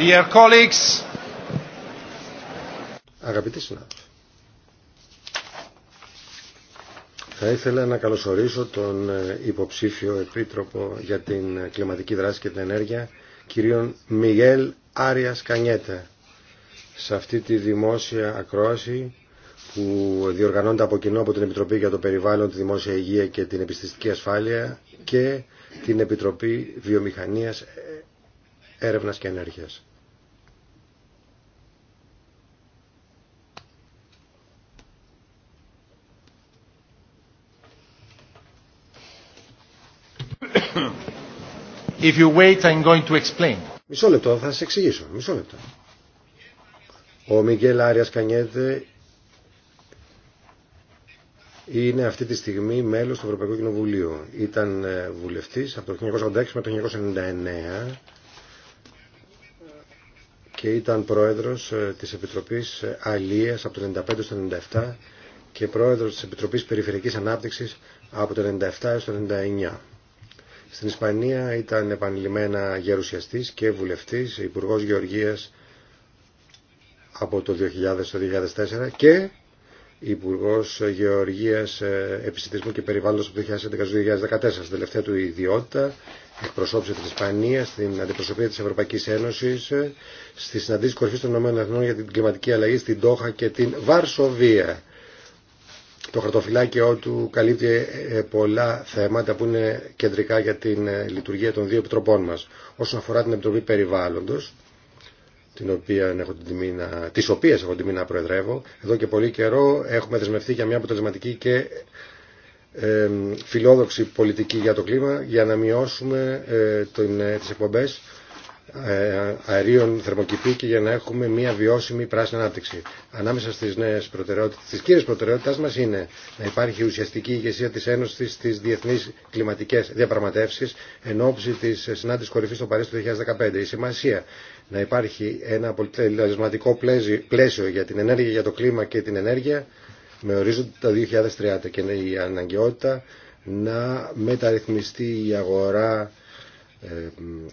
Dear colleagues. Αγαπητοί συνάδελφοι, θα ήθελα να καλωσορίσω τον ε, υποψήφιο επίτροπο για την ε, κλιματική δράση και την ενέργεια, κυρίον Μιγέλ Άρια Κανιέτα, σε αυτή τη δημόσια ακρόαση που διοργανώνεται από κοινό από την Επιτροπή για το Περιβάλλον, τη Δημόσια Υγεία και την Επιστηστική Ασφάλεια και την Επιτροπή Βιομηχανίας ε, Έρευνας και Ενέργειας. If you wait, I'm going to explain. Μισό λεπτό, θα σας εξηγήσω. Μισό λεπτό. Ο Μιγγέλ Άριας Κανιέτε είναι αυτή τη στιγμή μέλος του Ευρωπαϊκού Κοινοβουλίου. Ήταν ε, βουλευτής από το 1986 με το 1999 και ήταν πρόεδρος ε, της Επιτροπής ε, Αλίας από το 1995 στο 1997 και πρόεδρος της Επιτροπής Περιφερειακής Ανάπτυξης από το 1997 έως το 1999. Στην Ισπανία ήταν επανειλημμένα γερουσιαστής και βουλευτής, υπουργός γεωργίας από το 2000 στο 2004 και Υπουργό Γεωργίας ε, Επιστημισμού και Περιβάλλοντος από το 2011-2014. Στην τελευταία του ιδιότητα εκπροσώπησε την Ισπανία στην αντιπροσωπεία της Ευρωπαϊκής Ένωσης ε, στη συναντήση κορυφής των ΗΠΑ για την κλιματική αλλαγή στην Τόχα και την Βαρσοβία. Το χαρτοφυλάκιό του καλύπτει ε, ε, πολλά θέματα που είναι κεντρικά για την ε, λειτουργία των δύο επιτροπών μας. Όσον αφορά την Επιτροπή Περιβάλλοντος, την οποία έχω την τιμή να, τις οποίες έχω την τιμή να προεδρεύω. Εδώ και πολύ καιρό έχουμε δεσμευτεί για μια αποτελεσματική και φιλόδοξη πολιτική για το κλίμα για να μειώσουμε τις εκπομπές ε, αερίων θερμοκηπίου και για να έχουμε μια βιώσιμη πράσινη ανάπτυξη. Ανάμεσα στις νέες προτεραιότητες, στις κύριες προτεραιότητες μας είναι να υπάρχει ουσιαστική ηγεσία της Ένωσης στις διεθνείς κλιματικές διαπραγματεύσεις εν ώψη της συνάντησης κορυφής στο Παρίσι του 2015. Η σημασία να υπάρχει ένα αποτελεσματικό πλαίσιο για την ενέργεια, για το κλίμα και την ενέργεια με ορίζοντα το 2030 και η αναγκαιότητα να μεταρρυθμιστεί η αγορά ε,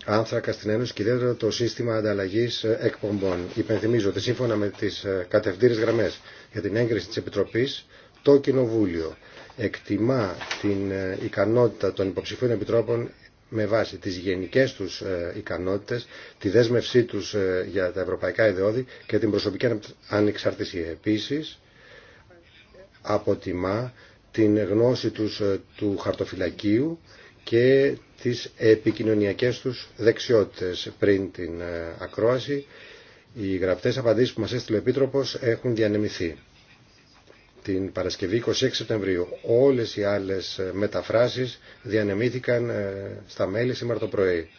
άνθρακα στην Ένωση και ιδιαίτερα το σύστημα ανταλλαγή ε, εκπομπών. Υπενθυμίζω ότι σύμφωνα με τι ε, κατευθύνε γραμμέ για την έγκριση τη Επιτροπή, το Κοινοβούλιο εκτιμά την ικανότητα των υποψηφίων επιτρόπων με βάση τις γενικές τους ικανότητες, τη δέσμευσή τους για τα ευρωπαϊκά ιδεώδη και την προσωπική ανεξαρτησία. Επίσης, αποτιμά την γνώση τους του χαρτοφυλακίου και τις επικοινωνιακές τους δεξιότητες. Πριν την ε, ακρόαση, οι γραπτές απαντήσεις που μας έστειλε ο Επίτροπος έχουν διανεμηθεί. Την Παρασκευή 26 Σεπτεμβρίου όλες οι άλλες ε, μεταφράσεις διανεμήθηκαν ε, στα μέλη σήμερα το πρωί.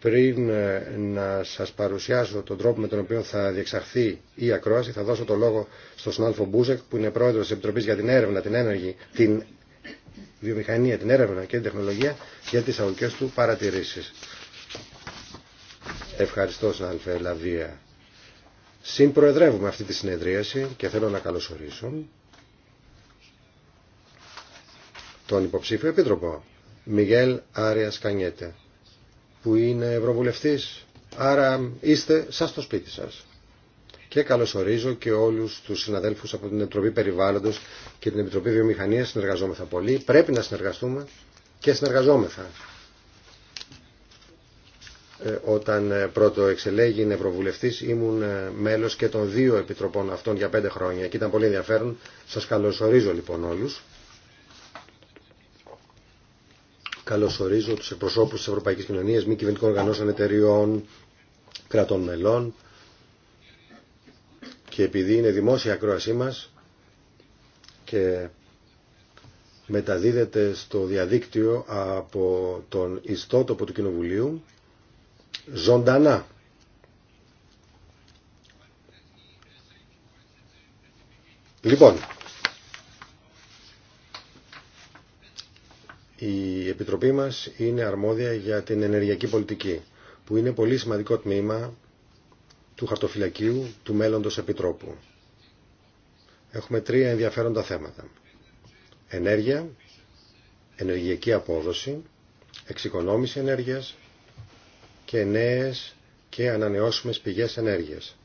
Πριν να σας παρουσιάσω τον τρόπο με τον οποίο θα διεξαχθεί η ακρόαση, θα δώσω το λόγο στον Σνάλφο Μπούζεκ, που είναι πρόεδρος της Επιτροπής για την έρευνα, την, ένεργη, την βιομηχανία, την έρευνα και την τεχνολογία για τις αγωγικές του παρατηρήσεις. Ευχαριστώ, συνάδελφε Λαβία. Συμπροεδρεύουμε αυτή τη συνεδρίαση και θέλω να καλωσορίσω τον υποψήφιο επίτροπο Μιγέλ Άρια Κανιέτε που είναι ευρωβουλευτής άρα είστε σας στο σπίτι σας και καλωσορίζω και όλου του συναδέλφου από την Επιτροπή Περιβάλλοντος και την Επιτροπή Βιομηχανία συνεργαζόμεθα πολύ. Πρέπει να συνεργαστούμε και συνεργαζόμεθα. Ε, όταν ε, πρώτο εξελέγει Ευρωβουλευτή, ήμουν ε, μέλο και των δύο επιτροπών αυτών για πέντε χρόνια και ήταν πολύ ενδιαφέρον. Σα καλωσορίζω λοιπόν όλους. Καλωσορίζω του εκπροσώπου τη Ευρωπαϊκή Κοινωνία, μη κυβερνητικών οργανώσεων εταιριών, κρατών μελών, και επειδή είναι δημόσια ακρόασή μας και μεταδίδεται στο διαδίκτυο από τον ιστότοπο του Κοινοβουλίου ζωντανά. Λοιπόν, η Επιτροπή μας είναι αρμόδια για την ενεργειακή πολιτική, που είναι πολύ σημαντικό τμήμα του χαρτοφυλακίου του μέλλοντος επιτρόπου. Έχουμε τρία ενδιαφέροντα θέματα. Ενέργεια, ενεργειακή απόδοση, εξοικονόμηση ενέργειας και νέες και ανανεώσιμες πηγές ενέργειας.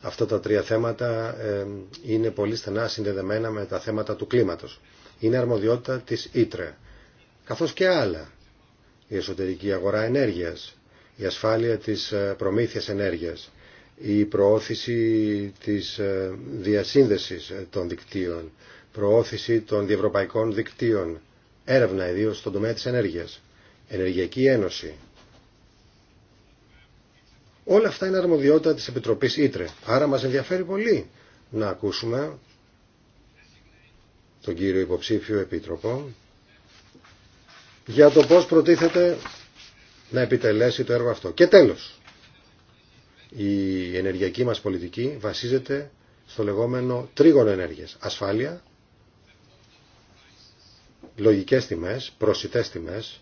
Αυτά τα τρία θέματα ε, είναι πολύ στενά συνδεδεμένα με τα θέματα του κλίματος. Είναι αρμοδιότητα της Ήτρα. καθώς και άλλα. Η εσωτερική αγορά ενέργειας, η ασφάλεια της ε, προμήθειας ενέργειας, η προώθηση της ε, διασύνδεσης ε, των δικτύων, προώθηση των διευρωπαϊκών δικτύων, έρευνα ιδίω στον τομέα της ενέργειας, ενεργειακή ένωση. Όλα αυτά είναι αρμοδιότητα της Επιτροπής Ήτρε. Άρα μας ενδιαφέρει πολύ να ακούσουμε τον κύριο υποψήφιο επίτροπο για το πώς προτίθεται να επιτελέσει το έργο αυτό. Και τέλος, η ενεργειακή μας πολιτική βασίζεται στο λεγόμενο τρίγωνο ενέργειας. Ασφάλεια, λογικές τιμές, προσιτές τιμές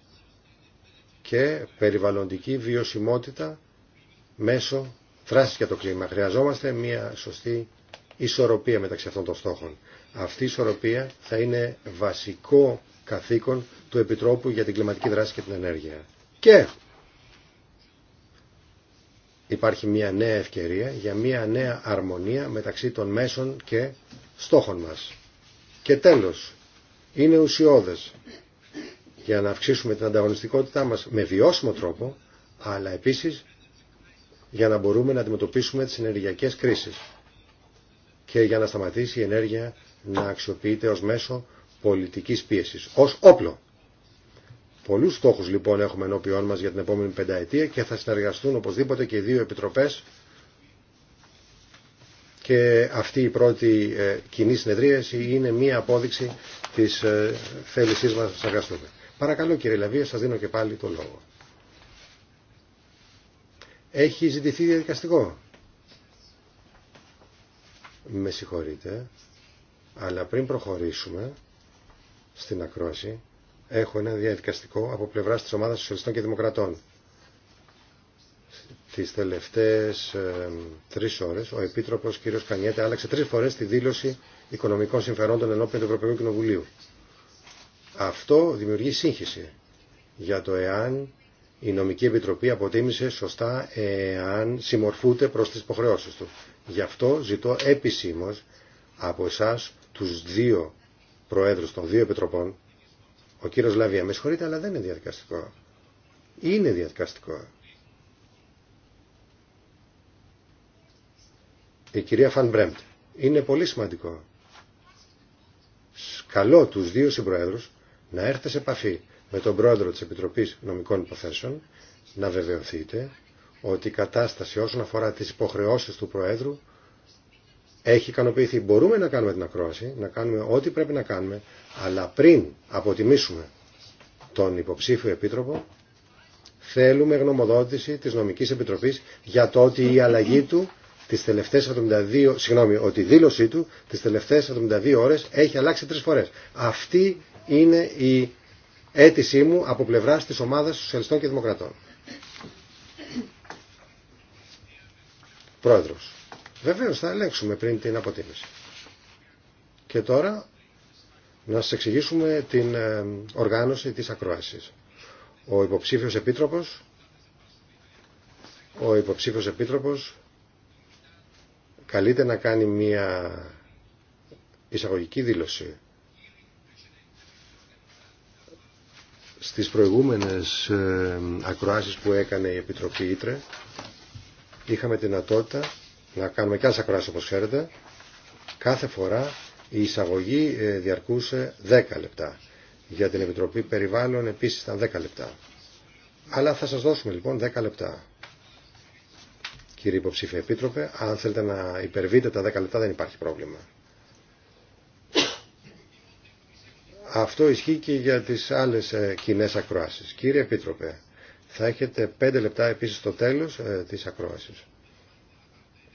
και περιβαλλοντική βιωσιμότητα μέσω δράσης για το κλίμα. Χρειαζόμαστε μια σωστή ισορροπία μεταξύ αυτών των στόχων. Αυτή η ισορροπία θα είναι βασικό καθήκον του Επιτρόπου για την κλιματική δράση και την ενέργεια. Και υπάρχει μια νέα ευκαιρία για μια νέα αρμονία μεταξύ των μέσων και στόχων μας. Και τέλος, είναι ουσιώδες για να αυξήσουμε την ανταγωνιστικότητά μας με βιώσιμο τρόπο, αλλά επίσης για να μπορούμε να αντιμετωπίσουμε τις ενεργειακές κρίσεις και για να σταματήσει η ενέργεια να αξιοποιείται ως μέσο πολιτικής πίεσης, ως όπλο. Πολλούς στόχους λοιπόν έχουμε ενώπιόν μας για την επόμενη πενταετία και θα συνεργαστούν οπωσδήποτε και οι δύο επιτροπές και αυτή η πρώτη ε, κοινή συνεδρίαση είναι μία απόδειξη της ε, θέλησής μας να συνεργαστούμε. Παρακαλώ κύριε Λαβία, σας δίνω και πάλι το λόγο. Έχει ζητηθεί διαδικαστικό. Με συγχωρείτε, αλλά πριν προχωρήσουμε στην ακρόαση, έχω ένα διαδικαστικό από πλευρά τη Ομάδα Σοσιαλιστών και Δημοκρατών. Τι τελευταίε ε, ώρε ώρες ο Επίτροπος κ. Κανιέτα άλλαξε τρει φορέ τη δήλωση οικονομικών συμφερόντων ενώπιον του Ευρωπαϊκού Κοινοβουλίου. Αυτό δημιουργεί σύγχυση για το εάν η νομική επιτροπή αποτίμησε σωστά εάν συμμορφούνται προ τι υποχρεώσει του. Γι' αυτό ζητώ επισήμω από εσά του δύο προέδρου των δύο επιτροπών ο κύριος Λαβία, με συγχωρείτε, αλλά δεν είναι διαδικαστικό. Είναι διαδικαστικό. Η κυρία Φαν Είναι πολύ σημαντικό. Καλώ τους δύο συμπροέδρους να έρθετε σε επαφή με τον πρόεδρο της Επιτροπής Νομικών Υποθέσεων να βεβαιωθείτε ότι η κατάσταση όσον αφορά τις υποχρεώσεις του Προέδρου έχει ικανοποιηθεί. Μπορούμε να κάνουμε την ακρόαση, να κάνουμε ό,τι πρέπει να κάνουμε, αλλά πριν αποτιμήσουμε τον υποψήφιο επίτροπο, θέλουμε γνωμοδότηση της νομικής επιτροπής για το ότι η αλλαγή του τις τελευταίες 72, συγγνώμη, ότι η δήλωσή του τις τελευταίες 72 ώρες έχει αλλάξει τρεις φορές. Αυτή είναι η αίτησή μου από πλευρά της ομάδας Σοσιαλιστών και Δημοκρατών. Πρόεδρος. Βεβαίως θα ελέγξουμε πριν την αποτίμηση. Και τώρα να σας εξηγήσουμε την ε, οργάνωση της ακρόασης. Ο υποψήφιος επίτροπος, ο υποψήφιος επίτροπος καλείται να κάνει μία εισαγωγική δήλωση. Στις προηγούμενες ε, ακροάσεις που έκανε η Επιτροπή Ήτρε είχαμε την δυνατότητα να κάνουμε κι άλλε ακροάσεις όπως ξέρετε. Κάθε φορά η εισαγωγή ε, διαρκούσε 10 λεπτά. Για την Επιτροπή Περιβάλλον επίση ήταν 10 λεπτά. Αλλά θα σα δώσουμε λοιπόν 10 λεπτά. Κύριε υποψηφίε Επίτροπε, αν θέλετε να υπερβείτε τα 10 λεπτά δεν υπάρχει πρόβλημα. Αυτό ισχύει και για τις άλλες ε, κοινέ ακροάσεις. Κύριε Επίτροπε, θα έχετε 5 λεπτά επίσης στο τέλος ε, της ακρόασης.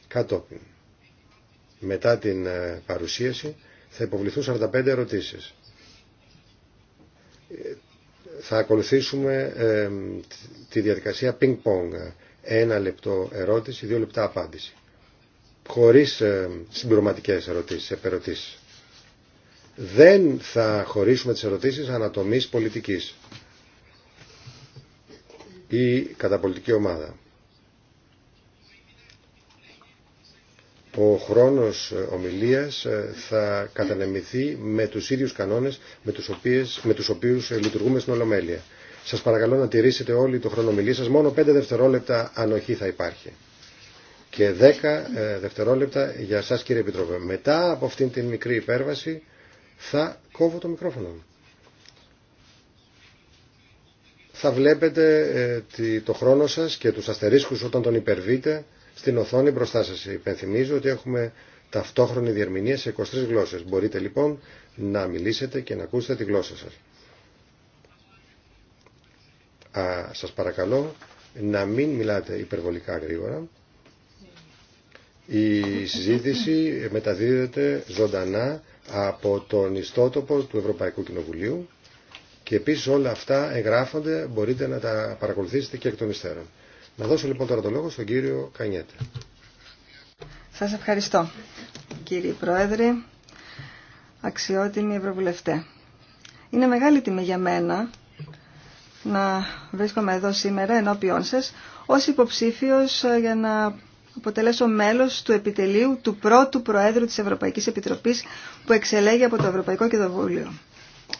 Κατόπιν, μετά την ε, παρουσίαση, θα υποβληθούν 45 ερωτήσεις. Ε, θα ακολουθήσουμε ε, τη διαδικασία ping-pong. Ένα λεπτό ερώτηση, δύο λεπτά απάντηση. Χωρίς συμπληρωματικές ερωτήσεις, επερωτήσεις. Δεν θα χωρίσουμε τις ερωτήσεις ανατομής πολιτικής ή κατά πολιτική ομάδα. ο χρόνος ε, ομιλίας ε, θα κατανεμηθεί με τους ίδιους κανόνες με τους, οποίες, με τους οποίους ε, λειτουργούμε στην Ολομέλεια. Σας παρακαλώ να τηρήσετε όλοι το χρόνο ομιλίας σας. Μόνο 5 δευτερόλεπτα ανοχή θα υπάρχει. Και 10 δευτερόλεπτα για σας κύριε Επιτρόπε. Μετά από αυτήν την μικρή υπέρβαση θα κόβω το μικρόφωνο μου. Θα βλέπετε το χρόνο σας και τους αστερίσκους όταν τον υπερβείτε στην οθόνη μπροστά σας. Υπενθυμίζω ότι έχουμε ταυτόχρονη διερμηνία σε 23 γλώσσες. Μπορείτε λοιπόν να μιλήσετε και να ακούσετε τη γλώσσα σας. Α, σας παρακαλώ να μην μιλάτε υπερβολικά γρήγορα. Η συζήτηση μεταδίδεται ζωντανά από τον ιστότοπο του Ευρωπαϊκού Κοινοβουλίου και επίσης όλα αυτά εγγράφονται, μπορείτε να τα παρακολουθήσετε και εκ των υστέρων. Να δώσω λοιπόν τώρα το λόγο στον κύριο Κανιέτε. Σας ευχαριστώ κύριε Πρόεδρε, αξιότιμοι Ευρωβουλευτέ. Είναι μεγάλη τιμή για μένα να βρίσκομαι εδώ σήμερα ενώπιόν σας ως υποψήφιος ε, για να αποτελέσω μέλος του επιτελείου του πρώτου Προέδρου της Ευρωπαϊκής Επιτροπής που εξελέγει από το Ευρωπαϊκό Κοινοβούλιο.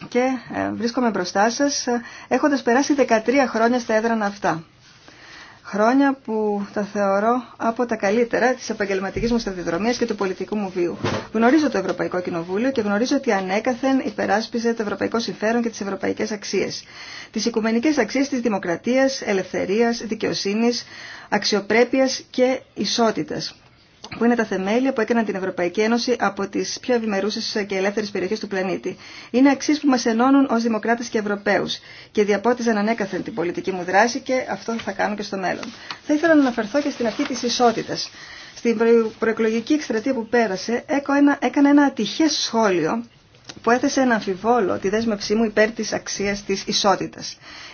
Και ε, βρίσκομαι μπροστά σας ε, έχοντας περάσει 13 χρόνια στα έδρανα αυτά χρόνια που τα θεωρώ από τα καλύτερα της επαγγελματικής μου σταδιοδρομίας και του πολιτικού μου βίου. Γνωρίζω το Ευρωπαϊκό Κοινοβούλιο και γνωρίζω ότι ανέκαθεν υπεράσπιζε το ευρωπαϊκό συμφέρον και τις ευρωπαϊκές αξίες. Τις οικουμενικές αξίες της δημοκρατίας, ελευθερίας, δικαιοσύνης, αξιοπρέπειας και ισότητας που είναι τα θεμέλια που έκαναν την Ευρωπαϊκή Ένωση από τι πιο ευημερούσε και ελεύθερε περιοχέ του πλανήτη. Είναι αξίε που μα ενώνουν ω Δημοκράτε και Ευρωπαίου και διαπότιζαν ανέκαθεν την πολιτική μου δράση και αυτό θα κάνω και στο μέλλον. Θα ήθελα να αναφερθώ και στην αρχή τη ισότητα. Στην προεκλογική εκστρατεία που πέρασε, έκανα ένα ατυχέ σχόλιο που έθεσε ένα αμφιβόλο τη δέσμευσή μου υπέρ τη αξία τη ισότητα.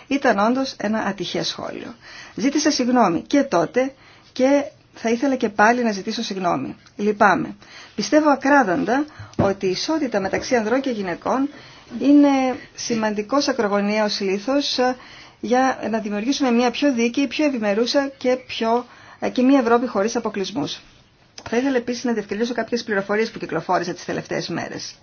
Ήταν όντω ένα ατυχέ σχόλιο. Ζήτησα συγγνώμη και τότε και θα ήθελα και πάλι να ζητήσω συγγνώμη. Λυπάμαι. Πιστεύω ακράδαντα ότι η ισότητα μεταξύ ανδρών και γυναικών είναι σημαντικός ακρογωνιαίος λήθος ε, για να δημιουργήσουμε μια πιο δίκαιη, πιο ευημερούσα και, πιο, ε, και μια Ευρώπη χωρίς αποκλεισμούς. Θα ήθελα επίσης να διευκρινίσω κάποιες πληροφορίες που κυκλοφόρησα τις τελευταίες μέρες.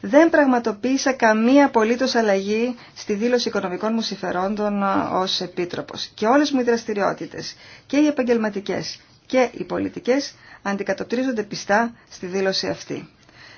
Δεν πραγματοποίησα καμία απολύτως αλλαγή στη δήλωση οικονομικών μου συμφερόντων ε, ως επίτροπος. Και όλες μου οι δραστηριότητες και οι επαγγελματικές και οι πολιτικές αντικατοπτρίζονται πιστά στη δήλωση αυτή.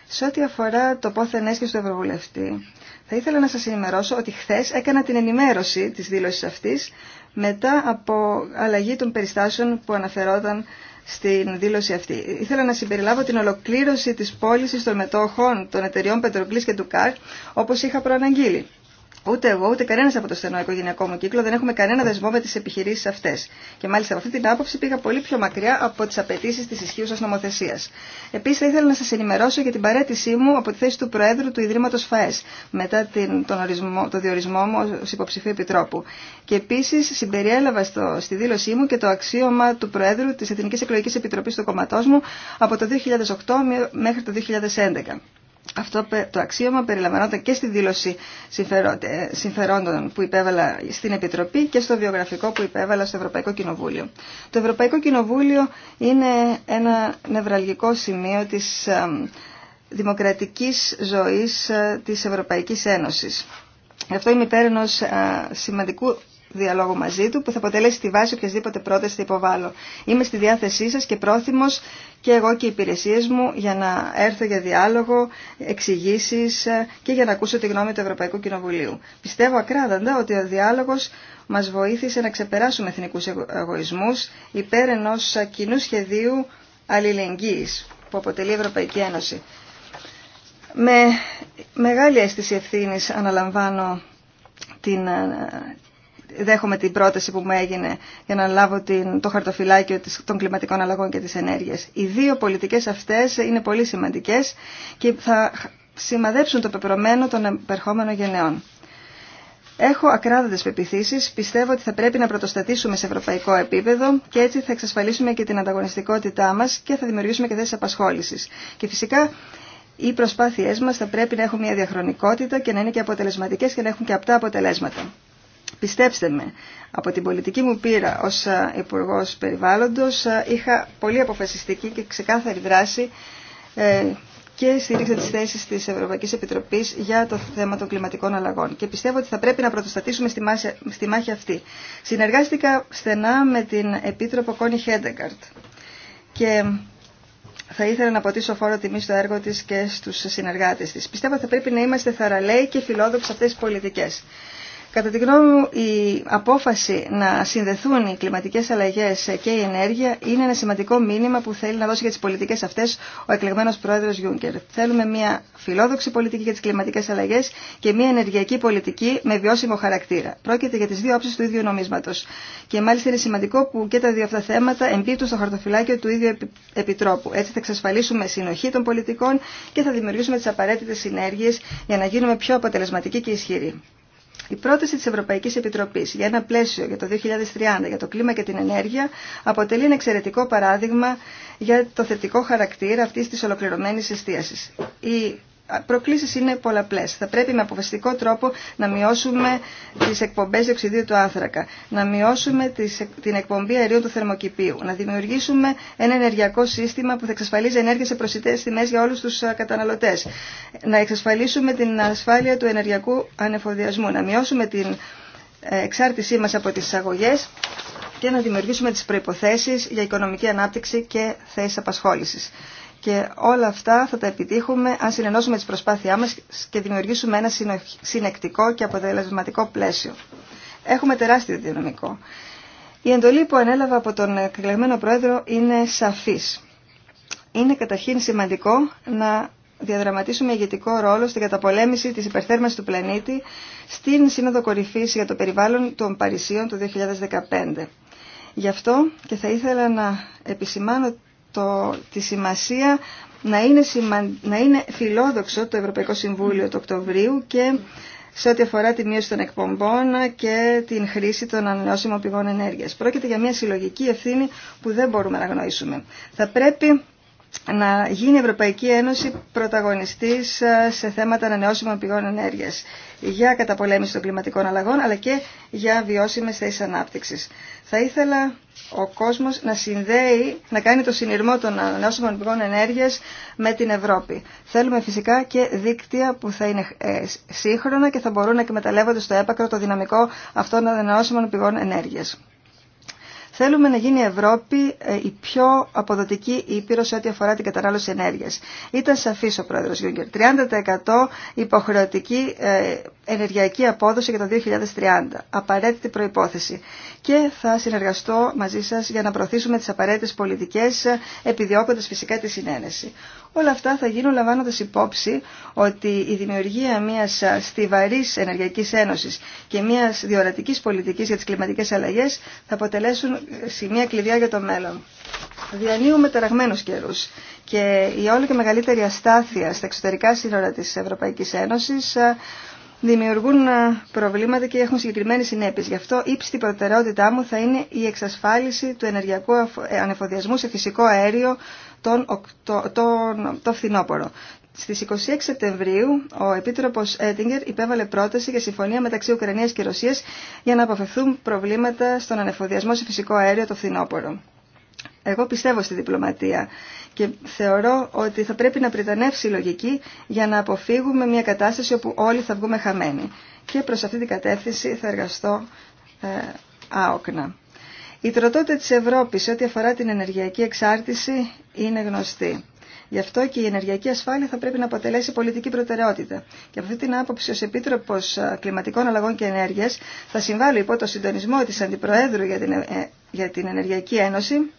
Σε ό,τι αφορά το πόθεν έσχεση του Ευρωβουλευτή, θα ήθελα να σας ενημερώσω ότι χθες έκανα την ενημέρωση της δήλωσης αυτής μετά από αλλαγή των περιστάσεων που αναφερόταν στην δήλωση αυτή. Ήθελα να συμπεριλάβω την ολοκλήρωση της πώληση των μετόχων των εταιριών Πετροκλής και του ΚΑΡ, όπως είχα προαναγγείλει. Ούτε εγώ, ούτε κανένα από το στενό οικογενειακό μου κύκλο δεν έχουμε κανένα δεσμό με τι επιχειρήσει αυτέ. Και μάλιστα από αυτή την άποψη πήγα πολύ πιο μακριά από τι απαιτήσει τη ισχύουσα νομοθεσία. Επίση, θα ήθελα να σα ενημερώσω για την παρέτησή μου από τη θέση του Προέδρου του Ιδρύματο ΦΑΕΣ μετά την, τον ορισμό, το διορισμό μου ω υποψηφίου επιτρόπου. Και επίση, συμπεριέλαβα στο, στη δήλωσή μου και το αξίωμα του Προέδρου τη Εθνική Εκλογική Επιτροπή του κομματό μου από το 2008 μέχρι το 2011. Αυτό το αξίωμα περιλαμβανόταν και στη δήλωση ε, συμφερόντων που υπέβαλα στην Επιτροπή και στο βιογραφικό που υπέβαλα στο Ευρωπαϊκό Κοινοβούλιο. Το Ευρωπαϊκό Κοινοβούλιο είναι ένα νευραλγικό σημείο της ε, δημοκρατικής ζωής ε, της Ευρωπαϊκής Ένωσης. Γι' αυτό είμαι υπέρ ενός σημαντικού διαλόγου μαζί του που θα αποτελέσει τη βάση οποιασδήποτε πρόταση θα υποβάλλω. Είμαι στη διάθεσή σας και πρόθυμος και εγώ και οι υπηρεσίες μου για να έρθω για διάλογο, εξηγήσει ε, και για να ακούσω τη γνώμη του Ευρωπαϊκού Κοινοβουλίου. Πιστεύω ακράδαντα ότι ο διάλογος μας βοήθησε να ξεπεράσουμε εθνικούς εγωισμούς υπέρ ενός κοινού σχεδίου αλληλεγγύης που αποτελεί η Ευρωπαϊκή Ένωση. Με μεγάλη αίσθηση ευθύνης αναλαμβάνω την ε, δέχομαι την πρόταση που μου έγινε για να λάβω την, το χαρτοφυλάκιο των κλιματικών αλλαγών και της ενέργειας. Οι δύο πολιτικές αυτές είναι πολύ σημαντικές και θα σημαδέψουν το πεπρωμένο των επερχόμενων γενεών. Έχω ακράδαντε πεπιθήσει. Πιστεύω ότι θα πρέπει να πρωτοστατήσουμε σε ευρωπαϊκό επίπεδο και έτσι θα εξασφαλίσουμε και την ανταγωνιστικότητά μα και θα δημιουργήσουμε και θέσει απασχόληση. Και φυσικά οι προσπάθειέ μα θα πρέπει να έχουν μια διαχρονικότητα και να είναι και αποτελεσματικέ και να έχουν και απτά αποτελέσματα. Πιστέψτε με, από την πολιτική μου πείρα ως υπουργό Περιβάλλοντος είχα πολύ αποφασιστική και ξεκάθαρη δράση ε, και στήριξα τις θέσεις της Ευρωπαϊκής Επιτροπής για το θέμα των κλιματικών αλλαγών. Και πιστεύω ότι θα πρέπει να πρωτοστατήσουμε στη, μάχη, αυτή. Συνεργάστηκα στενά με την Επίτροπο Κόνι Χέντεγκαρτ και θα ήθελα να ποτίσω φόρο τιμή στο έργο της και στους συνεργάτες της. Πιστεύω ότι θα πρέπει να είμαστε θαραλέοι και φιλόδοξοι σε αυτές τις πολιτικές. Κατά τη γνώμη μου, η απόφαση να συνδεθούν οι κλιματικές αλλαγές και η ενέργεια είναι ένα σημαντικό μήνυμα που θέλει να δώσει για τις πολιτικές αυτές ο εκλεγμένος πρόεδρος Γιούγκερ. Θέλουμε μια φιλόδοξη πολιτική για τις κλιματικές αλλαγές και μια ενεργειακή πολιτική με βιώσιμο χαρακτήρα. Πρόκειται για τις δύο όψεις του ίδιου νομίσματος. Και μάλιστα είναι σημαντικό που και τα δύο αυτά θέματα εμπίπτουν στο χαρτοφυλάκιο του ίδιου επιτρόπου. Έτσι θα εξασφαλίσουμε συνοχή των πολιτικών και θα δημιουργήσουμε τις απαραίτητε συνέργειες για να γίνουμε πιο αποτελεσματικοί και ισχυροί. Η πρόταση της Ευρωπαϊκής Επιτροπής για ένα πλαίσιο για το 2030 για το κλίμα και την ενέργεια αποτελεί ένα εξαιρετικό παράδειγμα για το θετικό χαρακτήρα αυτής της ολοκληρωμένης εστίαση προκλήσεις είναι πολλαπλές. Θα πρέπει με αποφασιστικό τρόπο να μειώσουμε τις εκπομπές διοξιδίου του άνθρακα, να μειώσουμε την εκπομπή αερίων του θερμοκηπίου, να δημιουργήσουμε ένα ενεργειακό σύστημα που θα εξασφαλίζει ενέργεια σε προσιτές τιμές για όλους τους καταναλωτές, να εξασφαλίσουμε την ασφάλεια του ενεργειακού ανεφοδιασμού, να μειώσουμε την ε, εξάρτησή μας από τις εισαγωγές και να δημιουργήσουμε τις προϋποθέσεις για οικονομική ανάπτυξη και θέσεις απασχόλησης. Και όλα αυτά θα τα επιτύχουμε αν συνενώσουμε τις προσπάθειά μας και δημιουργήσουμε ένα συνεκτικό και αποτελεσματικό πλαίσιο. Έχουμε τεράστιο δυναμικό. Η εντολή που ανέλαβα από τον εκλεγμένο πρόεδρο είναι σαφής. Είναι καταρχήν σημαντικό να διαδραματίσουμε ηγετικό ρόλο στην καταπολέμηση της υπερθέρμανσης του πλανήτη στην Σύνοδο Κορυφής για το Περιβάλλον των Παρισίων του 2015. Γι' αυτό και θα ήθελα να επισημάνω το, τη σημασία να είναι, να είναι φιλόδοξο το Ευρωπαϊκό Συμβούλιο του Οκτωβρίου και σε ό,τι αφορά τη μείωση των εκπομπών και την χρήση των ανανεώσιμων πηγών ενέργειας. Πρόκειται για μια συλλογική ευθύνη που δεν μπορούμε να γνωρίσουμε. Θα πρέπει να γίνει η Ευρωπαϊκή Ένωση πρωταγωνιστής ε, σε θέματα ανανεώσιμων πηγών ενέργειας για καταπολέμηση των κλιματικών αλλαγών αλλά και για βιώσιμες θέσεις ανάπτυξης. Θα ήθελα ο κόσμος να συνδέει, να κάνει το συνειρμό των ανανεώσιμων πηγών ενέργειας με την Ευρώπη. Θέλουμε φυσικά και δίκτυα που θα είναι ε, σύγχρονα και θα μπορούν να εκμεταλλεύονται στο έπακρο το δυναμικό αυτών των ανανεώσιμων πηγών ενέργειας. Θέλουμε να γίνει η Ευρώπη ε, η πιο αποδοτική ήπειρο σε ό,τι αφορά την κατανάλωση ενέργεια. Ήταν σαφή ο πρόεδρο Γιούγκερ. 30% υποχρεωτική ε, ενεργειακή απόδοση για το 2030. Απαραίτητη προπόθεση. Και θα συνεργαστώ μαζί σα για να προωθήσουμε τι απαραίτητε πολιτικέ, ε, επιδιώκοντα φυσικά τη συνένεση. Όλα αυτά θα γίνουν λαμβάνοντας υπόψη ότι η δημιουργία μιας στιβαρής ενεργειακής ένωσης και μιας διορατικής πολιτικής για τις κλιματικές αλλαγές θα αποτελέσουν σημεία κλειδιά για το μέλλον. Διανύουμε ταραγμένους καιρούς και η όλο και μεγαλύτερη αστάθεια στα εξωτερικά σύνορα της Ευρωπαϊκής Ένωσης ε, δημιουργούν ε, προβλήματα και έχουν συγκεκριμένε συνέπειε. Γι' αυτό ύψιστη προτεραιότητά μου θα είναι η εξασφάλιση του ενεργειακού ε, ανεφοδιασμού σε φυσικό αέριο τον, οκτώ, το φθινόπωρο. Στι 26 Σεπτεμβρίου, ο Επίτροπο Έτιγκερ υπέβαλε πρόταση για συμφωνία μεταξύ Ουκρανία και Ρωσία για να αποφευθούν προβλήματα στον ανεφοδιασμό σε φυσικό αέριο το φθινόπωρο. Εγώ πιστεύω στη διπλωματία και θεωρώ ότι θα πρέπει να πριτανεύσει η λογική για να αποφύγουμε μια κατάσταση όπου όλοι θα βγούμε χαμένοι. Και προ αυτή την κατεύθυνση θα εργαστώ ε, άοκνα. Η τροτότητα της Ευρώπης σε ό,τι αφορά την ενεργειακή εξάρτηση είναι γνωστή. Γι' αυτό και η ενεργειακή ασφάλεια θα πρέπει να αποτελέσει πολιτική προτεραιότητα. Και από αυτή την άποψη, ω Επίτροπο Κλιματικών Αλλαγών και Ενέργεια, θα συμβάλλω υπό το συντονισμό τη Αντιπροέδρου για την, ε, για την Ενεργειακή Ένωση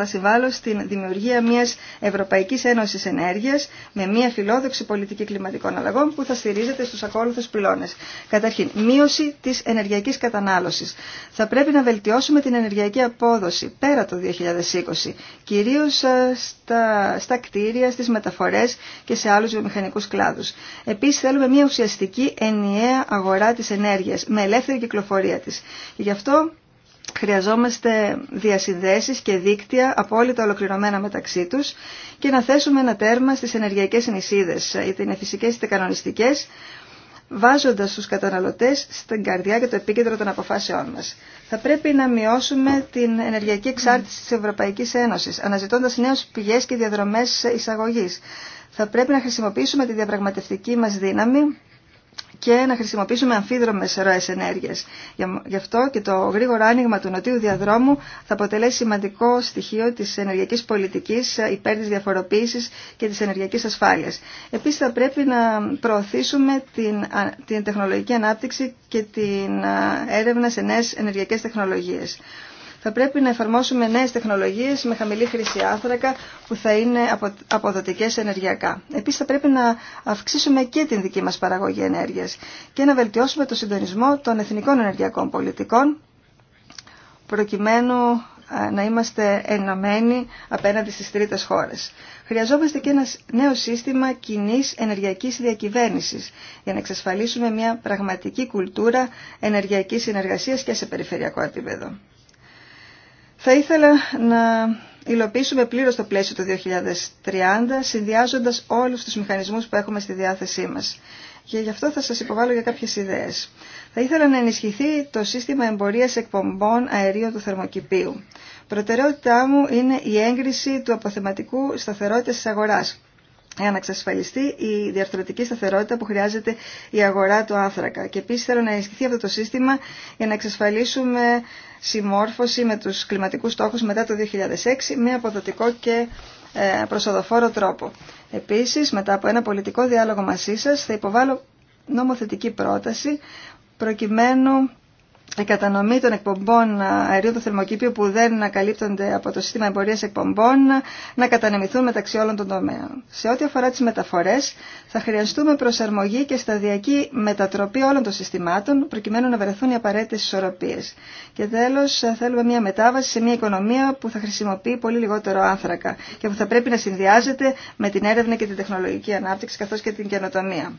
θα συμβάλλω στην δημιουργία μιας Ευρωπαϊκής Ένωσης Ενέργειας με μια φιλόδοξη πολιτική κλιματικών αλλαγών που θα στηρίζεται στους ακόλουθους πυλώνες. Καταρχήν, μείωση της ενεργειακής κατανάλωσης. Θα πρέπει να βελτιώσουμε την ενεργειακή απόδοση πέρα το 2020, κυρίως ε, στα, στα κτίρια, στις μεταφορές και σε άλλους βιομηχανικούς κλάδους. Επίσης θέλουμε μια ουσιαστική ενιαία αγορά της ενέργειας με ελεύθερη κυκλοφορία της. Γι' αυτό Χρειαζόμαστε διασυνδέσεις και δίκτυα απόλυτα ολοκληρωμένα μεταξύ τους και να θέσουμε ένα τέρμα στις ενεργειακές νησίδες, είτε είναι φυσικές είτε κανονιστικές, βάζοντας τους καταναλωτές στην καρδιά και το επίκεντρο των αποφάσεών μας. Θα πρέπει να μειώσουμε την ενεργειακή εξάρτηση της Ευρωπαϊκής Ένωσης, αναζητώντας νέες πηγές και διαδρομές εισαγωγής. Θα πρέπει να χρησιμοποιήσουμε τη διαπραγματευτική μας δύναμη και να χρησιμοποιήσουμε αμφίδρομες ροές ενέργειας. Γι' αυτό και το γρήγορο άνοιγμα του νοτίου διαδρόμου θα αποτελέσει σημαντικό στοιχείο της ενεργειακής πολιτικής ε, υπέρ της διαφοροποίησης και της ενεργειακής ασφάλειας. Επίσης θα πρέπει να προωθήσουμε την, την τεχνολογική ανάπτυξη και την ε, έρευνα σε νέες ενεργειακές τεχνολογίες. Θα πρέπει να εφαρμόσουμε νέες τεχνολογίες με χαμηλή χρήση άνθρακα που θα είναι αποδοτικές ενεργειακά. Επίσης θα πρέπει να αυξήσουμε και την δική μας παραγωγή ενέργειας και να βελτιώσουμε το συντονισμό των εθνικών ενεργειακών πολιτικών προκειμένου ε, να είμαστε ενωμένοι απέναντι στις τρίτες χώρες. Χρειαζόμαστε και ένα νέο σύστημα κοινή ενεργειακής διακυβέρνησης για να εξασφαλίσουμε μια πραγματική κουλτούρα ενεργειακής συνεργασίας και σε περιφερειακό επίπεδο. Θα ήθελα να υλοποιήσουμε πλήρως το πλαίσιο του 2030, συνδυάζοντας όλους τους μηχανισμούς που έχουμε στη διάθεσή μας. Και γι' αυτό θα σας υποβάλω για κάποιες ιδέες. Θα ήθελα να ενισχυθεί το σύστημα εμπορίας εκπομπών αερίου του θερμοκηπίου. Προτεραιότητά μου είναι η έγκριση του αποθεματικού σταθερότητας της αγοράς για να εξασφαλιστεί η διαρθρωτική σταθερότητα που χρειάζεται η αγορά του άνθρακα. Και επίση θέλω να ενισχυθεί αυτό το σύστημα για να εξασφαλίσουμε συμμόρφωση με τους κλιματικούς στόχους μετά το 2006 με αποδοτικό και ε, προσοδοφόρο τρόπο. Επίσης, μετά από ένα πολιτικό διάλογο μαζί σας, θα υποβάλω νομοθετική πρόταση προκειμένου η κατανομή των εκπομπών αερίου του θερμοκήπιου που δεν ανακαλύπτονται από το σύστημα εμπορία εκπομπών να κατανεμηθούν μεταξύ όλων των τομέων. Σε ό,τι αφορά τι μεταφορέ, θα χρειαστούμε προσαρμογή και σταδιακή μετατροπή όλων των συστημάτων, προκειμένου να βρεθούν οι απαραίτητες ισορροπίε. Και τέλο, θέλουμε μια μετάβαση σε μια οικονομία που θα χρησιμοποιεί πολύ λιγότερο άνθρακα και που θα πρέπει να συνδυάζεται με την έρευνα και την τεχνολογική ανάπτυξη καθώ και την καινοτομία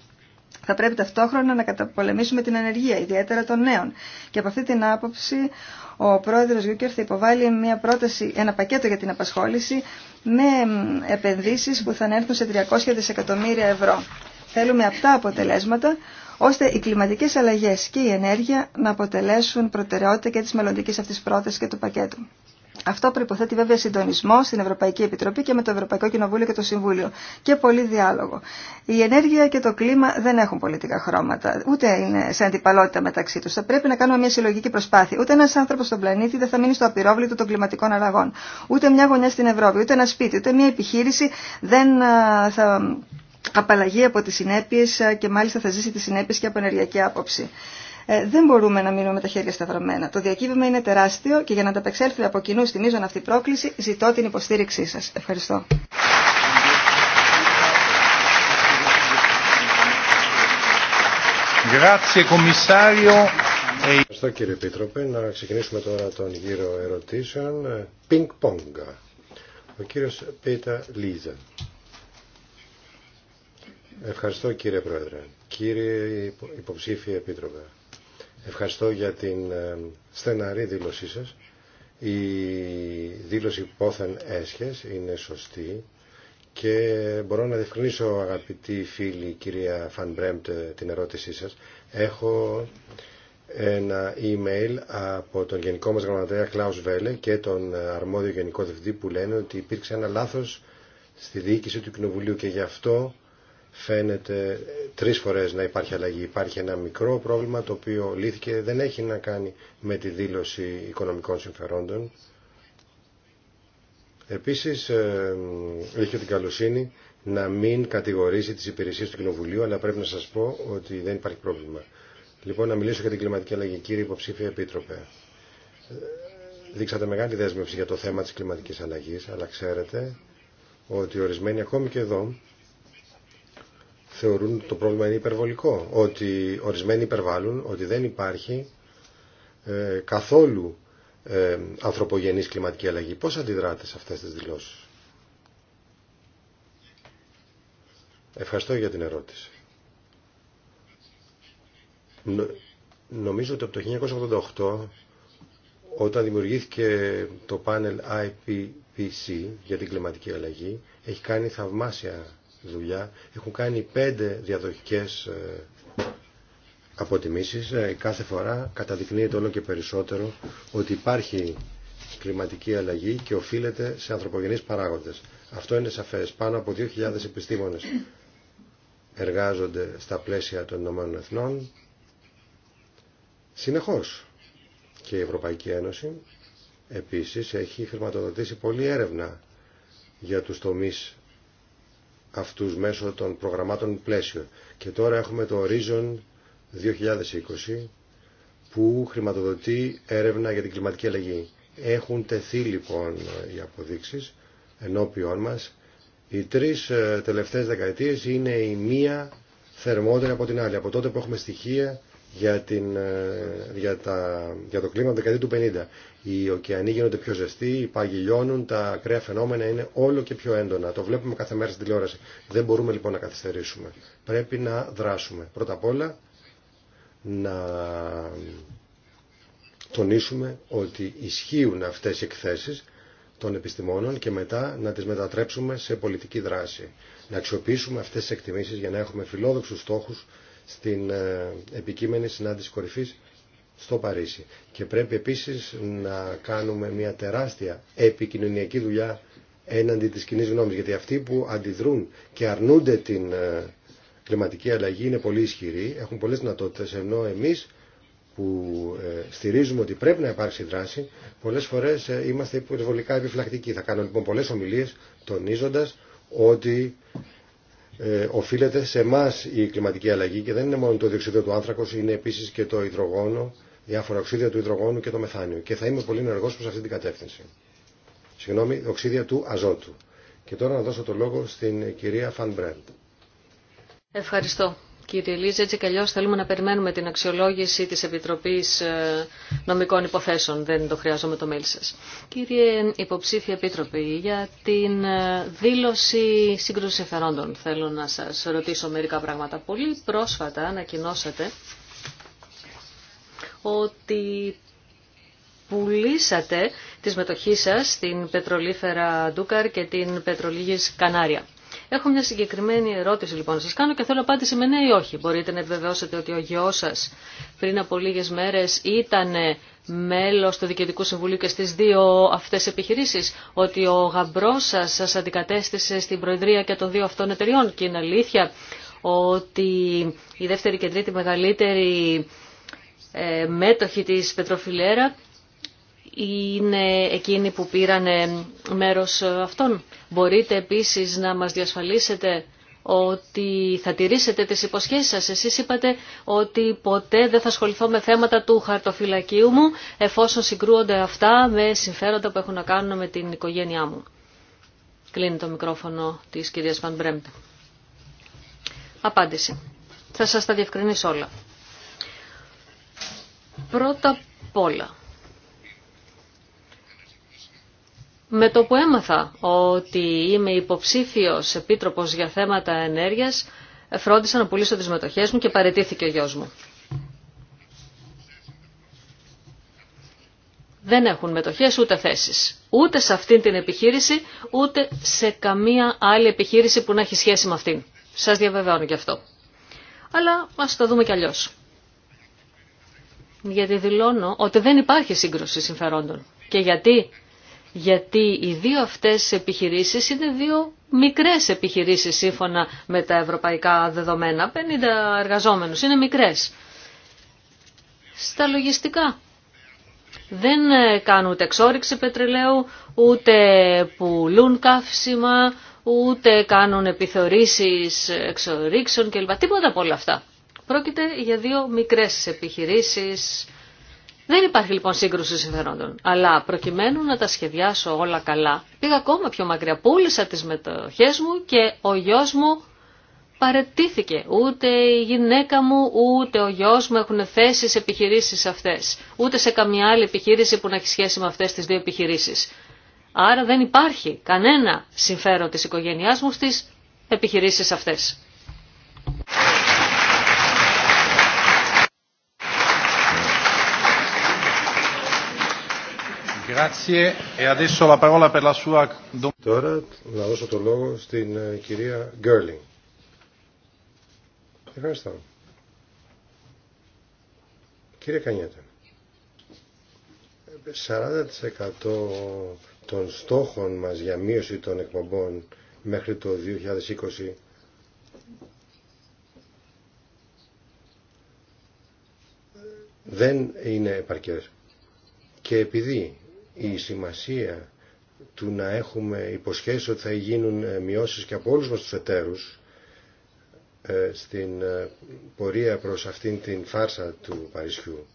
θα πρέπει ταυτόχρονα να καταπολεμήσουμε την ανεργία, ιδιαίτερα των νέων. Και από αυτή την άποψη ο πρόεδρος Γιούκερ θα υποβάλει μια πρόταση, ένα πακέτο για την απασχόληση με επενδύσεις που θα ανέρθουν σε 300 δισεκατομμύρια ευρώ. Θέλουμε αυτά αποτελέσματα ώστε οι κλιματικές αλλαγές και η ενέργεια να αποτελέσουν προτεραιότητα και της μελλοντικής αυτής πρότασης και του πακέτου. Αυτό προποθέτει βέβαια συντονισμό στην Ευρωπαϊκή Επιτροπή και με το Ευρωπαϊκό Κοινοβούλιο και το Συμβούλιο και πολύ διάλογο. Η ενέργεια και το κλίμα δεν έχουν πολιτικά χρώματα, ούτε είναι σε αντιπαλότητα μεταξύ του. Θα πρέπει να κάνουμε μια συλλογική προσπάθεια. Ούτε ένα άνθρωπο στον πλανήτη δεν θα μείνει στο απειρόβλητο των κλιματικών αλλαγών. Ούτε μια γωνιά στην Ευρώπη, ούτε ένα σπίτι, ούτε μια επιχείρηση δεν θα απαλλαγεί από τι συνέπειε και μάλιστα θα ζήσει τι συνέπειε και από ενεργειακή άποψη. Ε, δεν μπορούμε να μείνουμε με τα χέρια σταυρωμένα. Το διακύβευμα είναι τεράστιο και για να ανταπεξέλθουμε από κοινού στη μείζων αυτή πρόκληση ζητώ την υποστήριξή σα. Ευχαριστώ. Ευχαριστώ κύριε Επίτροπε. Να ξεκινήσουμε τώρα τον γύρο ερωτήσεων. Πινκ πόγκα. Ο κύριος Πίτα Λίζα. Ευχαριστώ κύριε Πρόεδρε. Κύριε υποψήφιε Επίτροπε. Ευχαριστώ για την ε, στεναρή δήλωσή σας. Η δήλωση πόθεν έσχες είναι σωστή και μπορώ να διευκρινίσω αγαπητοί φίλοι, κυρία Φαν Μπρέμπτ ε, την ερώτησή σας. Έχω ένα email από τον Γενικό μας Γραμματέα Κλάους Βέλε και τον ε, αρμόδιο Γενικό Διευθυντή που λένε ότι υπήρξε ένα λάθος στη διοίκηση του Κοινοβουλίου και γι' αυτό φαίνεται ε, τρεις φορές να υπάρχει αλλαγή. Υπάρχει ένα μικρό πρόβλημα το οποίο λύθηκε, δεν έχει να κάνει με τη δήλωση οικονομικών συμφερόντων. Επίσης, είχε την καλοσύνη να μην κατηγορήσει τις υπηρεσίες του Κοινοβουλίου, αλλά πρέπει να σας πω ότι δεν υπάρχει πρόβλημα. Λοιπόν, να μιλήσω για την κλιματική αλλαγή, κύριε υποψήφια επίτροπε. Ε, δείξατε μεγάλη δέσμευση για το θέμα της κλιματικής αλλαγής, αλλά ξέρετε ότι ορισμένοι ακόμη και εδώ θεωρούν ότι το πρόβλημα είναι υπερβολικό, ότι ορισμένοι υπερβάλλουν, ότι δεν υπάρχει ε, καθόλου ε, ανθρωπογενής κλιματική αλλαγή. Πώς αντιδράτε σε αυτές τις δηλώσεις. Ευχαριστώ για την ερώτηση. νομίζω ότι από το 1988 όταν δημιουργήθηκε το πάνελ IPPC για την κλιματική αλλαγή έχει κάνει θαυμάσια δουλειά. Έχουν κάνει πέντε διαδοχικές ε, αποτιμήσεις. Ε, κάθε φορά καταδεικνύεται όλο και περισσότερο ότι υπάρχει κλιματική αλλαγή και οφείλεται σε ανθρωπογενείς παράγοντες. Αυτό είναι σαφές. Πάνω από 2.000 επιστήμονες εργάζονται στα πλαίσια των Ηνωμένων Εθνών. Συνεχώς και η Ευρωπαϊκή Ένωση επίσης έχει χρηματοδοτήσει πολλή έρευνα για τους τομείς αυτούς μέσω των προγραμμάτων πλαίσιο. Και τώρα έχουμε το Horizon 2020 που χρηματοδοτεί έρευνα για την κλιματική αλλαγή. Έχουν τεθεί λοιπόν οι αποδείξεις ενώπιόν μας. Οι τρεις ε, τελευταίες δεκαετίες είναι η μία θερμότερη από την άλλη. Από τότε που έχουμε στοιχεία για, την, ε, για, τα, για το κλίμα δεκαετία του 50. Οι ωκεανοί γίνονται πιο ζεστοί, οι πάγοι λιώνουν, τα ακραία φαινόμενα είναι όλο και πιο έντονα. Το βλέπουμε κάθε μέρα στην τηλεόραση. Δεν μπορούμε λοιπόν να καθυστερήσουμε. Πρέπει να δράσουμε. Πρώτα απ' όλα να τονίσουμε ότι ισχύουν αυτές οι εκθέσεις των επιστημόνων και μετά να τις μετατρέψουμε σε πολιτική δράση. Να αξιοποιήσουμε αυτές τις εκτιμήσεις για να έχουμε φιλόδοξους στόχους στην ε, επικείμενη συνάντηση κορυφής στο Παρίσι. Και πρέπει επίσης να κάνουμε μια τεράστια επικοινωνιακή δουλειά έναντι της κοινή γνώμης, γιατί αυτοί που αντιδρούν και αρνούνται την ε, κλιματική αλλαγή είναι πολύ ισχυροί, έχουν πολλές δυνατότητε ενώ εμείς που ε, στηρίζουμε ότι πρέπει να υπάρξει δράση, πολλές φορές είμαστε υπερβολικά επιφυλακτικοί. Θα κάνω λοιπόν πολλές ομιλίες τονίζοντας ότι ε, οφείλεται σε εμά η κλιματική αλλαγή και δεν είναι μόνο το διοξείδιο του άνθρακο, είναι επίση και το υδρογόνο, διάφορα οξύδια του υδρογόνου και το μεθάνιο. Και θα είμαι πολύ ενεργό προ αυτή την κατεύθυνση. Συγγνώμη, οξύδια του αζότου. Και τώρα να δώσω το λόγο στην κυρία Φαν Μπρέντ. Ευχαριστώ. Κύριε Λίζα, έτσι καλλιώς θέλουμε να περιμένουμε την αξιολόγηση της Επιτροπής ε, Νομικών Υποθέσεων. Δεν το χρειάζομαι το mail σας. Κύριε Υποψήφια Επίτροπη, για την ε, δήλωση σύγκρουση εφερόντων θέλω να σας ρωτήσω μερικά πράγματα. Πολύ πρόσφατα ανακοινώσατε ότι πουλήσατε τις μετοχή σας στην πετρολίφερα Ντούκαρ και την πετρολίγης Κανάρια. Έχω μια συγκεκριμένη ερώτηση λοιπόν να σας κάνω και θέλω απάντηση με ναι ή όχι. Μπορείτε να επιβεβαιώσετε ότι ο γιο σα πριν από λίγε μέρες ήταν μέλος του Διοικητικού Συμβουλίου και στις δύο αυτές επιχειρήσεις, ότι ο γαμπρός σας σα αντικατέστησε στην Προεδρία και των δύο αυτών εταιριών και είναι αλήθεια ότι η δεύτερη και τρίτη μεγαλύτερη ε, μέτοχη της Πετροφιλέρα είναι εκείνοι που πήραν ε, μέρος ε, αυτών. Μπορείτε επίσης να μας διασφαλίσετε ότι θα τηρήσετε τις υποσχέσεις σας. Εσείς είπατε ότι ποτέ δεν θα ασχοληθώ με θέματα του χαρτοφυλακίου μου εφόσον συγκρούονται αυτά με συμφέροντα που έχουν να κάνουν με την οικογένειά μου. Κλείνει το μικρόφωνο της κυρίας Βαν Απάντηση. Θα σας τα διευκρινίσω όλα. Πρώτα απ' όλα, Με το που έμαθα ότι είμαι υποψήφιος επίτροπος για θέματα ενέργειας, φρόντισα να πουλήσω τις μετοχές μου και παρετήθηκε ο γιος μου. Δεν έχουν μετοχές ούτε θέσεις. Ούτε σε αυτήν την επιχείρηση, ούτε σε καμία άλλη επιχείρηση που να έχει σχέση με αυτήν. Σας διαβεβαιώνω γι' αυτό. Αλλά ας το δούμε κι αλλιώς. Γιατί δηλώνω ότι δεν υπάρχει σύγκρουση συμφερόντων. Και γιατί γιατί οι δύο αυτές επιχειρήσεις είναι δύο μικρές επιχειρήσεις σύμφωνα με τα ευρωπαϊκά δεδομένα, 50 εργαζόμενους, είναι μικρές. Στα λογιστικά. Δεν κάνουν ούτε εξόριξη πετρελαίου, ούτε πουλούν καύσιμα, ούτε κάνουν επιθεωρήσεις εξορίξεων κλπ. Τίποτα από όλα αυτά. Πρόκειται για δύο μικρές επιχειρήσεις δεν υπάρχει λοιπόν σύγκρουση συμφερόντων. Αλλά προκειμένου να τα σχεδιάσω όλα καλά, πήγα ακόμα πιο μακριά. Πούλησα τις μετοχές μου και ο γιος μου παρετήθηκε. Ούτε η γυναίκα μου, ούτε ο γιος μου έχουν θέσει σε επιχειρήσει αυτές. Ούτε σε καμιά άλλη επιχείρηση που να έχει σχέση με αυτές τις δύο επιχειρήσεις. Άρα δεν υπάρχει κανένα συμφέρον τη οικογένεια μου στις επιχειρήσει αυτέ. E Τώρα να δώσω το λόγο στην ε, κυρία Γκέρλινγκ. Ευχαριστώ. Κύριε Κανιέτα, 40% των στόχων μα για μείωση των εκπομπών μέχρι το 2020 δεν είναι επαρκές. Και επειδή η σημασία του να έχουμε υποσχέσει ότι θα γίνουν ε, μειώσεις και από όλους μας τους εταίρους ε, στην ε, πορεία προς αυτήν την φάρσα του Παρισιού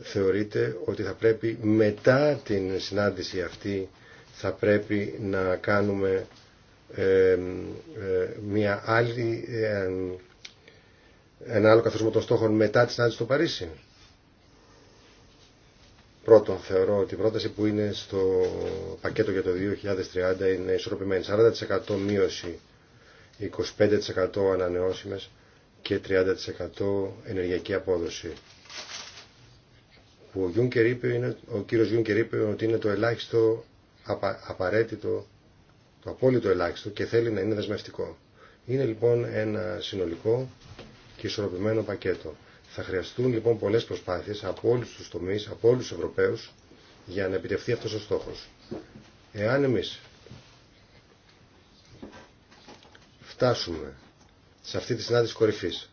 θεωρείται ότι θα πρέπει μετά την συνάντηση αυτή θα πρέπει να κάνουμε μια άλλη, ένα άλλο καθορισμό των στόχων μετά τη συνάντηση στο Παρίσι. Πρώτον, θεωρώ ότι η πρόταση που είναι στο πακέτο για το 2030 είναι ισορροπημένη. 40% μείωση, 25% ανανεώσιμες και 30% ενεργειακή απόδοση. Που ο, Γιούνκερ είπε, είναι, ο κύριος Γιούνκερ είπε ότι είναι το ελάχιστο απαραίτητο, το απόλυτο ελάχιστο και θέλει να είναι δεσμευτικό. Είναι λοιπόν ένα συνολικό και ισορροπημένο πακέτο. Θα χρειαστούν λοιπόν πολλές προσπάθειες από όλους τους τομείς, από όλους τους Ευρωπαίους για να επιτευχθεί αυτός ο στόχος. Εάν εμείς φτάσουμε σε αυτή τη συνάντηση κορυφής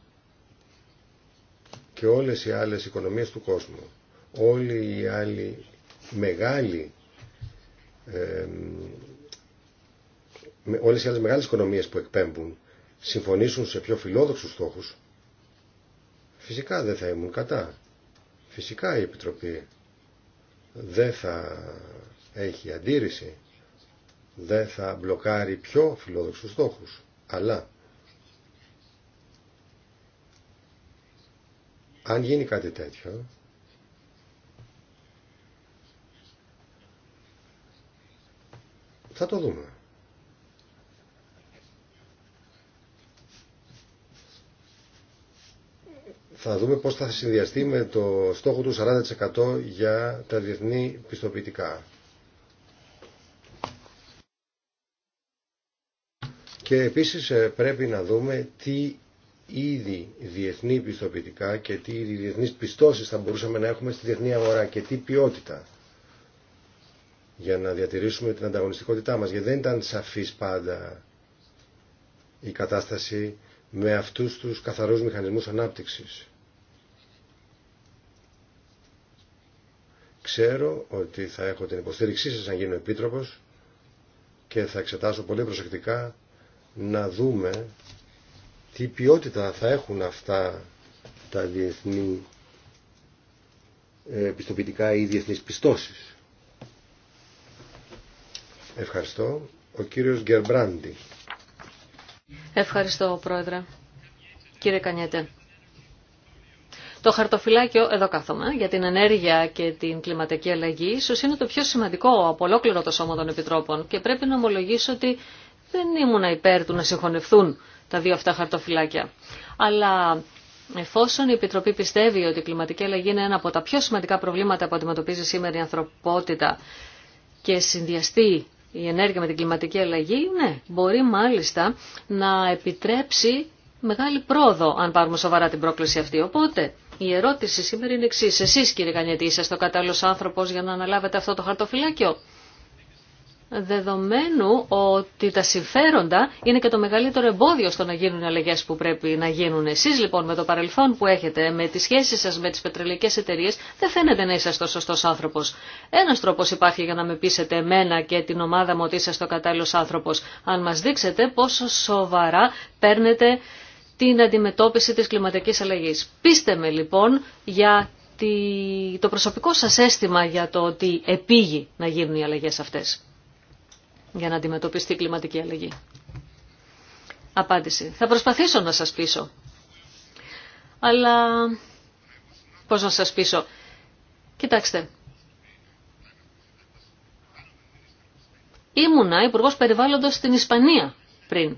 και όλες οι άλλες οικονομίες του κόσμου, όλοι οι άλλοι μεγάλοι ε, όλες οι άλλες μεγάλες οικονομίες που εκπέμπουν συμφωνήσουν σε πιο φιλόδοξους στόχους Φυσικά δεν θα ήμουν κατά. Φυσικά η Επιτροπή δεν θα έχει αντίρρηση, δεν θα μπλοκάρει πιο φιλόδοξους στόχους. Αλλά αν γίνει κάτι τέτοιο, θα το δούμε. θα δούμε πώς θα συνδυαστεί με το στόχο του 40% για τα διεθνή πιστοποιητικά. Και επίσης ε, πρέπει να δούμε τι ήδη διεθνή πιστοποιητικά και τι ήδη διεθνείς πιστώσεις θα μπορούσαμε να έχουμε στη διεθνή αγορά και τι ποιότητα για να διατηρήσουμε την ανταγωνιστικότητά μας. Γιατί δεν ήταν σαφής πάντα η κατάσταση με αυτούς τους καθαρούς μηχανισμούς ανάπτυξης. Ξέρω ότι θα έχω την υποστήριξή σας αν γίνω επίτροπος και θα εξετάσω πολύ προσεκτικά να δούμε τι ποιότητα θα έχουν αυτά τα διεθνή ε, πιστοποιητικά ή διεθνείς πιστώσεις. Ευχαριστώ. Ο κύριος Γκερμπράντι. Ευχαριστώ, Πρόεδρε. Κύριε Κανιέτε, το χαρτοφυλάκιο, εδώ κάθομαι, για την ενέργεια και την κλιματική αλλαγή, ίσω είναι το πιο σημαντικό από ολόκληρο το σώμα των επιτρόπων και πρέπει να ομολογήσω ότι δεν ήμουν υπέρ του να συγχωνευτούν τα δύο αυτά χαρτοφυλάκια. Αλλά Εφόσον η Επιτροπή πιστεύει ότι η κλιματική αλλαγή είναι ένα από τα πιο σημαντικά προβλήματα που αντιμετωπίζει σήμερα η ανθρωπότητα και συνδυαστεί η ενέργεια με την κλιματική αλλαγή, ναι, μπορεί μάλιστα να επιτρέψει μεγάλη πρόοδο αν πάρουμε σοβαρά την πρόκληση αυτή. Οπότε η ερώτηση σήμερα είναι εξή. Εσεί, κύριε Κανιέτη, είσαστε ο κατάλληλο άνθρωπο για να αναλάβετε αυτό το χαρτοφυλάκιο. Δεδομένου ότι τα συμφέροντα είναι και το μεγαλύτερο εμπόδιο στο να γίνουν οι αλλαγέ που πρέπει να γίνουν. Εσεί λοιπόν με το παρελθόν που έχετε, με τι σχέσει σα με τι πετρελαϊκέ εταιρείε, δεν φαίνεται να είσαστε ο σωστό άνθρωπο. Ένα τρόπο υπάρχει για να με πείσετε εμένα και την ομάδα μου ότι είσαστε ο κατάλληλο άνθρωπο. Αν μα δείξετε πόσο σοβαρά παίρνετε την αντιμετώπιση της κλιματικής αλλαγής. Πείστε με λοιπόν για το προσωπικό σας αίσθημα για το ότι επήγει να γίνουν οι αλλαγές αυτές για να αντιμετωπιστεί η κλιματική αλλαγή. Απάντηση. Θα προσπαθήσω να σας πείσω. Αλλά πώς να σας πείσω. Κοιτάξτε. Ήμουνα υπουργό Περιβάλλοντος στην Ισπανία πριν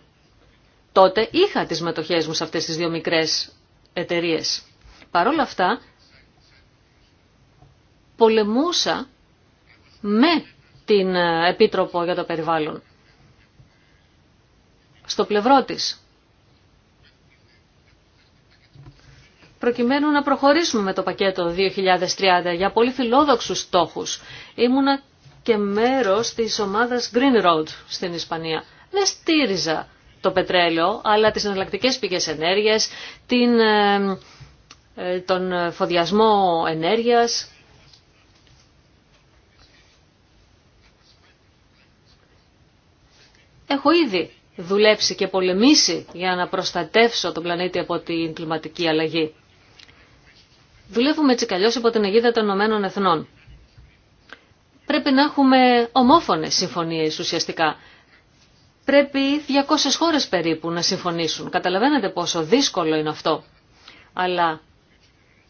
τότε είχα τις μετοχές μου σε αυτές τις δύο μικρές εταιρείες. Παρ' όλα αυτά, πολεμούσα με την ε, Επίτροπο για το Περιβάλλον. Στο πλευρό της. Προκειμένου να προχωρήσουμε με το πακέτο 2030 για πολύ φιλόδοξους στόχους. Ήμουνα και μέρος της ομάδας Green Road στην Ισπανία. Δεν στήριζα το πετρέλαιο, αλλά τις εναλλακτικές πηγές ενέργειας, την, ε, ε, τον φοδιασμό ενέργειας. Έχω ήδη δουλέψει και πολεμήσει για να προστατεύσω τον πλανήτη από την κλιματική αλλαγή. Δουλεύουμε έτσι καλώς υπό την αιγίδα των Ηνωμένων Εθνών. Πρέπει να έχουμε ομόφωνες συμφωνίες ουσιαστικά πρέπει 200 χώρες περίπου να συμφωνήσουν. Καταλαβαίνετε πόσο δύσκολο είναι αυτό. Αλλά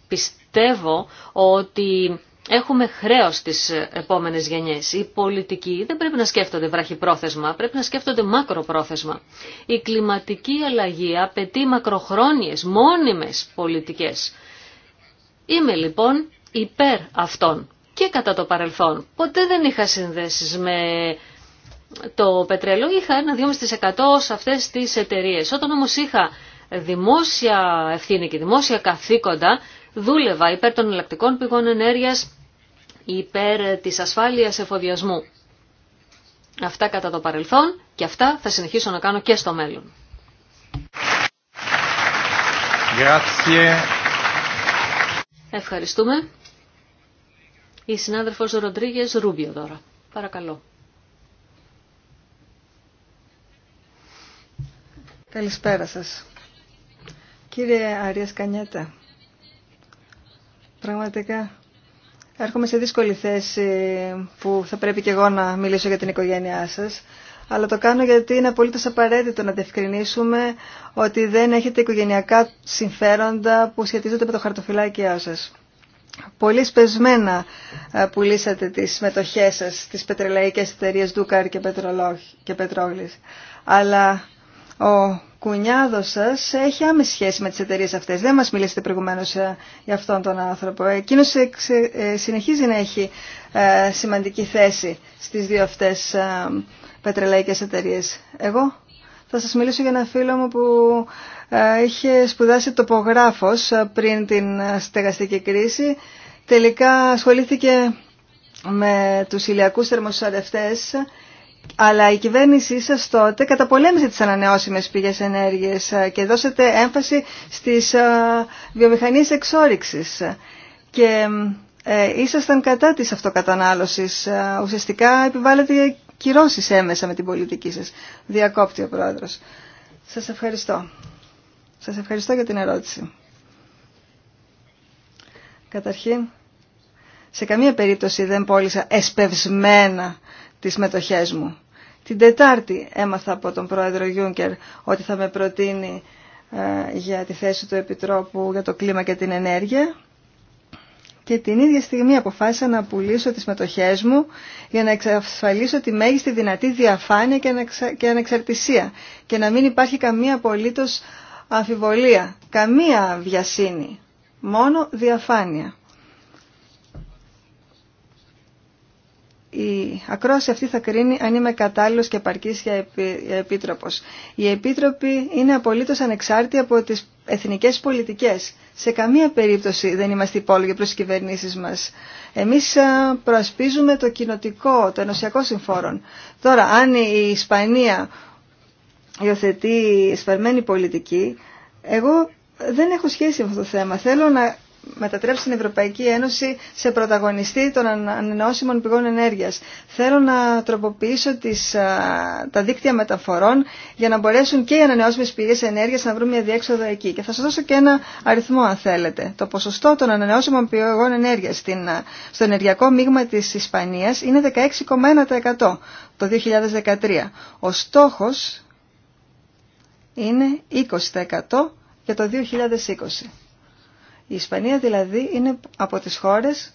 πιστεύω ότι έχουμε χρέος στις επόμενες γενιές. Οι πολιτικοί δεν πρέπει να σκέφτονται βραχυπρόθεσμα, πρέπει να σκέφτονται μακροπρόθεσμα. Η κλιματική αλλαγή απαιτεί μακροχρόνιες, μόνιμες πολιτικές. Είμαι λοιπόν υπέρ αυτών και κατά το παρελθόν. Ποτέ δεν είχα συνδέσεις με το πετρέλαιο είχα ένα 2,5% σε αυτές τις εταιρείε. Όταν όμως είχα δημόσια ευθύνη και δημόσια καθήκοντα, δούλευα υπέρ των ελλακτικών πηγών ενέργειας, υπέρ της ασφάλειας εφοδιασμού. Αυτά κατά το παρελθόν και αυτά θα συνεχίσω να κάνω και στο μέλλον. Ευχαριστούμε. Η συνάδελφος Ροντρίγες Ρούμπιο τώρα. Παρακαλώ. Καλησπέρα σα. Κύριε Αρίας Κανιέτα, πραγματικά έρχομαι σε δύσκολη θέση που θα πρέπει και εγώ να μιλήσω για την οικογένειά σας, αλλά το κάνω γιατί είναι απολύτως απαραίτητο να διευκρινίσουμε ότι δεν έχετε οικογενειακά συμφέροντα που σχετίζονται με το χαρτοφυλάκιό σας. Πολύ σπεσμένα ε, πουλήσατε τις μετοχές σας στις πετρελαϊκές εταιρείες Ντούκαρ και, και Αλλά ο κουνιάδο σα έχει άμεση σχέση με τι εταιρείε αυτέ. Δεν μα μιλήσατε προηγουμένω ε, για αυτόν τον άνθρωπο. Εκείνο ε, ε, συνεχίζει να έχει σημαντική θέση στι δύο αυτέ πετρελαϊκέ εταιρείε. Εγώ θα σας μιλήσω για ένα φίλο μου που είχε σπουδάσει τοπογράφος πριν την στεγαστική κρίση. Τελικά ασχολήθηκε με τους ηλιακούς θερμοσαρευτές αλλά η κυβέρνησή σα τότε καταπολέμησε τι ανανεώσιμες πηγές ενέργεια ε, και δώσατε έμφαση στις ε, βιομηχανίε εξόριξη. Και ε, ήσασταν κατά της αυτοκατανάλωσης. Ουσιαστικά επιβάλλετε κυρώσει έμεσα με την πολιτική σα Διακόπτει ο πρόεδρο. Σα ευχαριστώ. Σας ευχαριστώ για την ερώτηση. Καταρχήν, σε καμία περίπτωση δεν πώλησα εσπευσμένα τις μετοχές μου. Την Τετάρτη έμαθα από τον πρόεδρο Γιούνκερ ότι θα με προτείνει ε, για τη θέση του Επιτρόπου για το κλίμα και την ενέργεια και την ίδια στιγμή αποφάσισα να πουλήσω τις μετοχές μου για να εξασφαλίσω τη μέγιστη δυνατή διαφάνεια και ανεξαρτησία και να μην υπάρχει καμία απολύτως αμφιβολία, καμία βιασύνη, μόνο διαφάνεια. η ακρόαση αυτή θα κρίνει αν είμαι κατάλληλο και επαρκή για επίτροπο. Οι επίτροποι είναι απολύτω ανεξάρτητοι από τι εθνικές πολιτικέ. Σε καμία περίπτωση δεν είμαστε υπόλογοι προ τι κυβερνήσει μα. Εμεί προασπίζουμε το κοινοτικό, το ενωσιακό συμφόρον. Τώρα, αν η Ισπανία υιοθετεί σφαρμένη πολιτική, εγώ δεν έχω σχέση με αυτό το θέμα. Θέλω να μετατρέψει την Ευρωπαϊκή Ένωση σε πρωταγωνιστή των ανανεώσιμων πηγών ενέργειας. Θέλω να τροποποιήσω τις, τα δίκτυα μεταφορών για να μπορέσουν και οι ανανεώσιμες πηγές ενέργειας να βρουν μια διέξοδο εκεί. Και θα σας δώσω και ένα αριθμό αν θέλετε. Το ποσοστό των ανανεώσιμων πηγών ενέργειας στο ενεργειακό μείγμα της Ισπανίας είναι 16,1% το 2013. Ο στόχος είναι 20% για το 2020. Η Ισπανία δηλαδή είναι από τις χώρες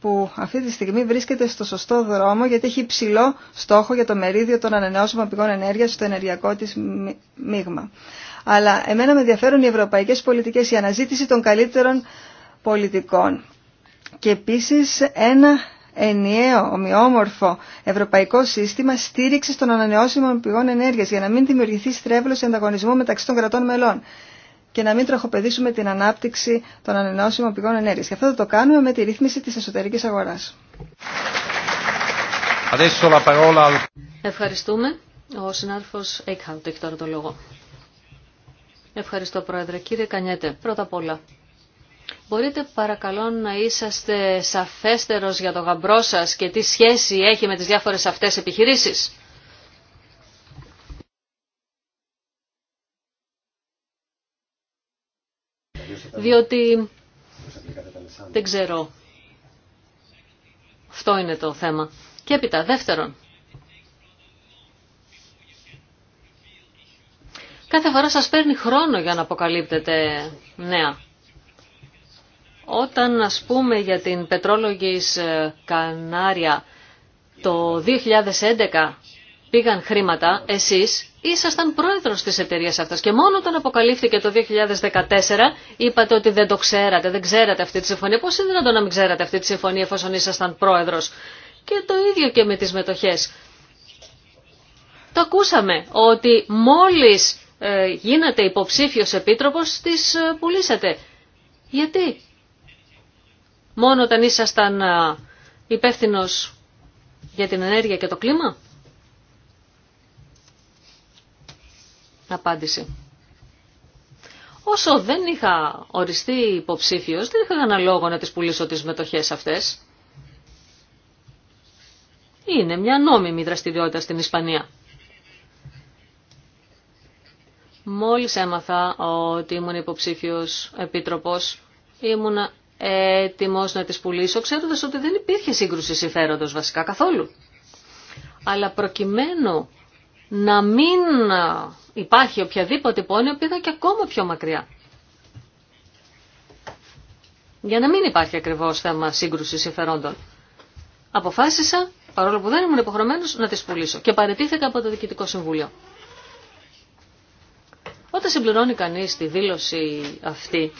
που αυτή τη στιγμή βρίσκεται στο σωστό δρόμο γιατί έχει υψηλό στόχο για το μερίδιο των ανανεώσιμων πηγών ενέργειας στο ενεργειακό της μείγμα. Αλλά εμένα με ενδιαφέρουν οι ευρωπαϊκές πολιτικές, η αναζήτηση των καλύτερων πολιτικών. Και επίσης ένα ενιαίο, ομοιόμορφο ευρωπαϊκό σύστημα στήριξης των ανανεώσιμων πηγών ενέργειας για να μην δημιουργηθεί στρέβλωση ανταγωνισμού μεταξύ των κρατών μελών και να μην τροχοπεδίσουμε την ανάπτυξη των ανανεώσιμων πηγών ενέργειας. Και αυτό θα το κάνουμε με τη ρύθμιση της εσωτερικής αγοράς. Ευχαριστούμε. Ο συνάδελφος Έκχαλτ έχει τώρα το λόγο. Ευχαριστώ Πρόεδρε. Κύριε Κανιέτε, πρώτα απ' όλα. Μπορείτε παρακαλώ να είσαστε σαφέστερος για το γαμπρό σας και τι σχέση έχει με τις διάφορες αυτές επιχειρήσεις. διότι δεν ξέρω. Αυτό είναι το θέμα. Και έπειτα, δεύτερον, κάθε φορά σας παίρνει χρόνο για να αποκαλύπτετε νέα. Όταν, ας πούμε, για την πετρόλογης ε, Κανάρια το 2011 πήγαν χρήματα, εσείς ήσασταν πρόεδρος της εταιρείας αυτής και μόνο όταν αποκαλύφθηκε το 2014 είπατε ότι δεν το ξέρατε, δεν ξέρατε αυτή τη συμφωνία. Πώς είναι δυνατόν να μην ξέρατε αυτή τη συμφωνία εφόσον ήσασταν πρόεδρος. Και το ίδιο και με τις μετοχές. Το ακούσαμε ότι μόλις ε, γίνατε υποψήφιος επίτροπος τις ε, πουλήσατε. Γιατί. Μόνο όταν ήσασταν ε, υπεύθυνο για την ενέργεια και το κλίμα. απάντηση. Όσο δεν είχα οριστεί υποψήφιος, δεν είχα κανένα λόγο να τις πουλήσω τις μετοχές αυτές. Είναι μια νόμιμη δραστηριότητα στην Ισπανία. Μόλις έμαθα ότι ήμουν υποψήφιος επίτροπος, ήμουν έτοιμος να τις πουλήσω, ξέροντας ότι δεν υπήρχε σύγκρουση συμφέροντος βασικά καθόλου. Αλλά προκειμένου να μην υπάρχει οποιαδήποτε πόνη πήγα και ακόμα πιο μακριά. Για να μην υπάρχει ακριβώς θέμα σύγκρουση συμφερόντων. Αποφάσισα, παρόλο που δεν ήμουν υποχρεωμένο, να τις πουλήσω και παρετήθηκα από το Διοικητικό Συμβούλιο. Όταν συμπληρώνει κανείς τη δήλωση αυτή,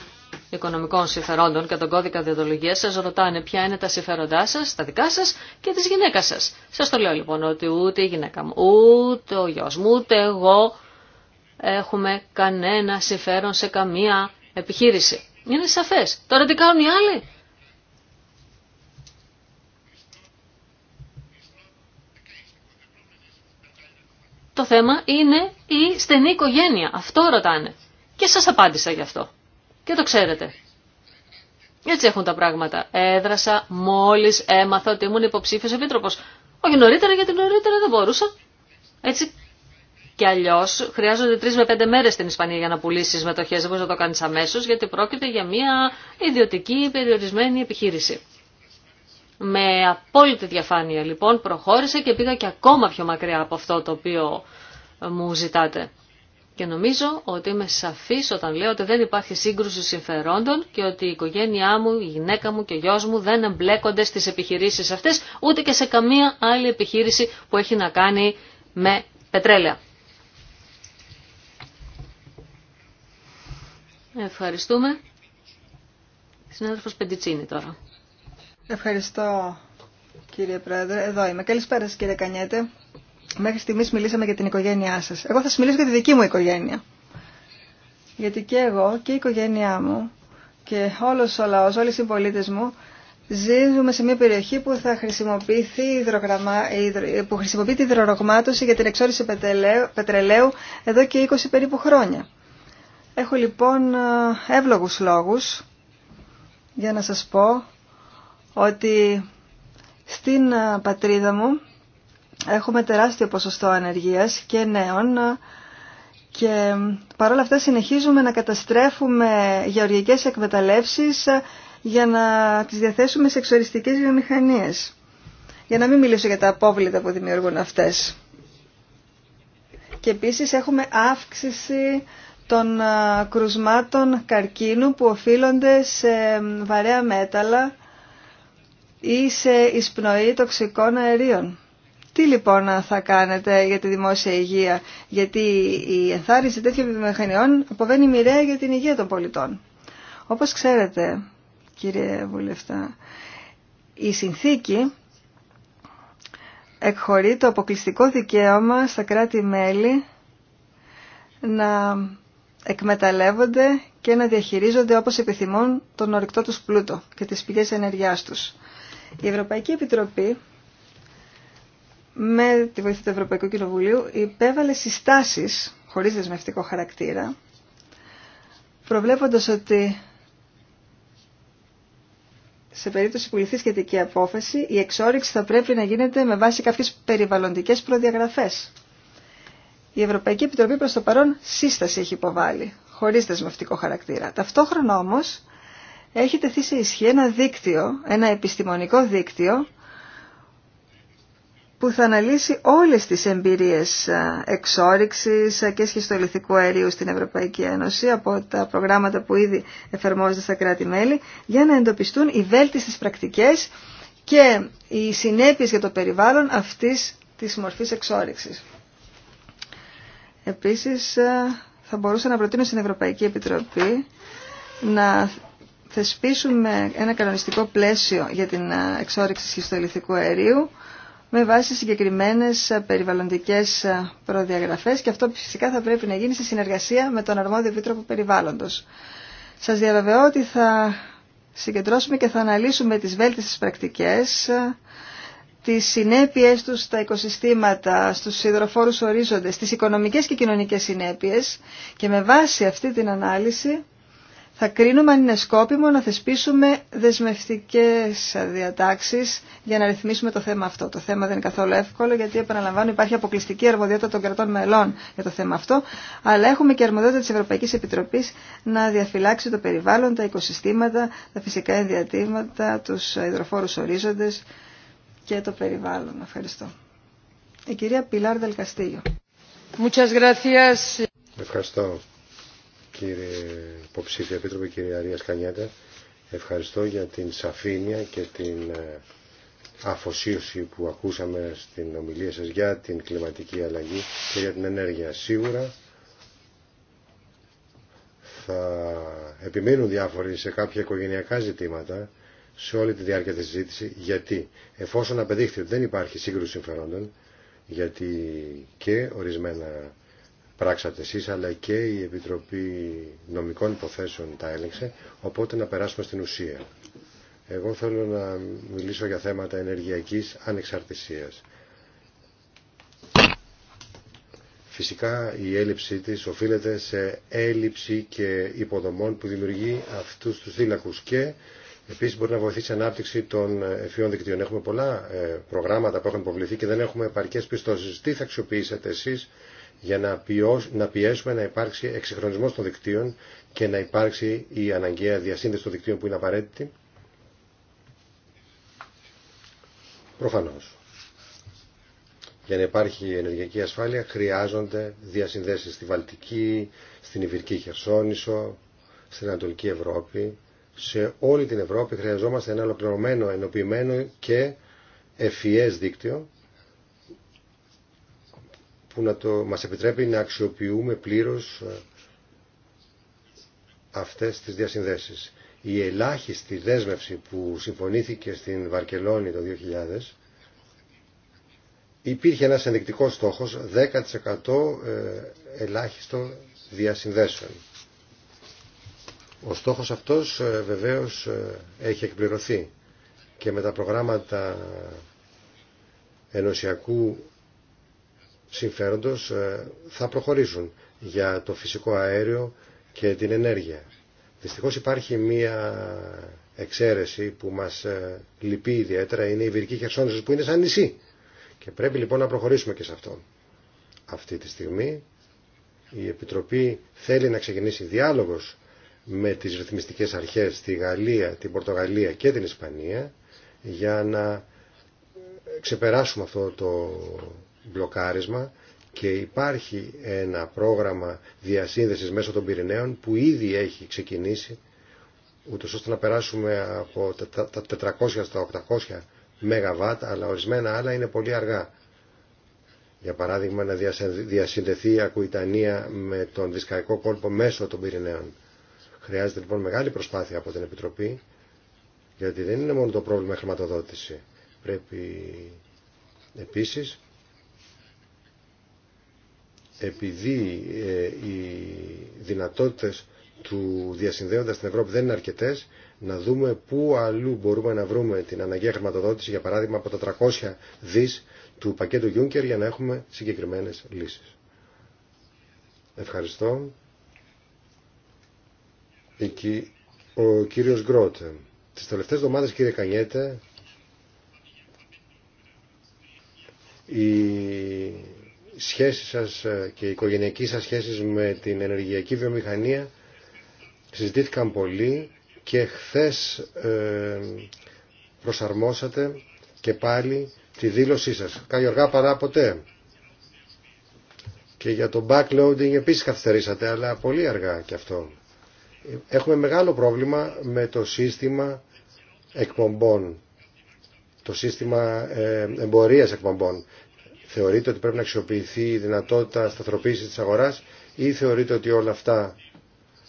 οικονομικών συμφερόντων και τον κώδικα διοντολογίας σας ρωτάνε ποια είναι τα συμφέροντά σας, τα δικά σας και της γυναίκας σας. Σας το λέω λοιπόν ότι ούτε η γυναίκα μου, ούτε ο γιος μου, ούτε εγώ έχουμε κανένα συμφέρον σε καμία επιχείρηση. Είναι σαφές. Τώρα τι κάνουν οι άλλοι. Το θέμα είναι η στενή οικογένεια. Αυτό ρωτάνε. Και σας απάντησα γι' αυτό. Και το ξέρετε. Έτσι έχουν τα πράγματα. Έδρασα μόλι έμαθα ότι ήμουν υποψήφιο επίτροπο. Όχι νωρίτερα γιατί νωρίτερα δεν μπορούσα. Έτσι και αλλιώ χρειάζονται τρει με πέντε μέρε στην Ισπανία για να πουλήσει μετοχέ. Δεν μπορεί να το κάνει αμέσω, γιατί πρόκειται για μια ιδιωτική περιορισμένη επιχείρηση. Με απόλυτη διαφάνεια λοιπόν προχώρησα και πήγα και ακόμα πιο μακριά από αυτό το οποίο μου ζητάτε. Και νομίζω ότι είμαι σαφής όταν λέω ότι δεν υπάρχει σύγκρουση συμφερόντων και ότι η οικογένειά μου, η γυναίκα μου και ο γιος μου δεν εμπλέκονται στις επιχειρήσεις αυτές, ούτε και σε καμία άλλη επιχείρηση που έχει να κάνει με πετρέλαια. Ευχαριστούμε. Συνάδελφος Πεντιτσίνη τώρα. Ευχαριστώ κύριε Πρόεδρε. Εδώ είμαι. Καλησπέρα κύριε Κανιέτε. Μέχρι στιγμής μιλήσαμε για την οικογένειά σας. Εγώ θα σας μιλήσω για τη δική μου οικογένεια. Γιατί και εγώ και η οικογένειά μου και όλος ο λαός, όλοι οι συμπολίτες μου ζούμε σε μια περιοχή που θα χρησιμοποιηθεί που χρησιμοποιεί τη υδρορογμάτωση για την εξόριση πετρελαίου εδώ και 20 περίπου χρόνια. Έχω λοιπόν εύλογους λόγους για να σας πω ότι στην πατρίδα μου έχουμε τεράστιο ποσοστό ανεργίας και νέων και παρόλα αυτά συνεχίζουμε να καταστρέφουμε γεωργικές εκμεταλλεύσεις για να τις διαθέσουμε σε εξοριστικές βιομηχανίες. Για να μην μιλήσω για τα απόβλητα που δημιουργούν αυτές. Και επίσης έχουμε αύξηση των κρουσμάτων καρκίνου που οφείλονται σε βαρέα μέταλλα ή σε εισπνοή τοξικών αερίων. Τι λοιπόν θα κάνετε για τη δημόσια υγεία, γιατί η ενθάρρυνση τέτοιων βιομηχανιών αποβαίνει μοιραία για την υγεία των πολιτών. Όπως ξέρετε, κύριε Βουλευτά, η συνθήκη εκχωρεί το αποκλειστικό δικαίωμα στα κράτη-μέλη να εκμεταλλεύονται και να διαχειρίζονται όπως επιθυμούν τον ορυκτό τους πλούτο και τις πηγές ενεργειάς τους. Η Ευρωπαϊκή Επιτροπή με τη βοήθεια του Ευρωπαϊκού Κοινοβουλίου υπέβαλε συστάσεις χωρίς δεσμευτικό χαρακτήρα προβλέποντας ότι σε περίπτωση που ληφθεί σχετική απόφαση, η εξόριξη θα πρέπει να γίνεται με βάση κάποιες περιβαλλοντικές προδιαγραφές. Η Ευρωπαϊκή Επιτροπή προς το παρόν σύσταση έχει υποβάλει, χωρίς δεσμευτικό χαρακτήρα. Ταυτόχρονα όμως έχει τεθεί σε ισχύ ένα δίκτυο, ένα επιστημονικό δίκτυο, που θα αναλύσει όλες τις εμπειρίες εξόρυξης και σχιστολιθικού αερίου στην Ευρωπαϊκή Ένωση από τα προγράμματα που ήδη εφαρμόζονται στα κράτη-μέλη για να εντοπιστούν οι βέλτιστες πρακτικές και οι συνέπειες για το περιβάλλον αυτής της μορφής εξόρυξης. Επίσης θα μπορούσα να προτείνω στην Ευρωπαϊκή Επιτροπή να θεσπίσουμε ένα κανονιστικό πλαίσιο για την εξόριξη σχιστολιθικού αερίου με βάση συγκεκριμένες ε, περιβαλλοντικές ε, προδιαγραφές και αυτό φυσικά θα πρέπει να γίνει σε συνεργασία με τον Αρμόδιο Επίτροπο Περιβάλλοντος. Σας διαβεβαιώ ότι θα συγκεντρώσουμε και θα αναλύσουμε τις βέλτιστες πρακτικές, ε, τις συνέπειες τους στα οικοσυστήματα, στους υδροφόρους ορίζοντες, τις οικονομικές και κοινωνικές συνέπειες και με βάση αυτή την ανάλυση θα κρίνουμε αν είναι σκόπιμο να θεσπίσουμε δεσμευτικές διατάξεις για να ρυθμίσουμε το θέμα αυτό. Το θέμα δεν είναι καθόλου εύκολο γιατί επαναλαμβάνω υπάρχει αποκλειστική αρμοδιότητα των κρατών μελών για το θέμα αυτό, αλλά έχουμε και αρμοδιότητα της Ευρωπαϊκής Επιτροπής να διαφυλάξει το περιβάλλον, τα οικοσυστήματα, τα φυσικά ενδιατήματα, τους υδροφόρους ορίζοντες και το περιβάλλον. Ευχαριστώ. Η κυρία Πιλάρ gracias κύριε υποψήφια επίτροπε κύριε Αρία Κανιέτα. Ευχαριστώ για την σαφήνεια και την ε, αφοσίωση που ακούσαμε στην ομιλία σας για την κλιματική αλλαγή και για την ενέργεια. Σίγουρα θα επιμείνουν διάφοροι σε κάποια οικογενειακά ζητήματα σε όλη τη διάρκεια της συζήτηση γιατί εφόσον απεδείχθη ότι δεν υπάρχει σύγκρουση συμφερόντων γιατί και ορισμένα πράξατε εσείς αλλά και η Επιτροπή Νομικών Υποθέσεων τα έλεγξε, οπότε να περάσουμε στην ουσία. Εγώ θέλω να μιλήσω για θέματα ενεργειακής ανεξαρτησίας. Φυσικά η έλλειψή της οφείλεται σε έλλειψη και υποδομών που δημιουργεί αυτούς τους θύλακους και Επίσης μπορεί να βοηθήσει ανάπτυξη των εφείων δικτύων. Έχουμε πολλά ε, προγράμματα που έχουν υποβληθεί και δεν έχουμε επαρκές πιστώσεις. Τι θα αξιοποιήσετε εσείς για να, πιέσουμε να υπάρξει εξυγχρονισμό των δικτύων και να υπάρξει η αναγκαία διασύνδεση των δικτύων που είναι απαραίτητη. Προφανώς. Για να υπάρχει ενεργειακή ασφάλεια χρειάζονται διασυνδέσει στη Βαλτική, στην Ιβυρική Χερσόνησο, στην Ανατολική Ευρώπη. Σε όλη την Ευρώπη χρειαζόμαστε ένα ολοκληρωμένο, ενοποιημένο και ευφυέ δίκτυο που να το, μας επιτρέπει να αξιοποιούμε πλήρως ε, αυτές τις διασυνδέσεις. Η ελάχιστη δέσμευση που συμφωνήθηκε στην Βαρκελόνη το 2000 υπήρχε ένας ενδεικτικός στόχος 10% ε, ελάχιστο διασυνδέσεων. Ο στόχος αυτός ε, βεβαίως έχει εκπληρωθεί και με τα προγράμματα ενωσιακού συμφέροντος ε, θα προχωρήσουν για το φυσικό αέριο και την ενέργεια. Δυστυχώς υπάρχει μία εξαίρεση που μας ε, λυπεί ιδιαίτερα, είναι η Βυρική Χερσόνησο που είναι σαν νησί. Και πρέπει λοιπόν να προχωρήσουμε και σε αυτό. Αυτή τη στιγμή η Επιτροπή θέλει να ξεκινήσει διάλογος με τις ρυθμιστικές αρχές στη Γαλλία, την Πορτογαλία και την Ισπανία για να ξεπεράσουμε αυτό το μπλοκάρισμα και υπάρχει ένα πρόγραμμα διασύνδεσης μέσω των Πυρηναίων που ήδη έχει ξεκινήσει ούτω ώστε να περάσουμε από τα 400 στα 800 ΜΒ αλλά ορισμένα άλλα είναι πολύ αργά. Για παράδειγμα να διασυνδεθεί η Ακουιτανία με τον δισκαϊκό κόλπο μέσω των Πυρηναίων. Χρειάζεται λοιπόν μεγάλη προσπάθεια από την Επιτροπή γιατί δεν είναι μόνο το πρόβλημα χρηματοδότηση. Πρέπει επίσης επειδή ε, οι δυνατότητες του διασυνδέοντας στην Ευρώπη δεν είναι αρκετές, να δούμε πού αλλού μπορούμε να βρούμε την αναγκαία χρηματοδότηση, για παράδειγμα από τα 300 δις του πακέτου Juncker, για να έχουμε συγκεκριμένες λύσεις. Ευχαριστώ. Ο κύριος Γκρότε. Τις τελευταίες εβδομάδες, κύριε Κανιέτε, η σχέση σας ε, και οι οικογενειακοί σας σχέσεις με την ενεργειακή βιομηχανία συζητήθηκαν πολύ και χθες ε, προσαρμόσατε και πάλι τη δήλωσή σας. αργά παρά ποτέ. Και για το backloading επίσης καθυστερήσατε, αλλά πολύ αργά και αυτό. Έχουμε μεγάλο πρόβλημα με το σύστημα εκπομπών, το σύστημα ε, εμπορίας εκπομπών. Θεωρείτε ότι πρέπει να αξιοποιηθεί η δυνατότητα σταθεροποίησης της αγοράς ή θεωρείτε ότι όλα αυτά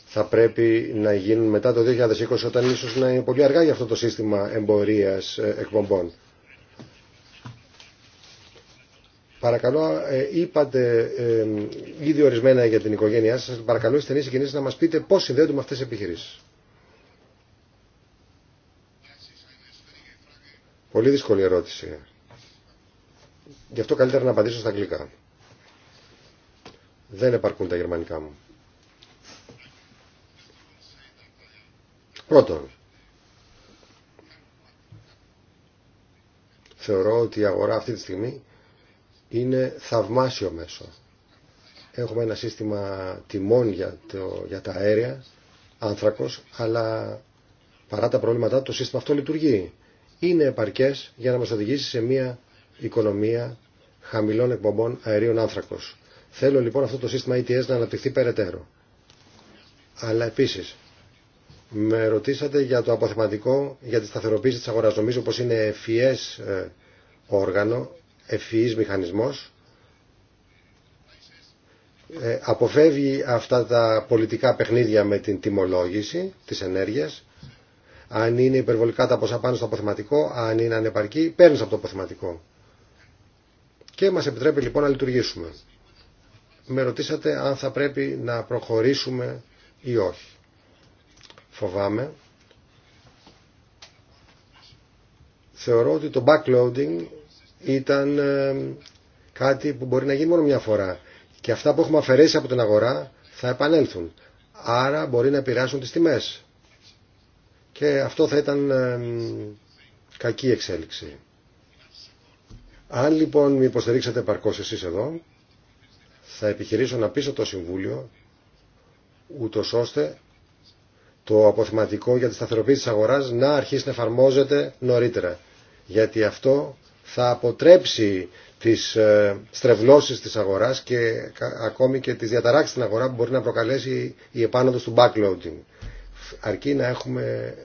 θα πρέπει να γίνουν μετά το 2020 όταν ίσως να είναι πολύ αργά για αυτό το σύστημα εμπορίας ε, εκπομπών. Παρακαλώ, ε, είπατε ε, ήδη ορισμένα για την οικογένειά σας. Παρακαλώ οι στενείς συγκινήσει να μας πείτε πώς συνδέονται με αυτές τις επιχειρήσεις. Πολύ δύσκολη ερώτηση. Γι' αυτό καλύτερα να απαντήσω στα αγγλικά. Δεν επαρκούν τα γερμανικά μου. Πρώτον, θεωρώ ότι η αγορά αυτή τη στιγμή είναι θαυμάσιο μέσο. Έχουμε ένα σύστημα τιμών για, το, για τα αέρια, άνθρακος, αλλά παρά τα προβλήματά το σύστημα αυτό λειτουργεί. Είναι επαρκές για να μας οδηγήσει σε μια οικονομία χαμηλών εκπομπών αερίων άνθρακο. Θέλω λοιπόν αυτό το σύστημα ETS να αναπτυχθεί περαιτέρω. Αλλά επίσης, με ρωτήσατε για το αποθεματικό για τη σταθεροποίηση τη αγορά, Νομίζω πως είναι ευφυές ε, όργανο, ευφυή μηχανισμό. Ε, αποφεύγει αυτά τα πολιτικά παιχνίδια με την τιμολόγηση της ενέργειας. Αν είναι υπερβολικά τα ποσά πάνω στο αποθεματικό, αν είναι ανεπαρκή, παίρνει από το αποθεματικό και μας επιτρέπει λοιπόν να λειτουργήσουμε. Με ρωτήσατε αν θα πρέπει να προχωρήσουμε ή όχι. Φοβάμαι. Θεωρώ ότι το backloading ήταν ε, κάτι που μπορεί να γίνει μόνο μια φορά. Και αυτά που έχουμε αφαιρέσει από την αγορά θα επανέλθουν. Άρα μπορεί να επηρεάσουν τις τιμές. Και αυτό θα ήταν ε, κακή εξέλιξη. Αν λοιπόν με υποστηρίξετε παρκώς εσείς εδώ, θα επιχειρήσω να πείσω το Συμβούλιο, ούτω ώστε το αποθηματικό για τη σταθεροποίηση της αγοράς να αρχίσει να εφαρμόζεται νωρίτερα. Γιατί αυτό θα αποτρέψει τις ε, στρεβλώσεις της αγοράς και ακόμη και τις διαταράξεις στην αγορά που μπορεί να προκαλέσει η επάνωδος του backloading. Αρκεί να έχουμε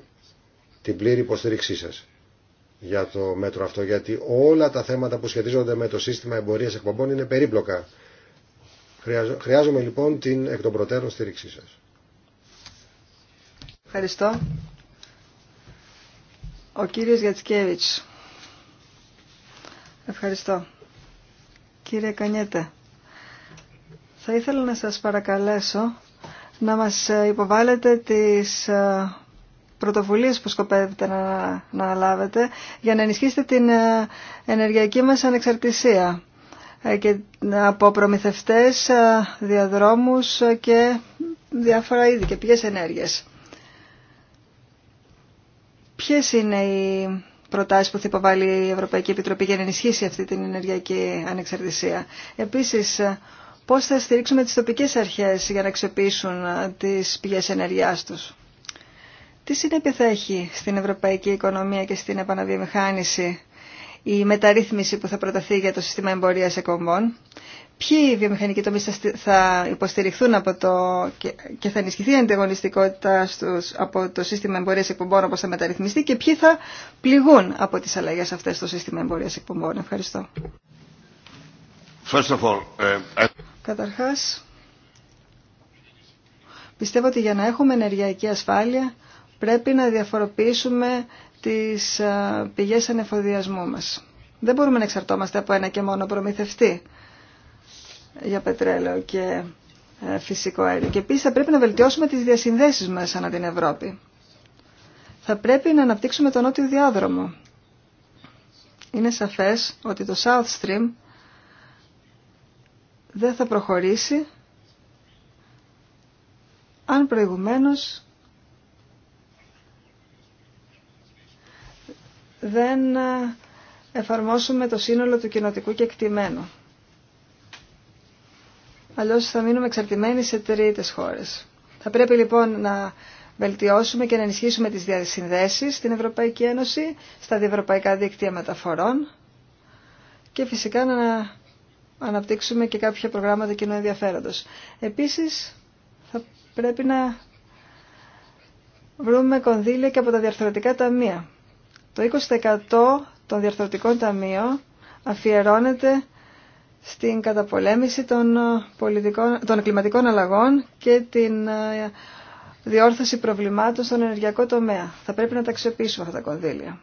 την πλήρη υποστήριξή σας για το μέτρο αυτό, γιατί όλα τα θέματα που σχετίζονται με το σύστημα εμπορίας εκπομπών είναι περίπλοκα. Χρειάζομαι λοιπόν την εκ των προτέρων στήριξή σας. Ευχαριστώ. Ο κύριος Γιατσκέβιτς. Ευχαριστώ. Κύριε Κανιέται θα ήθελα να σας παρακαλέσω να μας υποβάλλετε τις ε, πρωτοβουλίες που σκοπεύετε να, να λάβετε για να ενισχύσετε την ε, ενεργειακή μας ανεξαρτησία ε, και ε, από προμηθευτές, διαδρόμους και διάφορα είδη και ποιες ενέργειες. Ποιες είναι οι προτάσεις που θα υποβάλει η Ευρωπαϊκή Επιτροπή για να ενισχύσει αυτή την ενεργειακή ανεξαρτησία. Επίσης, πώς θα στηρίξουμε τις τοπικές αρχές για να αξιοποιήσουν τις πηγές ενέργειάς τους. Τι συνέπεια θα έχει στην ευρωπαϊκή οικονομία και στην επαναβιομηχάνηση η μεταρρύθμιση που θα προταθεί για το σύστημα εμπορίας εκπομπών. Ποιοι βιομηχανικοί τομείς θα υποστηριχθούν από το... και θα ενισχυθεί η ανταγωνιστικότητα από το σύστημα εμπορίας εκπομπών όπως θα μεταρρυθμιστεί και ποιοι θα πληγούν από τις αλλαγές αυτές στο σύστημα εμπορίας εκπομπών. Ευχαριστώ. First of all, uh... Καταρχάς, πιστεύω ότι για να έχουμε ενεργειακή ασφάλεια Πρέπει να διαφοροποιήσουμε τις πηγές ανεφοδιασμού μας. Δεν μπορούμε να εξαρτώμαστε από ένα και μόνο προμηθευτή για πετρέλαιο και ε, φυσικό αέριο. Και επίσης θα πρέπει να βελτιώσουμε τις διασυνδέσεις μας ανά την Ευρώπη. Θα πρέπει να αναπτύξουμε τον νότιο διάδρομο. Είναι σαφές ότι το South Stream δεν θα προχωρήσει αν προηγουμένως δεν ε, εφαρμόσουμε το σύνολο του κοινοτικού κεκτημένου. Αλλιώς θα μείνουμε εξαρτημένοι σε τρίτες χώρες. Θα πρέπει λοιπόν να βελτιώσουμε και να ενισχύσουμε τις διασυνδέσεις στην Ευρωπαϊκή Ένωση, στα διευρωπαϊκά δίκτυα μεταφορών και φυσικά να αναπτύξουμε και κάποια προγράμματα κοινού ενδιαφέροντος. Επίσης, θα πρέπει να βρούμε κονδύλια και από τα διαρθρωτικά ταμεία. Το 20% των διαρθρωτικών ταμείων αφιερώνεται στην καταπολέμηση των, ε, πολιτικών, κλιματικών αλλαγών και την ε, διόρθωση προβλημάτων στον ενεργειακό τομέα. Θα πρέπει να τα αξιοποιήσουμε αυτά τα κονδύλια.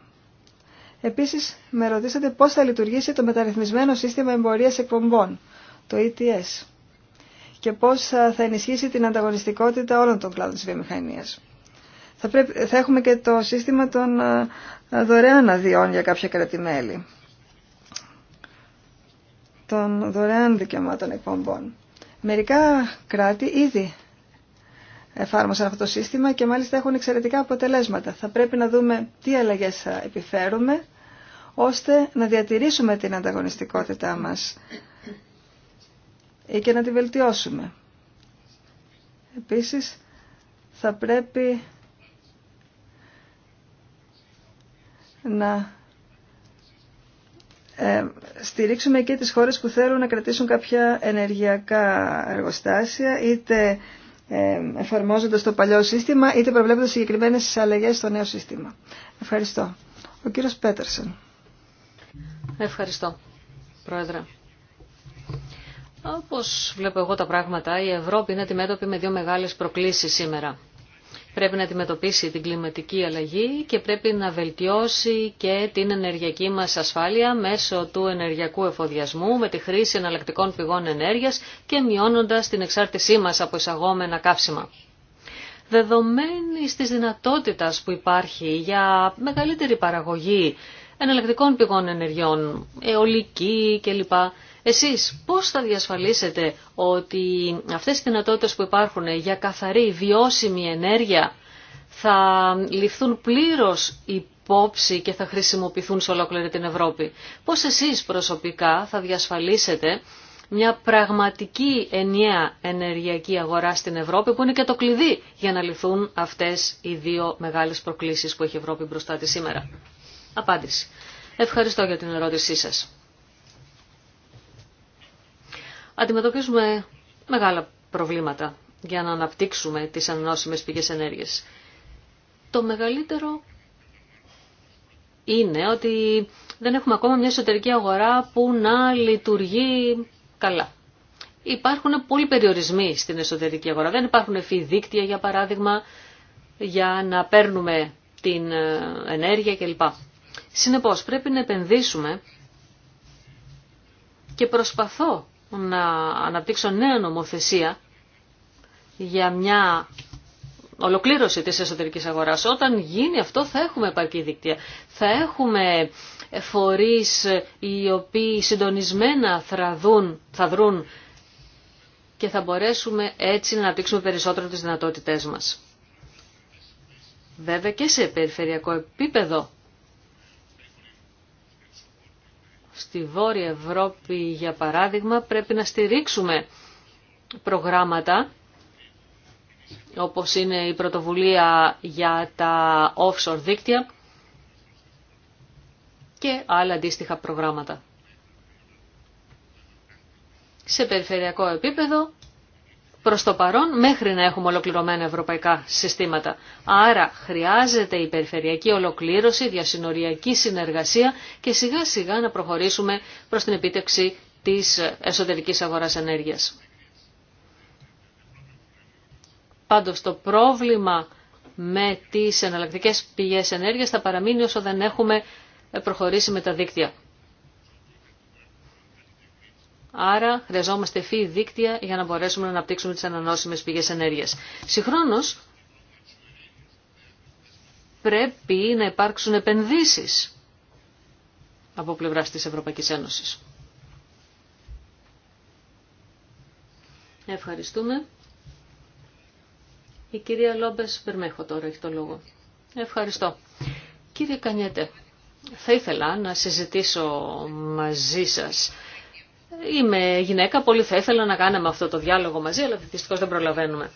Επίσης, με ρωτήσατε πώς θα λειτουργήσει το μεταρρυθμισμένο σύστημα εμπορίας εκπομπών, το ETS, και πώς θα ενισχύσει την ανταγωνιστικότητα όλων των κλάδων της βιομηχανίας θα, έχουμε και το σύστημα των ε, δωρεάν αδειών για κάποια κρατημέλη. Των δωρεάν δικαιωμάτων εκπομπών. Μερικά κράτη ήδη εφάρμοσαν αυτό το σύστημα και μάλιστα έχουν εξαιρετικά αποτελέσματα. Θα πρέπει να δούμε τι αλλαγές θα επιφέρουμε ώστε να διατηρήσουμε την ανταγωνιστικότητά μας ή και να τη βελτιώσουμε. Επίσης, θα πρέπει να ε, στηρίξουμε και τις χώρες που θέλουν να κρατήσουν κάποια ενεργειακά εργοστάσια, είτε ε, εφαρμόζοντας το παλιό σύστημα, είτε προβλέποντας συγκεκριμένες αλλαγές στο νέο σύστημα. Ευχαριστώ. Ο κύριος Πέτερσεν. Ευχαριστώ, Πρόεδρε. Όπως βλέπω εγώ τα πράγματα, η Ευρώπη είναι αντιμέτωπη με δύο μεγάλες προκλήσεις σήμερα. Πρέπει να αντιμετωπίσει την κλιματική αλλαγή και πρέπει να βελτιώσει και την ενεργειακή μας ασφάλεια μέσω του ενεργειακού εφοδιασμού με τη χρήση εναλλακτικών πηγών ενέργειας και μειώνοντας την εξάρτησή μας από εισαγόμενα καύσιμα δεδομένης της δυνατότητας που υπάρχει για μεγαλύτερη παραγωγή εναλλακτικών πηγών ενεργειών, αιωλική κλπ. Εσείς πώς θα διασφαλίσετε ότι αυτές οι δυνατότητες που υπάρχουν για καθαρή βιώσιμη ενέργεια θα ληφθούν πλήρως υπόψη και θα χρησιμοποιηθούν σε ολόκληρη την Ευρώπη. Πώς εσείς προσωπικά θα διασφαλίσετε μια πραγματική ενιαία ενεργειακή αγορά στην Ευρώπη που είναι και το κλειδί για να λυθούν αυτές οι δύο μεγάλες προκλήσεις που έχει η Ευρώπη μπροστά της σήμερα. Απάντηση. Ευχαριστώ για την ερώτησή σας αντιμετωπίζουμε μεγάλα προβλήματα για να αναπτύξουμε τις ανανόσιμες πηγές ενέργειας. Το μεγαλύτερο είναι ότι δεν έχουμε ακόμα μια εσωτερική αγορά που να λειτουργεί καλά. Υπάρχουν πολλοί περιορισμοί στην εσωτερική αγορά. Δεν υπάρχουν εφηδίκτια, για παράδειγμα, για να παίρνουμε την ε, ενέργεια κλπ. Συνεπώς, πρέπει να επενδύσουμε και προσπαθώ να αναπτύξω νέα νομοθεσία για μια ολοκλήρωση της εσωτερικής αγοράς. Όταν γίνει αυτό θα έχουμε επαρκή δίκτυα. Θα έχουμε φορείς οι οποίοι συντονισμένα θα, δουν, θα δρουν και θα μπορέσουμε έτσι να αναπτύξουμε περισσότερο τις δυνατότητές μας. Βέβαια και σε περιφερειακό επίπεδο στη Βόρεια Ευρώπη, για παράδειγμα, πρέπει να στηρίξουμε προγράμματα όπως είναι η πρωτοβουλία για τα offshore δίκτυα και άλλα αντίστοιχα προγράμματα. Σε περιφερειακό επίπεδο προς το παρόν μέχρι να έχουμε ολοκληρωμένα ευρωπαϊκά συστήματα. Άρα χρειάζεται η περιφερειακή ολοκλήρωση, διασυνοριακή συνεργασία και σιγά σιγά να προχωρήσουμε προς την επίτευξη της εσωτερικής αγοράς ενέργειας. Πάντως το πρόβλημα με τις εναλλακτικές πηγές ενέργειας θα παραμείνει όσο δεν έχουμε προχωρήσει με τα δίκτυα. Άρα χρειαζόμαστε ευφύ δίκτυα για να μπορέσουμε να αναπτύξουμε τις ανανόσιμες πηγές ενέργειας. Συγχρόνως πρέπει να υπάρξουν επενδύσεις από πλευράς της Ευρωπαϊκής Ένωσης. Ευχαριστούμε. Η κυρία Λόμπες Περμέχο τώρα έχει το λόγο. Ευχαριστώ. Κύριε Κανιέτε, θα ήθελα να συζητήσω μαζί σας Είμαι γυναίκα, πολύ θα ήθελα να κάναμε αυτό το διάλογο μαζί, αλλά δυστυχώ δεν προλαβαίνουμε.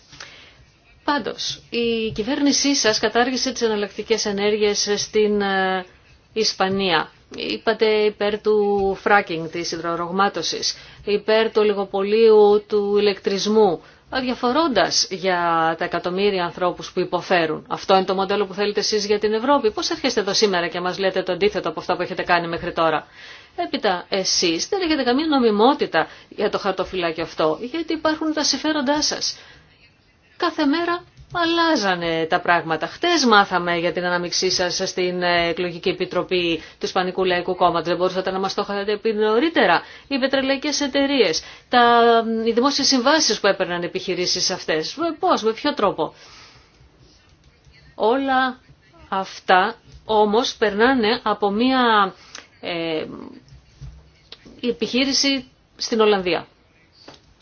Πάντω, η κυβέρνησή σα κατάργησε τι εναλλακτικέ ενέργειε στην ε, Ισπανία. Είπατε υπέρ του φράκινγκ, τη υδρορογμάτωση, υπέρ του λιγοπολίου του ηλεκτρισμού, αδιαφορώντα για τα εκατομμύρια ανθρώπου που υποφέρουν. Αυτό είναι το μοντέλο που θέλετε εσεί για την Ευρώπη. Πώ έρχεστε εδώ σήμερα και μα λέτε το αντίθετο από αυτά που έχετε κάνει μέχρι τώρα. Έπειτα εσεί δεν έχετε καμία νομιμότητα για το χαρτοφυλάκι αυτό, γιατί υπάρχουν τα συμφέροντά σα. Κάθε μέρα αλλάζανε τα πράγματα. Χτε μάθαμε για την αναμειξή σα στην ε, εκλογική επιτροπή του Ισπανικού Λαϊκού κόμματο. Δεν μπορούσατε να μα το είχατε πει νωρίτερα. Οι πετρελαϊκέ εταιρείε. οι δημόσιε συμβάσει που έπαιρναν επιχειρήσει αυτέ, Πώ, πώς, με ποιο τρόπο. Όλα αυτά όμως περνάνε από μια ε, η επιχείρηση στην Ολλανδία.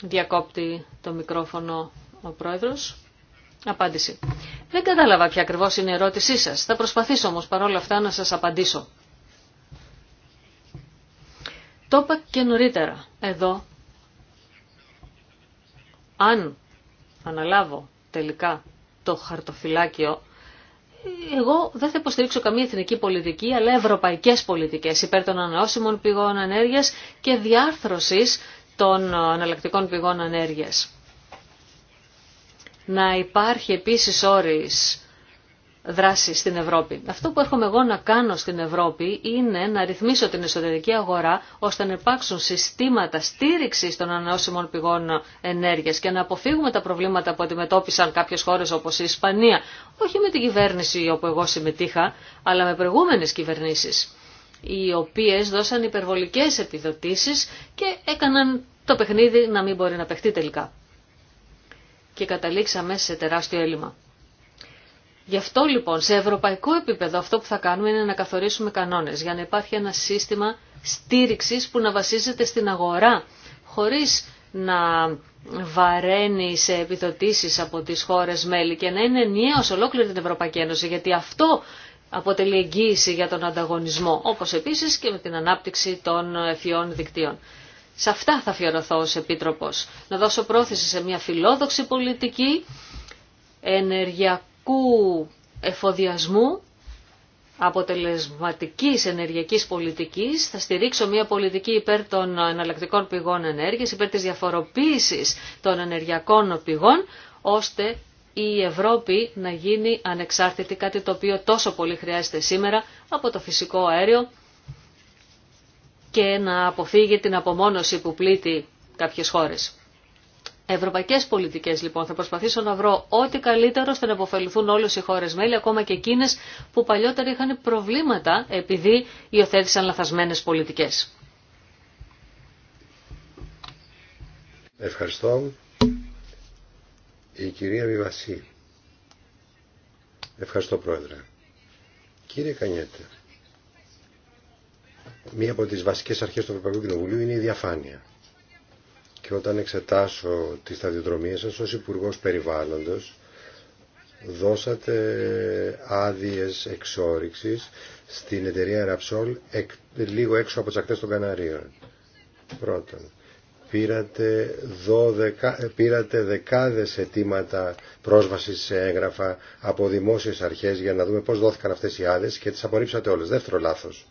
Διακόπτει το μικρόφωνο ο πρόεδρος. Απάντηση. Δεν κατάλαβα ποια ακριβώς είναι η ερώτησή σας. Θα προσπαθήσω όμως παρόλα αυτά να σας απαντήσω. Το είπα και νωρίτερα. Εδώ, αν αναλάβω τελικά το χαρτοφυλάκιο εγώ δεν θα υποστηρίξω καμία εθνική πολιτική, αλλά ευρωπαϊκέ πολιτικέ υπέρ των ανανεώσιμων πηγών ενέργεια και διάρθρωση των αναλλακτικών πηγών ενέργεια. Να υπάρχει επίση όρις δράση στην Ευρώπη. Αυτό που έρχομαι εγώ να κάνω στην Ευρώπη είναι να ρυθμίσω την εσωτερική αγορά ώστε να υπάρξουν συστήματα στήριξη των ανανεώσιμων πηγών ενέργεια και να αποφύγουμε τα προβλήματα που αντιμετώπισαν κάποιε χώρε όπω η Ισπανία, όχι με την κυβέρνηση όπου εγώ συμμετείχα, αλλά με προηγούμενε κυβερνήσει, οι οποίες δώσαν υπερβολικές επιδοτήσεις και έκαναν το παιχνίδι να μην μπορεί να παιχτεί τελικά. Και καταλήξαμε σε τεράστιο έλλειμμα. Γι' αυτό λοιπόν σε ευρωπαϊκό επίπεδο αυτό που θα κάνουμε είναι να καθορίσουμε κανόνες για να υπάρχει ένα σύστημα στήριξης που να βασίζεται στην αγορά χωρίς να βαραίνει σε επιδοτήσεις από τις χώρες μέλη και να είναι ενιαίος ολόκληρη την Ευρωπαϊκή Ένωση γιατί αυτό αποτελεί εγγύηση για τον ανταγωνισμό όπως επίσης και με την ανάπτυξη των εφιών δικτύων. Σε αυτά θα αφιερωθώ ως Επίτροπος. Να δώσω πρόθεση σε μια φιλόδοξη πολιτική, ενεργειακή ενεργειακού εφοδιασμού αποτελεσματικής ενεργειακής πολιτικής, θα στηρίξω μια πολιτική υπέρ των εναλλακτικών πηγών ενέργειας, υπέρ της διαφοροποίησης των ενεργειακών πηγών, ώστε η Ευρώπη να γίνει ανεξάρτητη, κάτι το οποίο τόσο πολύ χρειάζεται σήμερα από το φυσικό αέριο και να αποφύγει την απομόνωση που πλήττει κάποιες χώρες. Ευρωπαϊκές πολιτικές λοιπόν θα προσπαθήσω να βρω ό,τι καλύτερο ώστε να υποφεληθούν όλε οι χώρες μέλη, ακόμα και εκείνε που παλιότερα είχαν προβλήματα επειδή υιοθέτησαν λαθασμένε πολιτικές. Ευχαριστώ. Η κυρία Βιβασί. Ευχαριστώ πρόεδρε. Κύριε Κανιέτε, μία από τις βασικές αρχές του Ευρωπαϊκού Κοινοβουλίου είναι η διαφάνεια και όταν εξετάσω τις σταδιοδρομία σας ως Υπουργός Περιβάλλοντος δώσατε άδειες εξόριξης στην εταιρεία Rapsol λίγο έξω από τις ακτές των Καναρίων. Πρώτον, πήρατε, 12, ε, πήρατε δεκάδες αιτήματα πρόσβασης σε έγγραφα από δημόσιες αρχές για να δούμε πώς δόθηκαν αυτές οι άδειες και τις απορρίψατε όλες. Δεύτερο λάθος.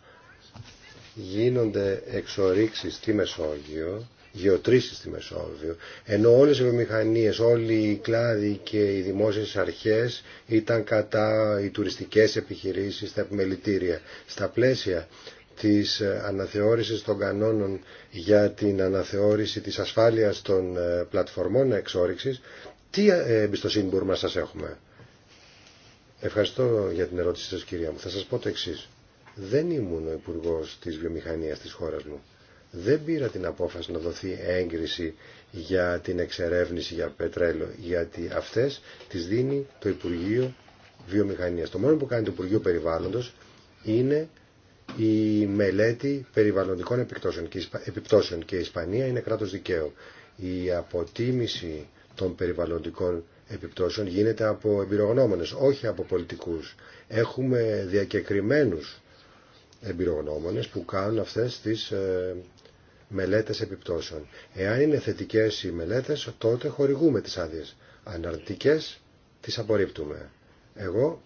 Γίνονται εξορίξεις στη Μεσόγειο γεωτρήσει στη Μεσόβιο, ενώ όλες οι βιομηχανίες, όλοι οι κλάδοι και οι δημόσιες αρχές ήταν κατά οι τουριστικές επιχειρήσει τα επιμελητήρια. Στα πλαίσια της αναθεώρησης των κανόνων για την αναθεώρηση της ασφάλειας των ε, πλατφορμών εξόριξη, τι ε, εμπιστοσύνη μπορούμε να σας έχουμε. Ευχαριστώ για την ερώτηση σας κυρία μου. Θα σας πω το εξής. Δεν ήμουν ο υπουργό της βιομηχανίας της χώρας μου δεν πήρα την απόφαση να δοθεί έγκριση για την εξερεύνηση για πετρέλαιο, γιατί αυτές τις δίνει το Υπουργείο Βιομηχανίας. Το μόνο που κάνει το Υπουργείο Περιβάλλοντος είναι η μελέτη περιβαλλοντικών επιπτώσεων και η Ισπανία είναι κράτος δικαίου. Η αποτίμηση των περιβαλλοντικών επιπτώσεων γίνεται από εμπειρογνώμονε, όχι από πολιτικούς. Έχουμε διακεκριμένους εμπειρογνώμονε που κάνουν αυτές τις ε, μελέτες επιπτώσεων. Εάν είναι θετικές οι μελέτες, τότε χορηγούμε τις άδειε. Αν αρνητικές, τις απορρίπτουμε. Εγώ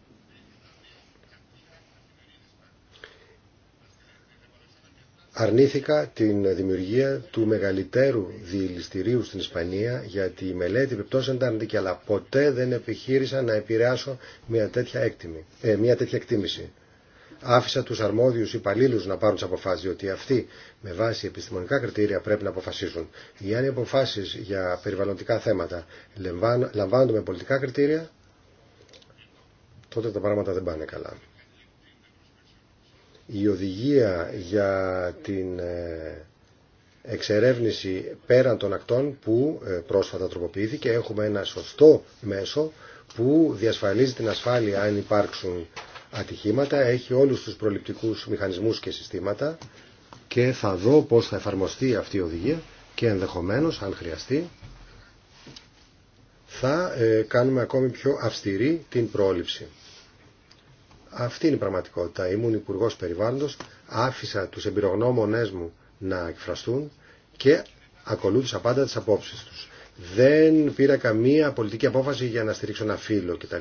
αρνήθηκα την δημιουργία του μεγαλύτερου διελιστηρίου στην Ισπανία γιατί η μελέτη επιπτώσεων ήταν αρνητική αλλά ποτέ δεν επιχείρησα να επηρεάσω μια τέτοια, έκτιμη, ε, μια τέτοια εκτίμηση άφησα τους αρμόδιους υπαλλήλους να πάρουν τις αποφάσεις, διότι αυτοί με βάση επιστημονικά κριτήρια πρέπει να αποφασίζουν. Οι αποφάσεις για περιβαλλοντικά θέματα λαμβάνονται με πολιτικά κριτήρια, τότε τα πράγματα δεν πάνε καλά. Η οδηγία για την ε, εξερεύνηση πέραν των ακτών που ε, πρόσφατα τροποποιήθηκε. Έχουμε ένα σωστό μέσο που διασφαλίζει την ασφάλεια αν υπάρξουν ατυχήματα, έχει όλους τους προληπτικούς μηχανισμούς και συστήματα και θα δω πώς θα εφαρμοστεί αυτή η οδηγία και ενδεχομένως, αν χρειαστεί, θα ε, κάνουμε ακόμη πιο αυστηρή την πρόληψη. Αυτή είναι η πραγματικότητα. Ήμουν υπουργό Περιβάλλοντος, άφησα τους εμπειρογνώμονές μου να εκφραστούν και ακολούθησα πάντα τις απόψεις τους. Δεν πήρα καμία πολιτική απόφαση για να στηρίξω ένα φίλο κτλ.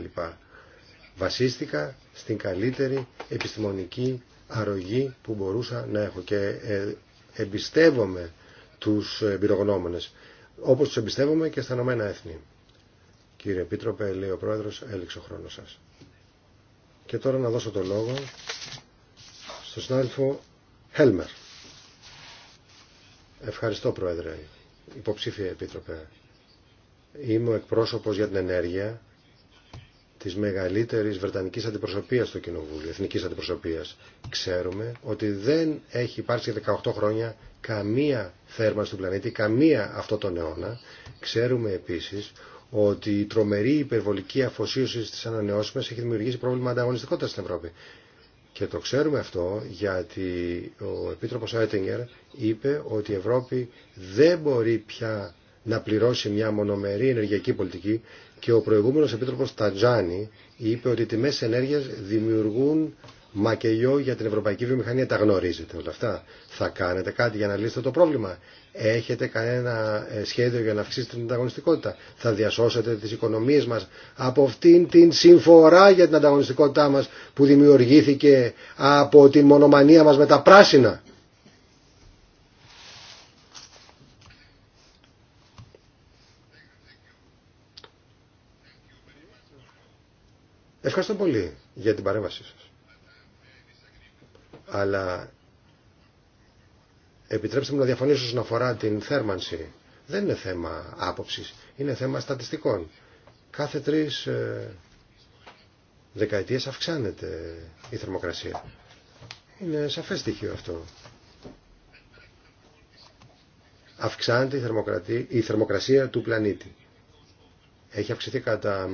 Βασίστηκα στην καλύτερη επιστημονική αρρωγή που μπορούσα να έχω και ε, εμπιστεύομαι τους εμπειρογνώμονες, όπως τους εμπιστεύομαι και στα Ηνωμένα Έθνη. Κύριε Επίτροπε, λέει ο Πρόεδρος, έληξε ο χρόνος σας. Και τώρα να δώσω το λόγο στον συνάδελφο Χέλμερ. Ευχαριστώ Πρόεδρε, υποψήφια Επίτροπε. Είμαι ο εκπρόσωπος για την ενέργεια Τη μεγαλύτερη βρετανική αντιπροσωπεία στο Κοινοβούλιο, εθνική αντιπροσωπείας. Ξέρουμε ότι δεν έχει υπάρξει 18 χρόνια καμία θέρμανση του πλανήτη, καμία αυτό τον αιώνα. Ξέρουμε επίσης ότι η τρομερή υπερβολική αφοσίωση στις ανανεώσιμες έχει δημιουργήσει πρόβλημα ανταγωνιστικότητα στην Ευρώπη. Και το ξέρουμε αυτό γιατί ο Επίτροπος Άιτιγκερ είπε ότι η Ευρώπη δεν μπορεί πια να πληρώσει μια μονομερή ενεργειακή πολιτική και ο προηγούμενος επίτροπος Τατζάνη είπε ότι οι τιμές ενέργειας δημιουργούν μακελιό για την ευρωπαϊκή βιομηχανία. Τα γνωρίζετε όλα αυτά. Θα κάνετε κάτι για να λύσετε το πρόβλημα. Έχετε κανένα ε, σχέδιο για να αυξήσετε την ανταγωνιστικότητα. Θα διασώσετε τις οικονομίες μας από αυτήν την συμφορά για την ανταγωνιστικότητά μας που δημιουργήθηκε από τη μονομανία μας με τα πράσινα. Ευχαριστώ πολύ για την παρέμβασή σας. Αλλά επιτρέψτε μου να διαφωνήσω όσον αφορά την θέρμανση. Δεν είναι θέμα άποψης, είναι θέμα στατιστικών. Κάθε τρεις ε, δεκαετίες αυξάνεται η θερμοκρασία. Είναι σαφές στοιχείο αυτό. Αυξάνεται η, η θερμοκρασία του πλανήτη έχει αυξηθεί κατά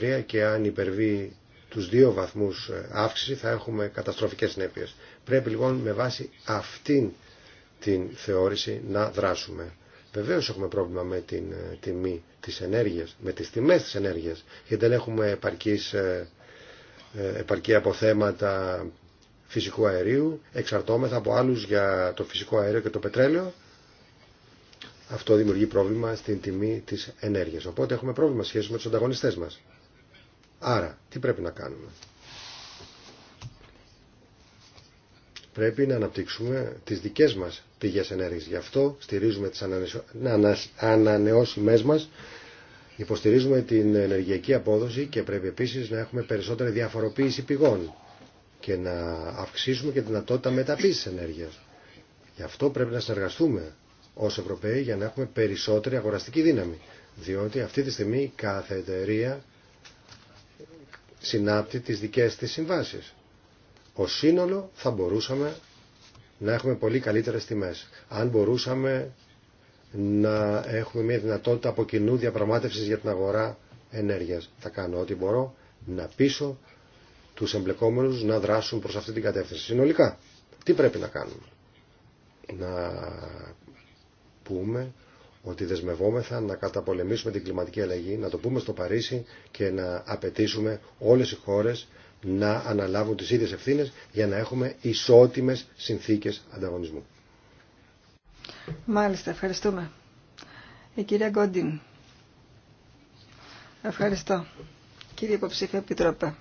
0,3 και αν υπερβεί τους δύο βαθμούς ε, αύξηση θα έχουμε καταστροφικές συνέπειες. Πρέπει λοιπόν με βάση αυτήν την θεώρηση να δράσουμε. Βεβαίως έχουμε πρόβλημα με την ε, τιμή της ενέργειας, με τις τιμές της ενέργειας, γιατί δεν έχουμε επαρκής, ε, επαρκή αποθέματα φυσικού αερίου, εξαρτώμεθα από άλλους για το φυσικό αέριο και το πετρέλαιο αυτό δημιουργεί πρόβλημα στην τιμή της ενέργειας. Οπότε έχουμε πρόβλημα σχέση με τους ανταγωνιστές μας. Άρα, τι πρέπει να κάνουμε. Πρέπει να αναπτύξουμε τις δικές μας πηγές ενέργειας. Γι' αυτό στηρίζουμε τις ανανεώσιμές μας, υποστηρίζουμε την ενεργειακή απόδοση και πρέπει επίσης να έχουμε περισσότερη διαφοροποίηση πηγών και να αυξήσουμε και τη δυνατότητα μεταποίησης ενέργειας. Γι' αυτό πρέπει να συνεργαστούμε ως Ευρωπαίοι για να έχουμε περισσότερη αγοραστική δύναμη. Διότι αυτή τη στιγμή κάθε εταιρεία συνάπτει τις δικές της συμβάσεις. Ο σύνολο θα μπορούσαμε να έχουμε πολύ καλύτερες τιμές. Αν μπορούσαμε να έχουμε μια δυνατότητα από κοινού διαπραγμάτευσης για την αγορά ενέργειας. Θα κάνω ό,τι μπορώ να πείσω τους εμπλεκόμενους να δράσουν προς αυτή την κατεύθυνση. Συνολικά, τι πρέπει να κάνουμε. Να πούμε ότι δεσμευόμεθα να καταπολεμήσουμε την κλιματική αλλαγή, να το πούμε στο Παρίσι και να απαιτήσουμε όλες οι χώρες να αναλάβουν τις ίδιες ευθύνες για να έχουμε ισότιμες συνθήκες ανταγωνισμού. Μάλιστα, ευχαριστούμε. Η κυρία Γκόντιν. Ευχαριστώ. Κύριε Υποψήφια Επιτρόπε.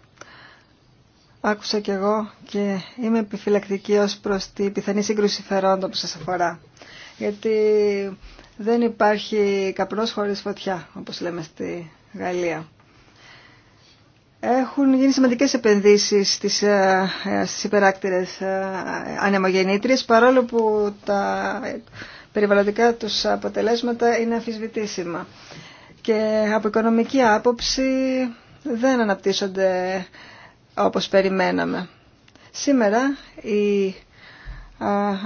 Άκουσα κι εγώ και είμαι επιφυλακτική ως προς τη πιθανή σύγκρουση φερόντων που σας αφορά γιατί δεν υπάρχει καπνός χωρίς φωτιά, όπως λέμε στη Γαλλία. Έχουν γίνει σημαντικές επενδύσεις στις, ε, ε, στις υπεράκτηρες ε, παρόλο που τα περιβαλλοντικά τους αποτελέσματα είναι αφισβητήσιμα. Και από οικονομική άποψη δεν αναπτύσσονται όπως περιμέναμε. Σήμερα η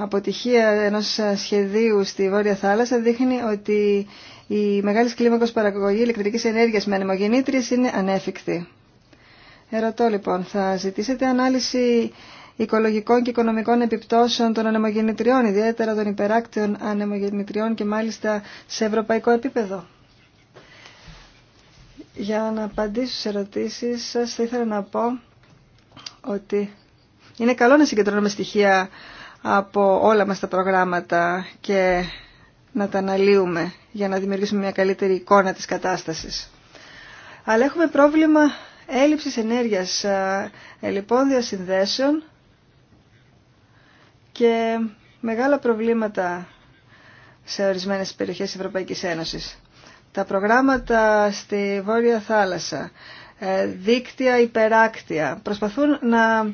αποτυχία ενός σχεδίου στη Βόρεια Θάλασσα δείχνει ότι η μεγάλη κλίμακος παραγωγή ηλεκτρικής ενέργειας με ανεμογεννήτριες είναι ανέφικτη. Ερωτώ λοιπόν, θα ζητήσετε ανάλυση οικολογικών και οικονομικών επιπτώσεων των ανεμογεννητριών, ιδιαίτερα των υπεράκτιων ανεμογεννητριών και μάλιστα σε ευρωπαϊκό επίπεδο. Για να απαντήσω στις ερωτήσεις σας θα ήθελα να πω ότι είναι καλό να συγκεντρώνουμε στοιχεία από όλα μας τα προγράμματα και να τα αναλύουμε για να δημιουργήσουμε μια καλύτερη εικόνα της κατάστασης. Αλλά έχουμε πρόβλημα έλλειψης ενέργειας, ε, λοιπόν διασυνδέσεων και μεγάλα προβλήματα σε ορισμένες περιοχές της Ευρωπαϊκής Ένωσης. Τα προγράμματα στη Βόρεια Θάλασσα, ε, δίκτυα υπεράκτια, προσπαθούν να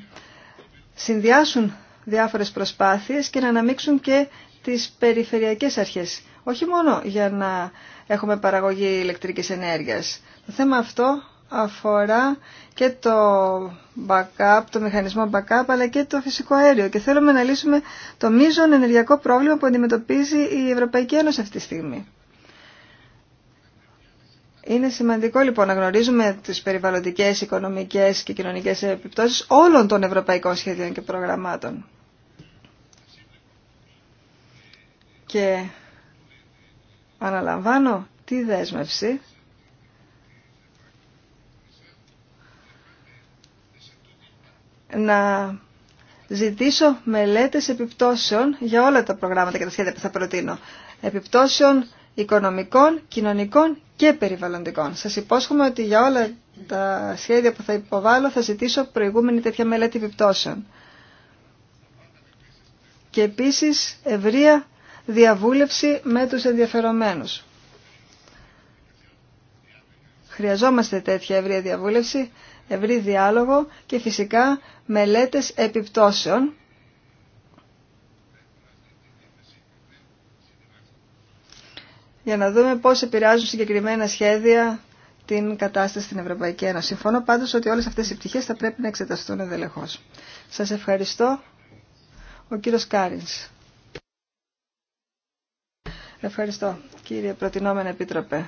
συνδυάσουν διάφορες προσπάθειες και να αναμίξουν και τις περιφερειακές αρχές. Όχι μόνο για να έχουμε παραγωγή ηλεκτρικής ενέργειας. Το θέμα αυτό αφορά και το backup, το μηχανισμό backup, αλλά και το φυσικό αέριο. Και θέλουμε να λύσουμε το μείζον ενεργειακό πρόβλημα που αντιμετωπίζει η Ευρωπαϊκή Ένωση αυτή τη στιγμή. Είναι σημαντικό λοιπόν να γνωρίζουμε τις περιβαλλοντικές, οικονομικές και κοινωνικές επιπτώσεις όλων των ευρωπαϊκών σχεδίων και προγραμμάτων. Και αναλαμβάνω τη δέσμευση να ζητήσω μελέτες επιπτώσεων για όλα τα προγράμματα και τα σχέδια που θα προτείνω. Επιπτώσεων οικονομικών, κοινωνικών και περιβαλλοντικών. Σας υπόσχομαι ότι για όλα τα σχέδια που θα υποβάλω θα ζητήσω προηγούμενη τέτοια μελέτη επιπτώσεων. Και επίσης ευρεία διαβούλευση με τους ενδιαφερομένους. Χρειαζόμαστε τέτοια ευρεία διαβούλευση, ευρύ διάλογο και φυσικά μελέτες επιπτώσεων για να δούμε πώς επηρεάζουν συγκεκριμένα σχέδια την κατάσταση στην Ευρωπαϊκή Ένωση. Συμφωνώ πάντως ότι όλες αυτές οι πτυχές θα πρέπει να εξεταστούν ενδελεχώς. Σας ευχαριστώ. Ο κύριος Κάρινς. Ευχαριστώ κύριε Προτινόμενο Επίτροπε.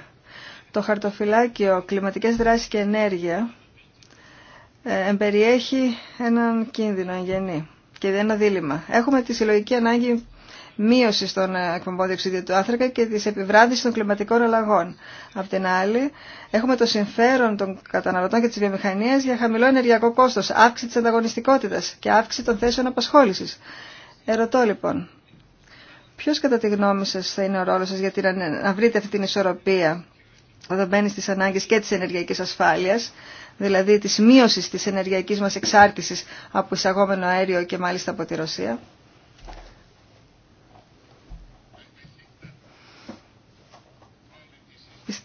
Το χαρτοφυλάκιο κλιματικές δράσεις και ενέργεια ε, εμπεριέχει έναν κίνδυνο γενή και ένα δίλημα. Έχουμε τη συλλογική ανάγκη μείωση των ε, εκπομπών διοξιδίου του άνθρακα και τη επιβράδυση των κλιματικών αλλαγών. Απ' την άλλη, έχουμε το συμφέρον των καταναλωτών και τη βιομηχανία για χαμηλό ενεργειακό κόστο, αύξηση τη ανταγωνιστικότητα και αύξηση των θέσεων απασχόληση. Ερωτώ λοιπόν, ποιο κατά τη γνώμη σα θα είναι ο ρόλο σα για να βρείτε αυτή την ισορροπία δεδομένη στις ανάγκες και τη ενεργειακή ασφάλεια, δηλαδή τη μείωση τη ενεργειακή μα εξάρτηση από εισαγόμενο αέριο και μάλιστα από τη Ρωσία.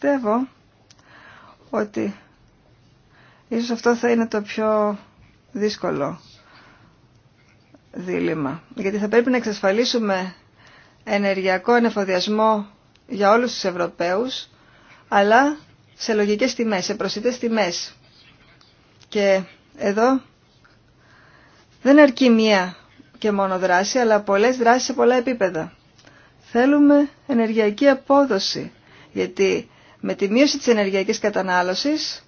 Πιστεύω ότι ίσως αυτό θα είναι το πιο δύσκολο δίλημα. Γιατί θα πρέπει να εξασφαλίσουμε ενεργειακό ενεφοδιασμό για όλους τους Ευρωπαίους, αλλά σε λογικές τιμές, σε προσιτές τιμές. Και εδώ δεν αρκεί μία και μόνο δράση, αλλά πολλές δράσεις σε πολλά επίπεδα. Θέλουμε ενεργειακή απόδοση, γιατί με τη μείωση της ενεργειακής κατανάλωσης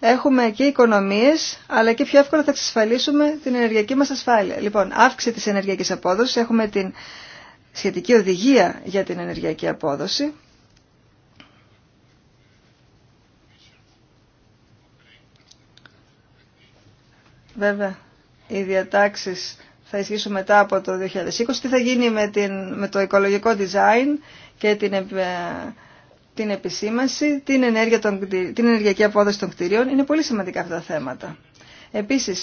έχουμε και οικονομίες, αλλά και πιο εύκολα θα εξασφαλίσουμε την ενεργειακή μας ασφάλεια. Λοιπόν, αύξηση της ενεργειακής απόδοσης, έχουμε την σχετική οδηγία για την ενεργειακή απόδοση. Βέβαια, οι διατάξεις θα ισχύσουν μετά από το 2020. Τι θα γίνει με, την, με το οικολογικό design και την ε, την επισήμανση, την, ενέργεια την ενεργειακή απόδοση των κτηρίων. Είναι πολύ σημαντικά αυτά τα θέματα. Επίση,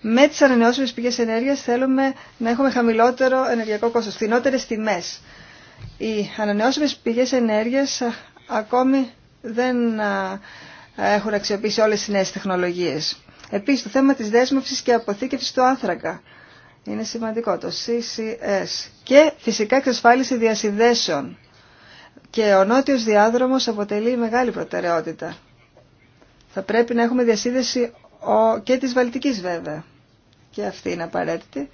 με τι ανανεώσιμε πηγέ ενέργεια θέλουμε να έχουμε χαμηλότερο ενεργειακό κόστος, φθηνότερες τιμέ. Οι ανανεώσιμε πηγέ ενέργεια ακόμη δεν έχουν αξιοποιήσει όλε τι νέε τεχνολογίε. Επίση, το θέμα τη δέσμευσης και αποθήκευση του άνθρακα. Είναι σημαντικό το CCS και φυσικά εξασφάλιση διασυνδέσεων και ο νότιος διάδρομος αποτελεί μεγάλη προτεραιότητα. Θα πρέπει να έχουμε διασύνδεση και της Βαλτικής βέβαια. Και αυτή είναι απαραίτητη.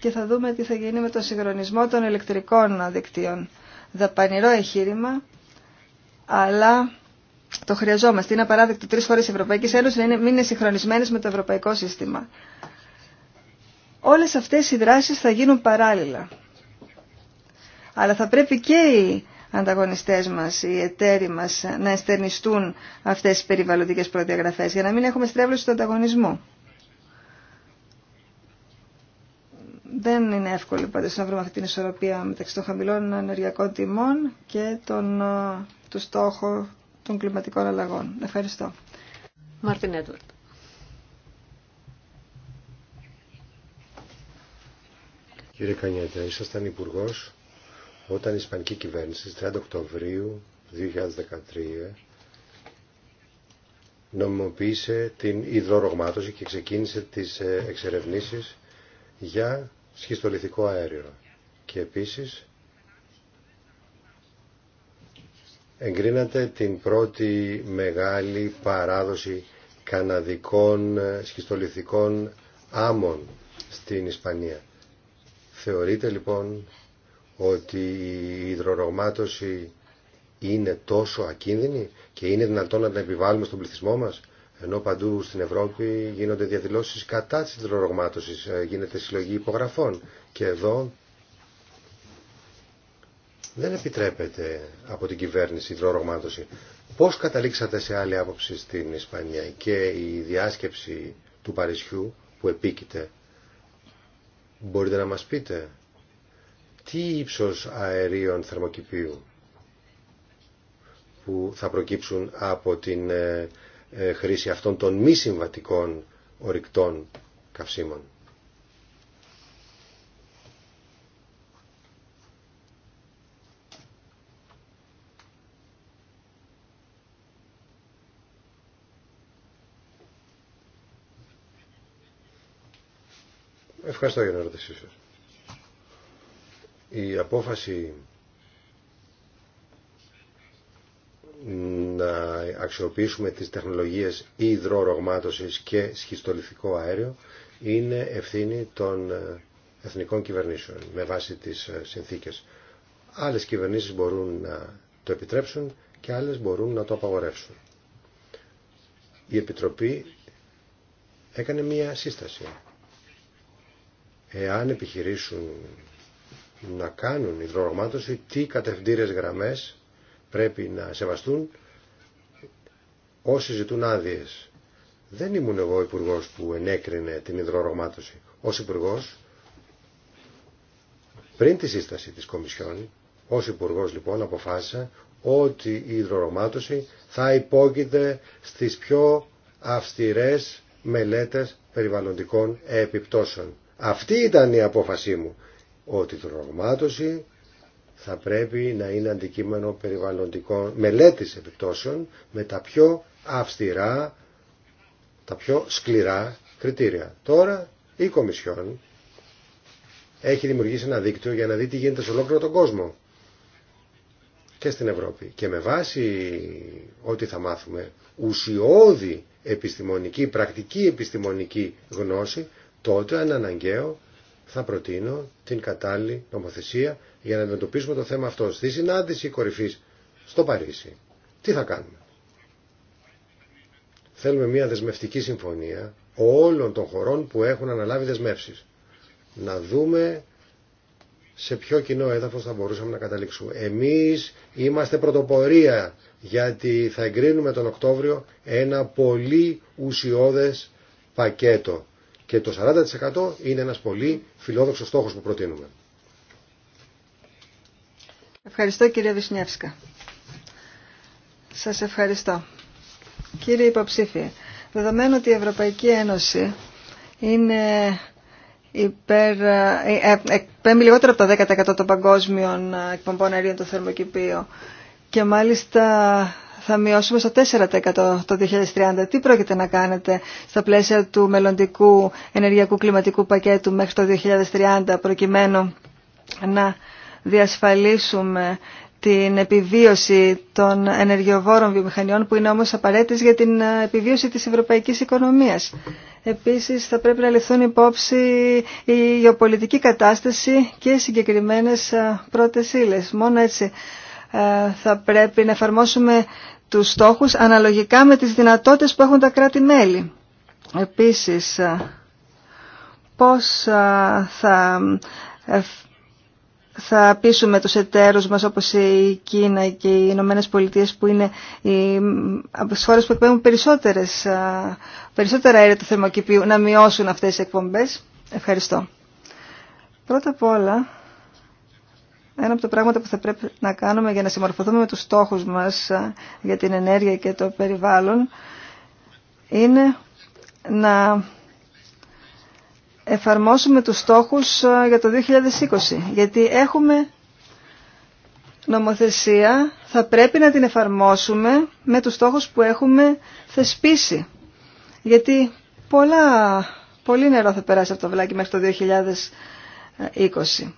Και θα δούμε τι θα γίνει με το συγχρονισμό των ηλεκτρικών δικτύων. Δαπανηρό εγχείρημα, αλλά το χρειαζόμαστε. Είναι απαράδεκτο τρεις φορές της Ευρωπαϊκής Ένωση να μην είναι συγχρονισμένες με το ευρωπαϊκό σύστημα. Όλες αυτές οι δράσεις θα γίνουν παράλληλα. Αλλά θα πρέπει και οι ανταγωνιστές μας, οι εταίροι μας να εστερνιστούν αυτές τις περιβαλλοντικές προδιαγραφές για να μην έχουμε στρέβλωση του ανταγωνισμού. Δεν είναι εύκολο πάντως να βρούμε αυτή την ισορροπία μεταξύ των χαμηλών ενεργειακών τιμών και τον, ε, του στόχου των κλιματικών αλλαγών. Ευχαριστώ. Μάρτιν Έντουαρτ. Κύριε Κανιέτα, ήσασταν υπουργό όταν η Ισπανική κυβέρνηση στις 30 Οκτωβρίου 2013 νομιμοποίησε την υδρορογμάτωση και ξεκίνησε τις ε, εξερευνήσεις για σχιστολιθικό αέριο. Και επίσης εγκρίνατε την πρώτη μεγάλη παράδοση καναδικών ε, σχιστολιθικών άμμων στην Ισπανία. Θεωρείτε λοιπόν ότι η υδρορογμάτωση είναι τόσο ακίνδυνη και είναι δυνατόν να την επιβάλλουμε στον πληθυσμό μας ενώ παντού στην Ευρώπη γίνονται διαδηλώσεις κατά της υδρορογμάτωσης, ε, γίνεται συλλογή υπογραφών και εδώ δεν επιτρέπεται από την κυβέρνηση υδρορογμάτωση. Πώς καταλήξατε σε άλλη άποψη στην Ισπανία και η διάσκεψη του Παρισιού που επίκειται. Μπορείτε να μας πείτε τι ύψος αερίων θερμοκηπίου που θα προκύψουν από την ε, ε, χρήση αυτών των μη συμβατικών ορυκτών καυσίμων. Ευχαριστώ για την ερώτησή σας. Η απόφαση να αξιοποιήσουμε τις τεχνολογίες υδρορογμάτωσης και σχιστολιθικό αέριο είναι ευθύνη των εθνικών κυβερνήσεων με βάση τις συνθήκες. Άλλες κυβερνήσεις μπορούν να το επιτρέψουν και άλλες μπορούν να το απαγορεύσουν. Η Επιτροπή έκανε μία σύσταση. Εάν επιχειρήσουν να κάνουν υδρορωμάτωση... τι κατευθύντηρες γραμμές πρέπει να σεβαστούν όσοι ζητούν άδειε. Δεν ήμουν εγώ υπουργό που ενέκρινε την υδρορογμάτωση. Ως υπουργό, πριν τη σύσταση της Κομισιόν, ως υπουργό λοιπόν αποφάσισα ότι η υδρορογμάτωση θα υπόκειται στις πιο αυστηρές μελέτες περιβαλλοντικών επιπτώσεων. Αυτή ήταν η απόφασή μου ότι η τρογμάτωση θα πρέπει να είναι αντικείμενο περιβαλλοντικών μελέτης επιπτώσεων με τα πιο αυστηρά, τα πιο σκληρά κριτήρια. Τώρα η Κομισιόν έχει δημιουργήσει ένα δίκτυο για να δει τι γίνεται σε ολόκληρο τον κόσμο και στην Ευρώπη. Και με βάση ό,τι θα μάθουμε ουσιώδη επιστημονική, πρακτική επιστημονική γνώση, τότε αν αναγκαίο θα προτείνω την κατάλληλη νομοθεσία για να αντιμετωπίσουμε το θέμα αυτό στη συνάντηση κορυφής στο Παρίσι. Τι θα κάνουμε. Θέλουμε μια δεσμευτική συμφωνία όλων των χωρών που έχουν αναλάβει δεσμεύσεις. Να δούμε σε ποιο κοινό έδαφο θα μπορούσαμε να καταλήξουμε. Εμείς είμαστε πρωτοπορία γιατί θα εγκρίνουμε τον Οκτώβριο ένα πολύ ουσιώδες πακέτο και το 40% είναι ένας πολύ φιλόδοξος στόχος που προτείνουμε. Ευχαριστώ κύριε Βυσνιεύσκα. Σας ευχαριστώ. Κύριε υποψήφιε, δεδομένου ότι η Ευρωπαϊκή Ένωση είναι υπέρ, ε, ε εκπέμπει λιγότερο από το 10% των παγκόσμιων ε, εκπομπών αερίων του θερμοκηπίου και μάλιστα θα μειώσουμε στο 4% το 2030. Τι πρόκειται να κάνετε στα πλαίσια του μελλοντικού ενεργειακού κλιματικού πακέτου μέχρι το 2030 προκειμένου να διασφαλίσουμε την επιβίωση των ενεργειοβόρων βιομηχανιών που είναι όμως απαραίτητες για την ε, επιβίωση της ευρωπαϊκής οικονομίας. Επίσης θα πρέπει να ληφθούν υπόψη η γεωπολιτική κατάσταση και συγκεκριμένες ε, πρώτες ύλες. Μόνο έτσι ε, θα πρέπει να εφαρμόσουμε τους στόχους αναλογικά με τις δυνατότητες που έχουν τα κράτη-μέλη. Επίσης, ε, πώς ε, θα, θα πείσουμε τους εταίρους μας όπως η Κίνα και οι Ηνωμένε Πολιτείε που είναι οι, από τις χώρες που εκπέμπουν περισσότερες, περισσότερα αέρια του θερμοκηπίου να μειώσουν αυτές τις εκπομπές. Ευχαριστώ. Πρώτα απ' όλα ένα από τα πράγματα που θα πρέπει να κάνουμε για να συμμορφωθούμε με τους στόχους μας για την ενέργεια και το περιβάλλον είναι να εφαρμόσουμε τους στόχους για το 2020. Γιατί έχουμε νομοθεσία, θα πρέπει να την εφαρμόσουμε με τους στόχους που έχουμε θεσπίσει. Γιατί πολλά, πολύ νερό θα περάσει από το βλάκι μέχρι το 2020.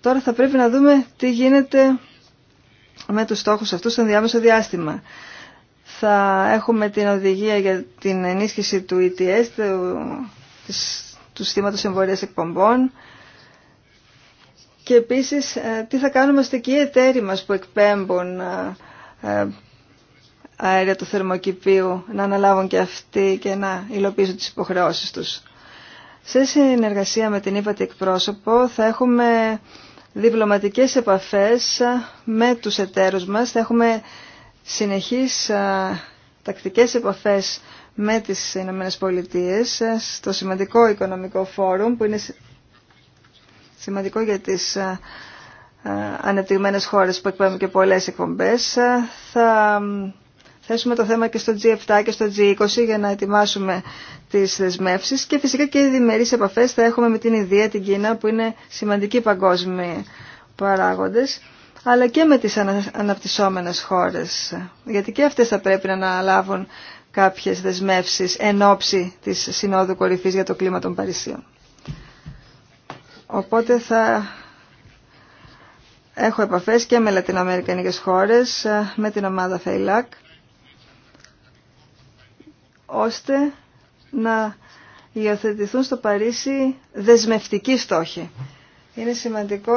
Τώρα θα πρέπει να δούμε τι γίνεται με τους στόχους αυτούς στον διάμεσο διάστημα. Θα έχουμε την οδηγία για την ενίσχυση του ETS, του, του συστήματος εκπομπών και επίσης ε, τι θα κάνουμε στα οι εταίροι μας που εκπέμπουν ε, ε, αέρια του θερμοκηπίου να αναλάβουν και αυτοί και να υλοποιήσουν τις υποχρεώσεις τους. Σε συνεργασία με την ύπατη εκπρόσωπο θα έχουμε διπλωματικές επαφές με τους εταίρους μας. Θα έχουμε συνεχείς τακτικές επαφές με τις Ηνωμένες Πολιτείες ε, στο σημαντικό οικονομικό φόρουμ που είναι σημαντικό για τις ανεπτυγμένες χώρες που εκπέμπουν και πολλές εκπομπές. Ε, θα θέσουμε το θέμα και στο G7 και στο G20 για να ετοιμάσουμε τις δεσμεύσεις και φυσικά και οι διμερείς επαφές θα έχουμε με την Ινδία, την Κίνα που είναι σημαντικοί παγκόσμιοι παράγοντες αλλά και με τις αναπτυσσόμενες χώρες γιατί και αυτές θα πρέπει να αναλάβουν κάποιες δεσμεύσεις εν ώψη της Συνόδου Κορυφής για το κλίμα των Παρισίων. Οπότε θα έχω επαφές και με λατινοαμερικανικές χώρες, με την ομάδα ΘΕΙΛΑΚ ώστε να υιοθετηθούν στο Παρίσι δεσμευτικοί στόχοι. Είναι σημαντικό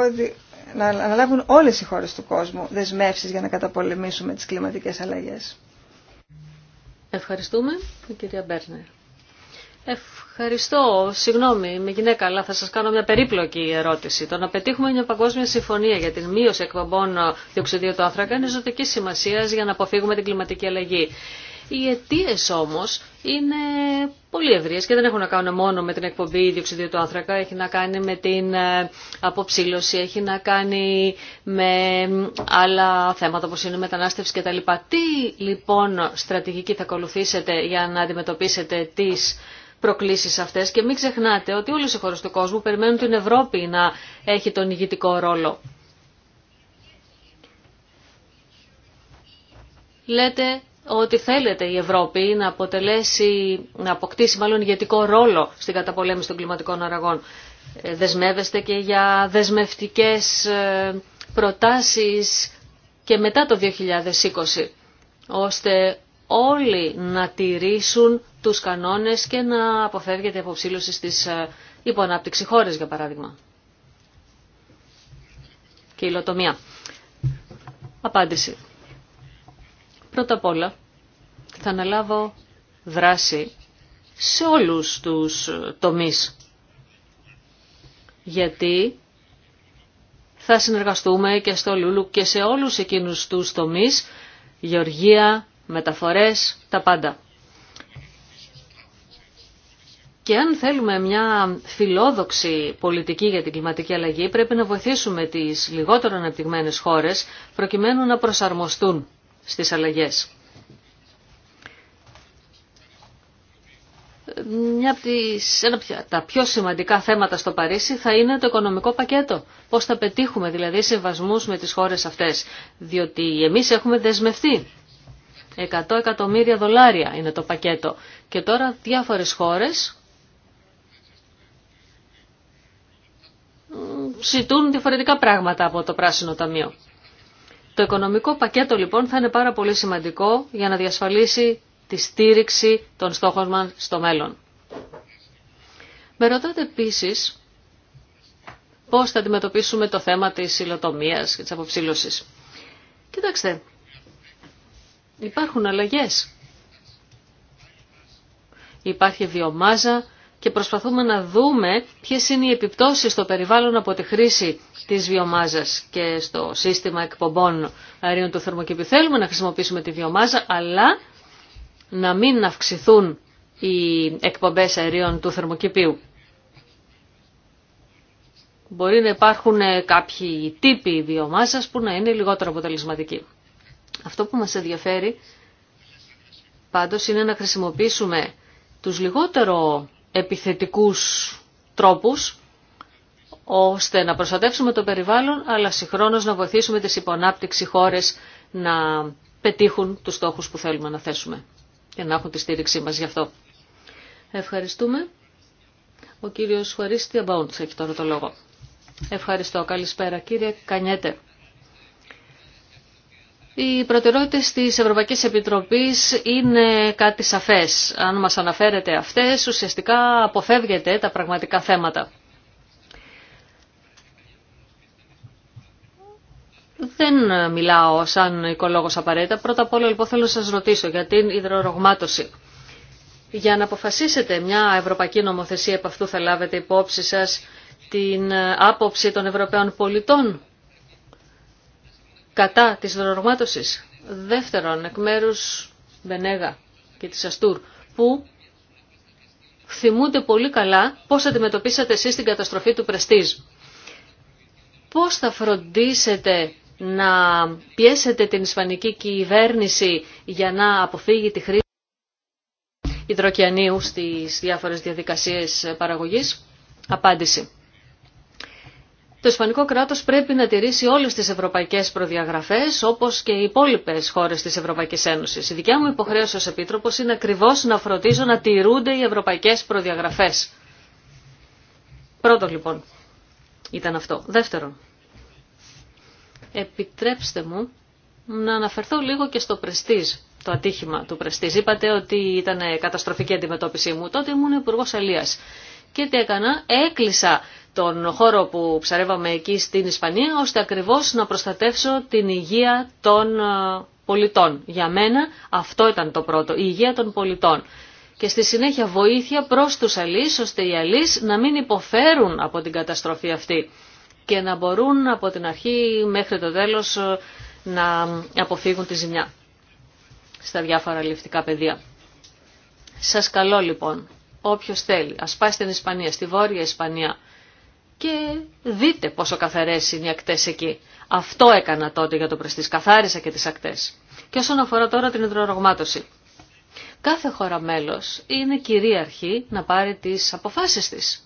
να αναλάβουν όλες οι χώρες του κόσμου δεσμεύσεις για να καταπολεμήσουμε τις κλιματικές αλλαγές. Ευχαριστούμε, κυρία Μπέρνερ. Ευχαριστώ. Συγγνώμη, είμαι γυναίκα, αλλά θα σας κάνω μια περίπλοκη ερώτηση. Το να πετύχουμε μια παγκόσμια συμφωνία για την μείωση εκπομπών διοξιδίου του άνθρακα είναι ζωτική σημασία για να αποφύγουμε την κλιματική αλλαγή. Οι αιτίε όμως είναι πολύ ευρείε και δεν έχουν να κάνουν μόνο με την εκπομπή διοξιδίου του άνθρακα, έχει να κάνει με την ε, αποψήλωση, έχει να κάνει με άλλα θέματα όπως είναι η μετανάστευση κτλ. Τι λοιπόν στρατηγική θα ακολουθήσετε για να αντιμετωπίσετε τις προκλήσεις αυτές και μην ξεχνάτε ότι όλε οι χώρε του κόσμου περιμένουν την Ευρώπη να έχει τον ηγητικό ρόλο. Λέτε ότι θέλετε η Ευρώπη να αποτελέσει, να αποκτήσει μάλλον ηγετικό ρόλο στην καταπολέμηση των κλιματικών αραγών. Ε, δεσμεύεστε και για δεσμευτικές ε, προτάσεις και μετά το 2020, ώστε όλοι να τηρήσουν τους κανόνες και να αποφεύγεται η αποψήλωση στις ε, υποανάπτυξη χώρες, για παράδειγμα. Και η λοτομία. Απάντηση. Πρώτα απ' όλα θα αναλάβω δράση σε όλους τους τομείς. Γιατί θα συνεργαστούμε και στο Λούλου και σε όλους εκείνους τους τομείς, γεωργία, μεταφορές, τα πάντα. Και αν θέλουμε μια φιλόδοξη πολιτική για την κλιματική αλλαγή, πρέπει να βοηθήσουμε τις λιγότερο αναπτυγμένες χώρες προκειμένου να προσαρμοστούν στις αλλαγές. Μια από τις, ένα από τα πιο σημαντικά θέματα στο Παρίσι θα είναι το οικονομικό πακέτο. Πώς θα πετύχουμε δηλαδή συμβασμούς με τις χώρες αυτές. Διότι εμείς έχουμε δεσμευτεί 100 εκατομμύρια δολάρια είναι το πακέτο. Και τώρα διάφορες χώρες ζητούν διαφορετικά πράγματα από το Πράσινο Ταμείο. Το οικονομικό πακέτο λοιπόν θα είναι πάρα πολύ σημαντικό για να διασφαλίσει τη στήριξη των στόχων μας στο μέλλον. Με ρωτάτε επίσης πώς θα αντιμετωπίσουμε το θέμα της υλοτομίας και της αποψήλωσης. Κοιτάξτε, υπάρχουν αλλαγές. Υπάρχει βιομάζα, και προσπαθούμε να δούμε ποιες είναι οι επιπτώσεις στο περιβάλλον από τη χρήση της βιομάζας και στο σύστημα εκπομπών αερίων του θερμοκηπίου. Θέλουμε να χρησιμοποιήσουμε τη βιομάζα, αλλά να μην αυξηθούν οι εκπομπές αερίων του θερμοκηπίου. Μπορεί να υπάρχουν κάποιοι τύποι βιομάζας που να είναι λιγότερο αποτελεσματικοί. Αυτό που μας ενδιαφέρει πάντως είναι να χρησιμοποιήσουμε τους λιγότερο επιθετικούς τρόπους ώστε να προστατεύσουμε το περιβάλλον αλλά συγχρόνως να βοηθήσουμε τις υπονάπτυξη χώρες να πετύχουν τους στόχους που θέλουμε να θέσουμε και να έχουν τη στήριξή μας γι' αυτό. Ευχαριστούμε. Ο κύριος Χωρίστη Αμπάουντς έχει τώρα το λόγο. Ευχαριστώ. Καλησπέρα κύριε Κανιέτε. Οι προτεραιότητες τη Ευρωπαϊκής Επιτροπής είναι κάτι σαφές. Αν μας αναφέρετε αυτές, ουσιαστικά αποφεύγετε τα πραγματικά θέματα. Δεν μιλάω σαν οικολόγος απαραίτητα. Πρώτα απ' όλα λοιπόν θέλω να σας ρωτήσω για την υδρορογμάτωση. Για να αποφασίσετε μια ευρωπαϊκή νομοθεσία, επ' αυτού θα λάβετε υπόψη σας την άποψη των Ευρωπαίων πολιτών κατά της δροματωσής Δεύτερον, εκ μέρους Μπενέγα και της Αστούρ, που θυμούνται πολύ καλά πώς αντιμετωπίσατε εσείς την καταστροφή του Πρεστίζ. Πώς θα φροντίσετε να πιέσετε την Ισπανική κυβέρνηση για να αποφύγει τη χρήση υδροκιανίου στις διάφορες διαδικασίες παραγωγής. Απάντηση. Το Ισπανικό κράτος πρέπει να τηρήσει όλες τις ευρωπαϊκές προδιαγραφές όπως και οι υπόλοιπε χώρες της Ευρωπαϊκής Ένωσης. Η δικιά μου υποχρέωση ως Επίτροπος είναι ακριβώς να φροντίζω να τηρούνται οι ευρωπαϊκές προδιαγραφές. Πρώτο λοιπόν ήταν αυτό. Δεύτερον, επιτρέψτε μου να αναφερθώ λίγο και στο Πρεστής, το ατύχημα του Πρεστή. Είπατε ότι ήταν καταστροφική αντιμετώπιση μου. Τότε ήμουν υπουργό Αλία. Και τι έκανα, έκλεισα τον χώρο που ψαρεύαμε εκεί στην Ισπανία, ώστε ακριβώς να προστατεύσω την υγεία των ε, πολιτών. Για μένα αυτό ήταν το πρώτο, η υγεία των πολιτών. Και στη συνέχεια βοήθεια προς τους αλείς, ώστε οι αλείς να μην υποφέρουν από την καταστροφή αυτή και να μπορούν από την αρχή μέχρι το τέλος ε, να αποφύγουν τη ζημιά στα διάφορα ληφτικά πεδία. Σας καλώ λοιπόν, όποιος θέλει, ας πάει στην Ισπανία, στη Βόρεια Ισπανία, και δείτε πόσο καθαρές είναι οι ακτές εκεί. Αυτό έκανα τότε για το Πρεστής, καθάρισα και τις ακτές. Και όσον αφορά τώρα την υδρορογμάτωση. Κάθε χώρα μέλος είναι κυρίαρχη να πάρει τις αποφάσεις της.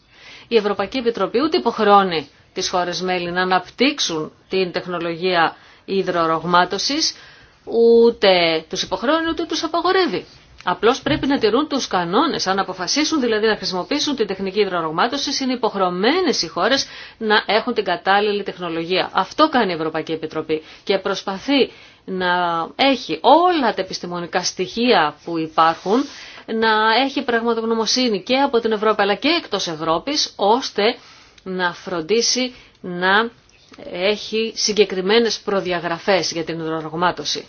Η Ευρωπαϊκή Επιτροπή ούτε υποχρεώνει τις χώρες μέλη να αναπτύξουν την τεχνολογία υδρορογμάτωσης, ούτε τους υποχρεώνει ούτε τους απαγορεύει. Απλώς πρέπει να τηρούν τους κανόνες. Αν αποφασίσουν δηλαδή να χρησιμοποιήσουν την τεχνική υδρορογμάτωση, είναι υποχρεωμένε οι χώρες να έχουν την κατάλληλη τεχνολογία. Αυτό κάνει η Ευρωπαϊκή Επιτροπή και προσπαθεί να έχει όλα τα επιστημονικά στοιχεία που υπάρχουν, να έχει πραγματογνωμοσύνη και από την Ευρώπη αλλά και εκτός Ευρώπης, ώστε να φροντίσει να έχει συγκεκριμένες προδιαγραφές για την υδρορογμάτωση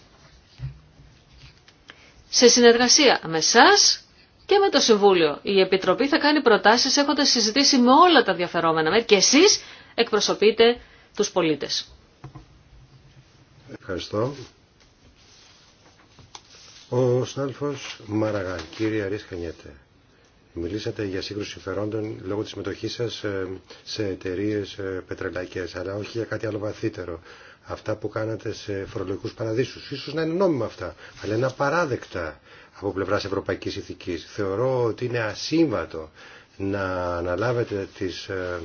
σε συνεργασία με εσά και με το Συμβούλιο. Η Επιτροπή θα κάνει προτάσεις έχοντας συζητήσει με όλα τα διαφερόμενα μέρη και εσείς εκπροσωπείτε τους πολίτες. Ευχαριστώ. Ο συνάδελφος Μαραγάλ, κύριε Αρίς Μιλήσατε για σύγκρουση συμφερόντων λόγω της συμμετοχή σας ε, σε εταιρείε ε, πετρελαϊκές, αλλά όχι για κάτι άλλο βαθύτερο. Αυτά που κάνατε σε φορολογικούς παραδείσους, ίσως να είναι νόμιμα αυτά, αλλά είναι απαράδεκτα από πλευράς ευρωπαϊκής ηθικής. Θεωρώ ότι είναι ασύμβατο να αναλάβετε τις ε,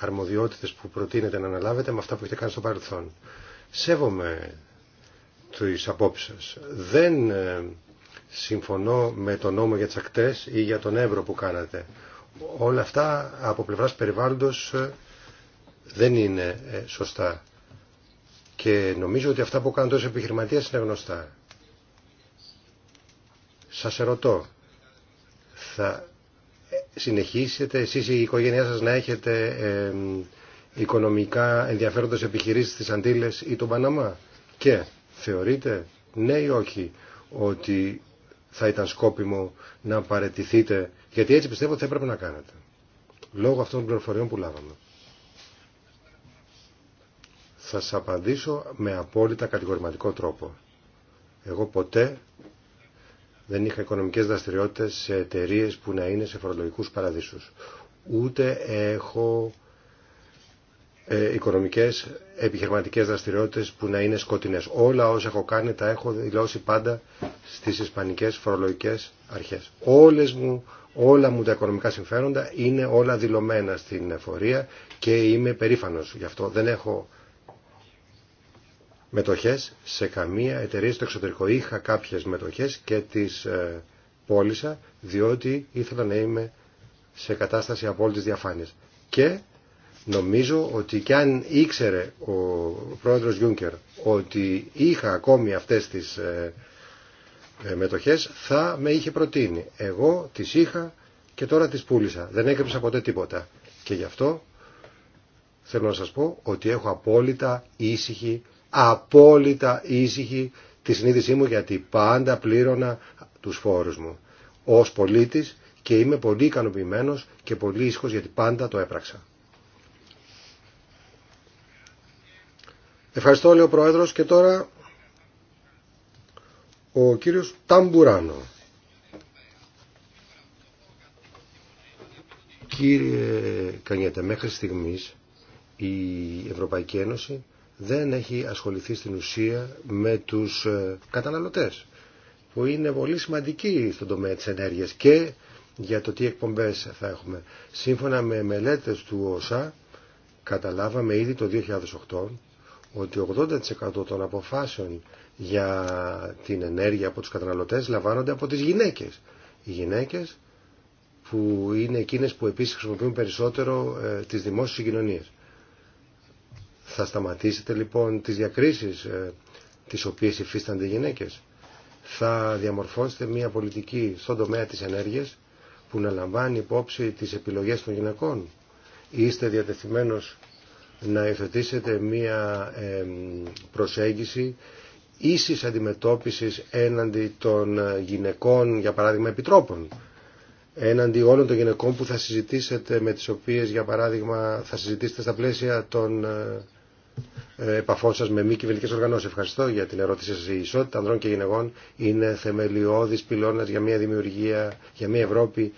αρμοδιότητες που προτείνετε να αναλάβετε με αυτά που έχετε κάνει στο παρελθόν. Σέβομαι τις απόψεις σας. Δεν συμφωνώ με τον νόμο για τι ακτές ή για τον Εύρο που κάνατε. Όλα αυτά από πλευράς περιβάλλοντος ε, δεν είναι ε, σωστά. Και νομίζω ότι αυτά που κάνετε ως επιχειρηματίας είναι γνωστά. Σας ερωτώ, θα ε, συνεχίσετε εσείς η οικογένειά σας να έχετε οικονομικά ενδιαφέροντες επιχειρήσεις στις Αντίλες ή τον Παναμά και θεωρείτε ναι ή όχι ότι θα ήταν σκόπιμο να παρετηθείτε, γιατί έτσι πιστεύω ότι θα έπρεπε να κάνετε. Λόγω αυτών των πληροφοριών που λάβαμε. Θα σας απαντήσω με απόλυτα κατηγορηματικό τρόπο. Εγώ ποτέ δεν είχα οικονομικές δραστηριότητες σε εταιρείε που να είναι σε φορολογικούς παραδείσους. Ούτε έχω ε, οικονομικές επιχειρηματικές δραστηριότητες που να είναι σκοτεινές. Όλα όσα έχω κάνει τα έχω δηλώσει πάντα στις ισπανικές φορολογικές αρχές. Όλες μου, όλα μου τα οικονομικά συμφέροντα είναι όλα δηλωμένα στην εφορία και είμαι περήφανος γι' αυτό. Δεν έχω μετοχές σε καμία εταιρεία στο εξωτερικό. Είχα κάποιες μετοχές και τις ε, πώλησα διότι ήθελα να είμαι σε κατάσταση απόλυτης διαφάνειας. Και Νομίζω ότι κι αν ήξερε ο πρόεδρος Γιούνκερ ότι είχα ακόμη αυτές τις ε, ε, μετοχές θα με είχε προτείνει. Εγώ τις είχα και τώρα τις πούλησα. Δεν έκρυψα ποτέ τίποτα. Και γι' αυτό θέλω να σας πω ότι έχω απόλυτα ήσυχη, απόλυτα ήσυχη τη συνείδησή μου γιατί πάντα πλήρωνα τους φόρους μου ως πολίτης και είμαι πολύ ικανοποιημένος και πολύ ήσυχος γιατί πάντα το έπραξα. Ευχαριστώ, λέει ο Πρόεδρος. Και τώρα ο κύριος Ταμπουράνο. Κύριε Κανιέτα, μέχρι στιγμής η Ευρωπαϊκή Ένωση δεν έχει ασχοληθεί στην ουσία με τους ε, καταναλωτές που είναι πολύ σημαντική στον τομέα της ενέργειας και για το τι εκπομπές θα έχουμε. Σύμφωνα με μελέτες του ΟΣΑ καταλάβαμε ήδη το 2008 ότι 80% των αποφάσεων για την ενέργεια από τους καταναλωτές λαμβάνονται από τις γυναίκες. Οι γυναίκες που είναι εκείνες που επίσης χρησιμοποιούν περισσότερο ε, τις δημόσιες συγκοινωνίες. Θα σταματήσετε λοιπόν τις διακρίσεις ε, τις οποίες υφίστανται οι γυναίκες. Θα διαμορφώσετε μια πολιτική στον τομέα της ενέργειας που να λαμβάνει υπόψη τις επιλογές των γυναικών. Είστε διατεθειμένος να υιοθετήσετε μία προσέγγιση ίσης αντιμετώπισης έναντι των ε, γυναικών, για παράδειγμα, επιτρόπων. Έναντι όλων των γυναικών που θα συζητήσετε, με τις οποίες, για παράδειγμα, θα συζητήσετε στα πλαίσια των ε, ε, επαφών σας με μη κυβερνικές οργανώσεις. Ευχαριστώ για την ερώτησή σας. Η ισότητα ανδρών και γυναικών είναι θεμελιώδης πυλώνας για μια δημιουργία, για μια Ευρώπη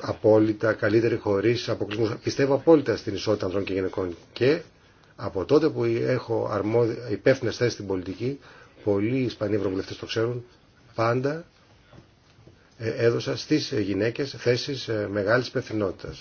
απόλυτα καλύτερη χωρίς αποκλεισμούς. Πιστεύω απόλυτα στην ισότητα ανδρών και γυναικών και από τότε που έχω αρμόδι... υπεύθυνες θέσεις στην πολιτική, πολλοί Ισπανοί ευρωβουλευτέ το ξέρουν, πάντα ε, έδωσα στις γυναίκες θέσεις ε, μεγάλη υπευθυνότητα.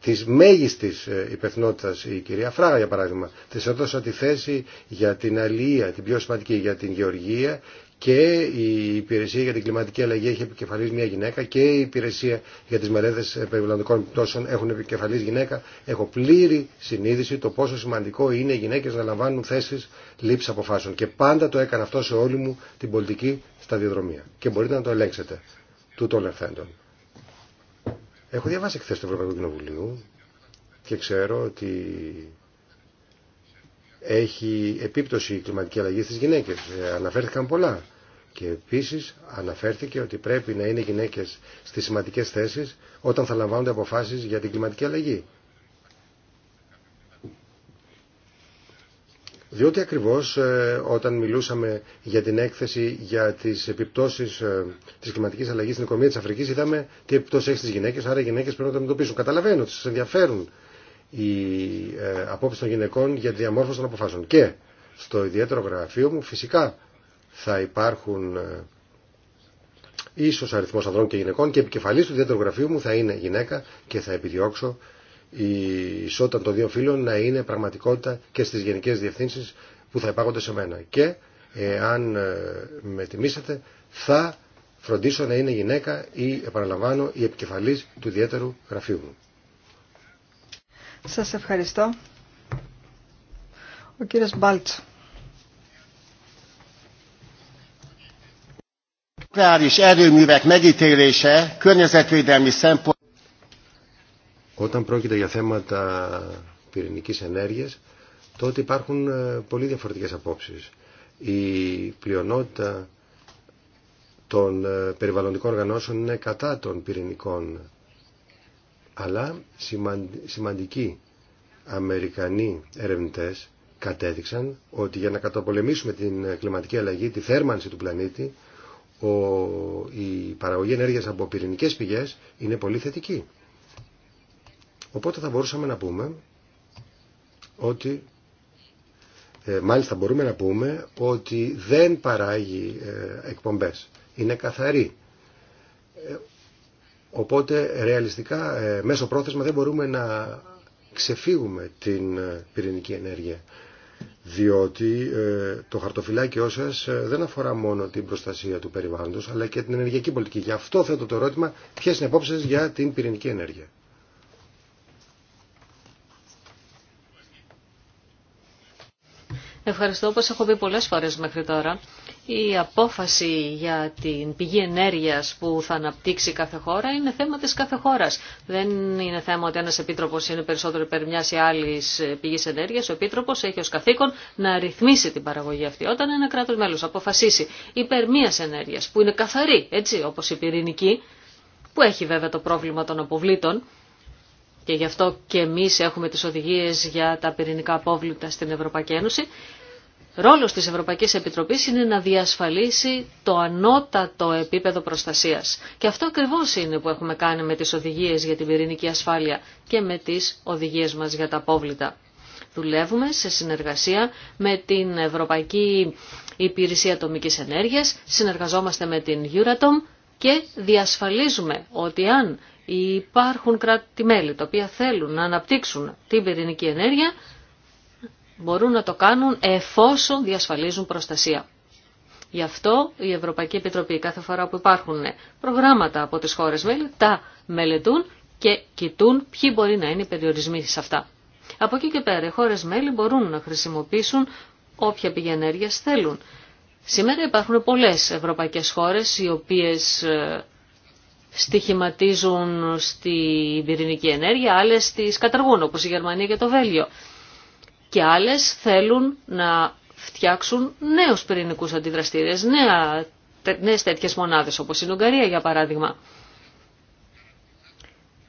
Της μέγιστης ε, υπευθυνότητα η κυρία Φράγα για παράδειγμα, τη έδωσα τη θέση για την αλληλεία, την πιο σημαντική για την γεωργία και η υπηρεσία για την κλιματική αλλαγή έχει επικεφαλής μια γυναίκα και η υπηρεσία για τις μελέτες περιβαλλοντικών πτώσεων έχουν επικεφαλής γυναίκα. Έχω πλήρη συνείδηση το πόσο σημαντικό είναι οι γυναίκες να λαμβάνουν θέσεις λήψη αποφάσεων και πάντα το έκανα αυτό σε όλη μου την πολιτική σταδιοδρομία και μπορείτε να το ελέγξετε Τούτο λεφθέντων. Έχω διαβάσει χθε του Ευρωπαϊκού Κοινοβουλίου και ξέρω ότι έχει επίπτωση η κλιματική αλλαγή στις γυναίκες. Ε, αναφέρθηκαν πολλά. Και επίσης αναφέρθηκε ότι πρέπει να είναι γυναίκες στις σημαντικές θέσεις όταν θα λαμβάνονται αποφάσεις για την κλιματική αλλαγή. Διότι ακριβώς ε, όταν μιλούσαμε για την έκθεση για τις επιπτώσεις ε, της κλιματικής αλλαγής στην οικονομία της Αφρικής είδαμε τι επιπτώσεις έχει στις γυναίκες, άρα οι γυναίκες πρέπει να το αντιμετωπίσουν. Καταλαβαίνω ότι σας ενδιαφέρουν οι ε, απόψεις των γυναικών για τη διαμόρφωση των αποφάσεων. Και στο ιδιαίτερο γραφείο μου φυσικά θα υπάρχουν ε, ίσως αριθμός ανδρών και γυναικών και επικεφαλής του ιδιαίτερου γραφείου μου θα είναι γυναίκα και θα επιδιώξω η ισότητα των δύο φίλων να είναι πραγματικότητα και στις γενικές διευθύνσεις που θα υπάγονται σε μένα. Και ε, αν ε, με τιμήσετε θα φροντίσω να είναι γυναίκα ή επαναλαμβάνω η επικεφαλής του ιδιαίτερου γραφείου μου. Σας ευχαριστώ. Ο κύριος Μπάλτσο. nukleáris erőművek megítélése környezetvédelmi szempont. Όταν πρόκειται για θέματα πυρηνικής ενέργειας, τότε υπάρχουν ε, πολύ διαφορετικές απόψεις. Η πλειονότητα των ε, περιβαλλοντικών οργανώσεων είναι κατά των πυρηνικών. Αλλά σημαντικοί Αμερικανοί ερευνητές κατέδειξαν ότι για να καταπολεμήσουμε την κλιματική αλλαγή, τη θέρμανση του πλανήτη, ο, η παραγωγή ενέργειας από πυρηνικές πηγές είναι πολύ θετική. Οπότε θα μπορούσαμε να πούμε ότι ε, μάλιστα μπορούμε να πούμε ότι δεν παράγει ε, εκπομπές. Είναι καθαρή. Ε, οπότε ρεαλιστικά ε, μέσω πρόθεσμα δεν μπορούμε να ξεφύγουμε την ε, πυρηνική ενέργεια διότι ε, το χαρτοφυλάκιό σας ε, δεν αφορά μόνο την προστασία του περιβάλλοντος αλλά και την ενεργειακή πολιτική. Γι' αυτό θέτω το ερώτημα ποιες είναι απόψεις για την πυρηνική ενέργεια. Ευχαριστώ, όπως έχω πει πολλές φορές μέχρι τώρα η απόφαση για την πηγή ενέργειας που θα αναπτύξει κάθε χώρα είναι θέμα της κάθε χώρας. Δεν είναι θέμα ότι ένας επίτροπος είναι περισσότερο υπέρ μιας ή άλλης πηγής ενέργειας. Ο επίτροπος έχει ως καθήκον να ρυθμίσει την παραγωγή αυτή. Όταν ένα κράτος μέλος αποφασίσει υπέρ μιας ενέργειας που είναι καθαρή, έτσι όπως η πυρηνική, που έχει βέβαια το πρόβλημα των αποβλήτων, και γι' αυτό και εμείς έχουμε τις οδηγίες για τα πυρηνικά απόβλητα στην Ευρωπαϊκή Ένωση, Ρόλος της Ευρωπαϊκής Επιτροπής είναι να διασφαλίσει το ανώτατο επίπεδο προστασίας. Και αυτό ακριβώς είναι που έχουμε κάνει με τις οδηγίες για την πυρηνική ασφάλεια και με τις οδηγίες μας για τα απόβλητα. Δουλεύουμε σε συνεργασία με την Ευρωπαϊκή Υπηρεσία Ατομικής Ενέργειας, συνεργαζόμαστε με την Euratom και διασφαλίζουμε ότι αν υπάρχουν κράτη-μέλη τα οποία θέλουν να αναπτύξουν την πυρηνική ενέργεια, μπορούν να το κάνουν εφόσον διασφαλίζουν προστασία. Γι' αυτό η Ευρωπαϊκή Επιτροπή κάθε φορά που υπάρχουν προγράμματα από τις χώρες μέλη τα μελετούν και κοιτούν ποιοι μπορεί να είναι οι περιορισμοί σε αυτά. Από εκεί και πέρα οι χώρες μέλη μπορούν να χρησιμοποιήσουν όποια πηγή ενέργειας θέλουν. Σήμερα υπάρχουν πολλές ευρωπαϊκές χώρες οι οποίες ε, στοιχηματίζουν στην πυρηνική ενέργεια, άλλες τις καταργούν όπως η Γερμανία και το Βέλγιο και άλλες θέλουν να φτιάξουν νέους πυρηνικούς αντιδραστήρες, νέα, νέες τέτοιες μονάδες όπως η Ουγγαρία για παράδειγμα.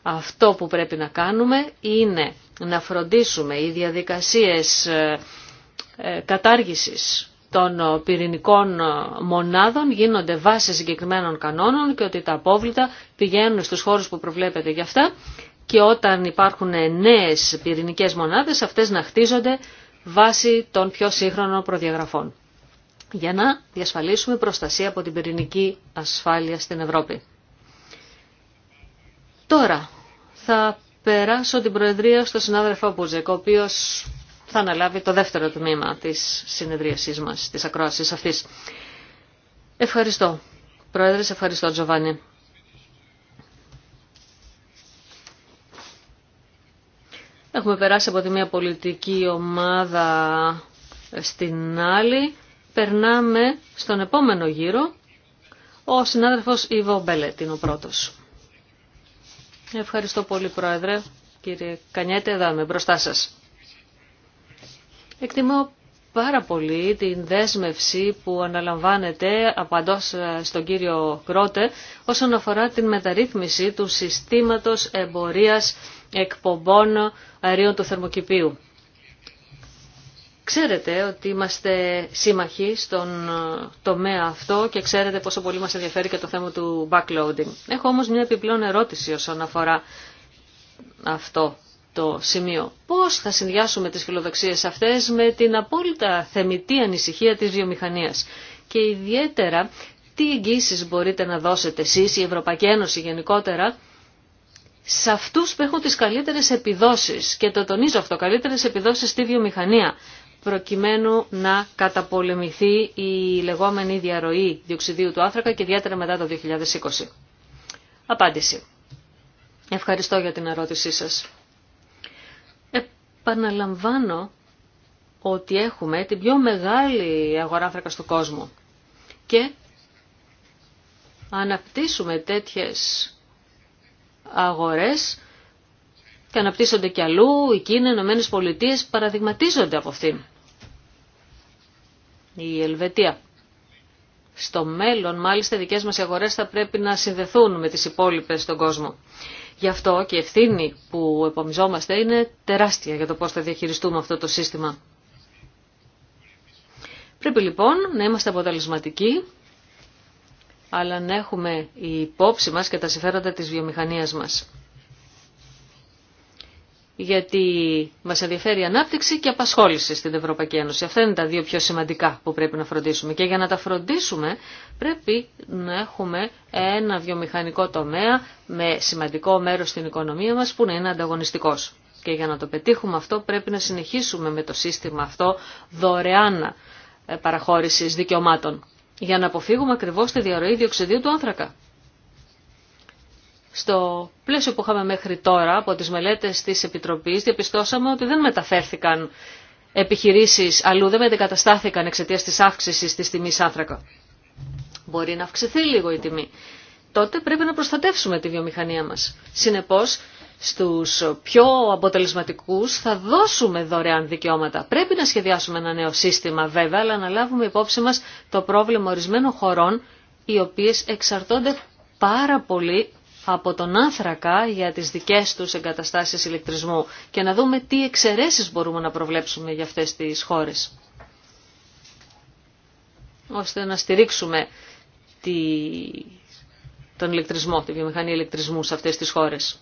Αυτό που πρέπει να κάνουμε είναι να φροντίσουμε οι διαδικασίες ε, ε, κατάργησης των ε, πυρηνικών μονάδων γίνονται βάσει συγκεκριμένων κανόνων και ότι τα απόβλητα πηγαίνουν στους χώρους που προβλέπεται για αυτά και όταν υπάρχουν νέες πυρηνικές μονάδες αυτές να χτίζονται βάσει των πιο σύγχρονων προδιαγραφών για να διασφαλίσουμε προστασία από την πυρηνική ασφάλεια στην Ευρώπη. Τώρα θα περάσω την Προεδρία στο συνάδελφο Μπούζεκ, ο οποίο θα αναλάβει το δεύτερο τμήμα της συνεδρίασής μας, της ακρόασης αυτής. Ευχαριστώ. Πρόεδρε, ευχαριστώ Τζοβάνι. Έχουμε περάσει από τη μία πολιτική ομάδα στην άλλη. Περνάμε στον επόμενο γύρο. Ο συνάδελφος Ιβο Μπέλετ είναι ο πρώτος. Ευχαριστώ πολύ Πρόεδρε. Κύριε Κανιέτε, εδώ είμαι μπροστά σας. Εκτιμώ πάρα πολύ την δέσμευση που αναλαμβάνεται απαντός ε, στον κύριο Κρότε όσον αφορά την μεταρρύθμιση του συστήματος εμπορίας εκπομπών αερίων του θερμοκηπίου. Ξέρετε ότι είμαστε σύμμαχοι στον ε, τομέα αυτό και ξέρετε πόσο πολύ μας ενδιαφέρει και το θέμα του backloading. Έχω όμως μια επιπλέον ερώτηση όσον αφορά αυτό το σημείο. Πώς θα συνδυάσουμε τις φιλοδοξίες αυτές με την απόλυτα θεμητή ανησυχία της βιομηχανίας. Και ιδιαίτερα τι εγγύσεις μπορείτε να δώσετε εσείς, η Ευρωπαϊκή Ένωση γενικότερα, σε αυτούς που έχουν τις καλύτερες επιδόσεις, και το τονίζω αυτό, καλύτερες επιδόσεις στη βιομηχανία, προκειμένου να καταπολεμηθεί η λεγόμενη διαρροή διοξιδίου του άνθρακα και ιδιαίτερα μετά το 2020. Απάντηση. Ευχαριστώ για την ερώτησή σας. Παναλαμβάνω ότι έχουμε την πιο μεγάλη αγορά στον κόσμο. Και αναπτύσσουμε τέτοιες αγορές και αναπτύσσονται κι αλλού, Οι Κίνα, οι Ηνωμένες Πολιτείες παραδειγματίζονται από αυτήν. Η Ελβετία. Στο μέλλον, μάλιστα, οι δικές μας αγορές θα πρέπει να συνδεθούν με τις υπόλοιπες στον κόσμο. Γι' αυτό και η ευθύνη που επομιζόμαστε είναι τεράστια για το πώς θα διαχειριστούμε αυτό το σύστημα. Πρέπει λοιπόν να είμαστε αποτελεσματικοί, αλλά να έχουμε η υπόψη μας και τα συμφέροντα της βιομηχανίας μας γιατί μας ενδιαφέρει η ανάπτυξη και η απασχόληση στην Ευρωπαϊκή Ένωση. Αυτά είναι τα δύο πιο σημαντικά που πρέπει να φροντίσουμε. Και για να τα φροντίσουμε πρέπει να έχουμε ένα βιομηχανικό τομέα με σημαντικό μέρος στην οικονομία μας που να είναι ανταγωνιστικός. Και για να το πετύχουμε αυτό πρέπει να συνεχίσουμε με το σύστημα αυτό δωρεάν ε, παραχώρησης δικαιωμάτων για να αποφύγουμε ακριβώς τη διαρροή διοξιδίου του άνθρακα. Στο πλαίσιο που είχαμε μέχρι τώρα από τις μελέτες της Επιτροπής διαπιστώσαμε ότι δεν μεταφέρθηκαν επιχειρήσεις αλλού, δεν μετεκαταστάθηκαν εξαιτία της αύξησης της τιμής άνθρακα. Μπορεί να αυξηθεί λίγο η τιμή. Τότε πρέπει να προστατεύσουμε τη βιομηχανία μας. Συνεπώς, στους πιο αποτελεσματικούς θα δώσουμε δωρεάν δικαιώματα. Πρέπει να σχεδιάσουμε ένα νέο σύστημα βέβαια, αλλά να λάβουμε υπόψη μας το πρόβλημα ορισμένων χωρών, οι οποίες εξαρτώνται πάρα πολύ από τον άνθρακα για τις δικές τους εγκαταστάσεις ηλεκτρισμού και να δούμε τι εξαιρέσεις μπορούμε να προβλέψουμε για αυτές τις χώρες. Ώστε να στηρίξουμε τη... τον ηλεκτρισμό, τη βιομηχανία ηλεκτρισμού σε αυτές τις χώρες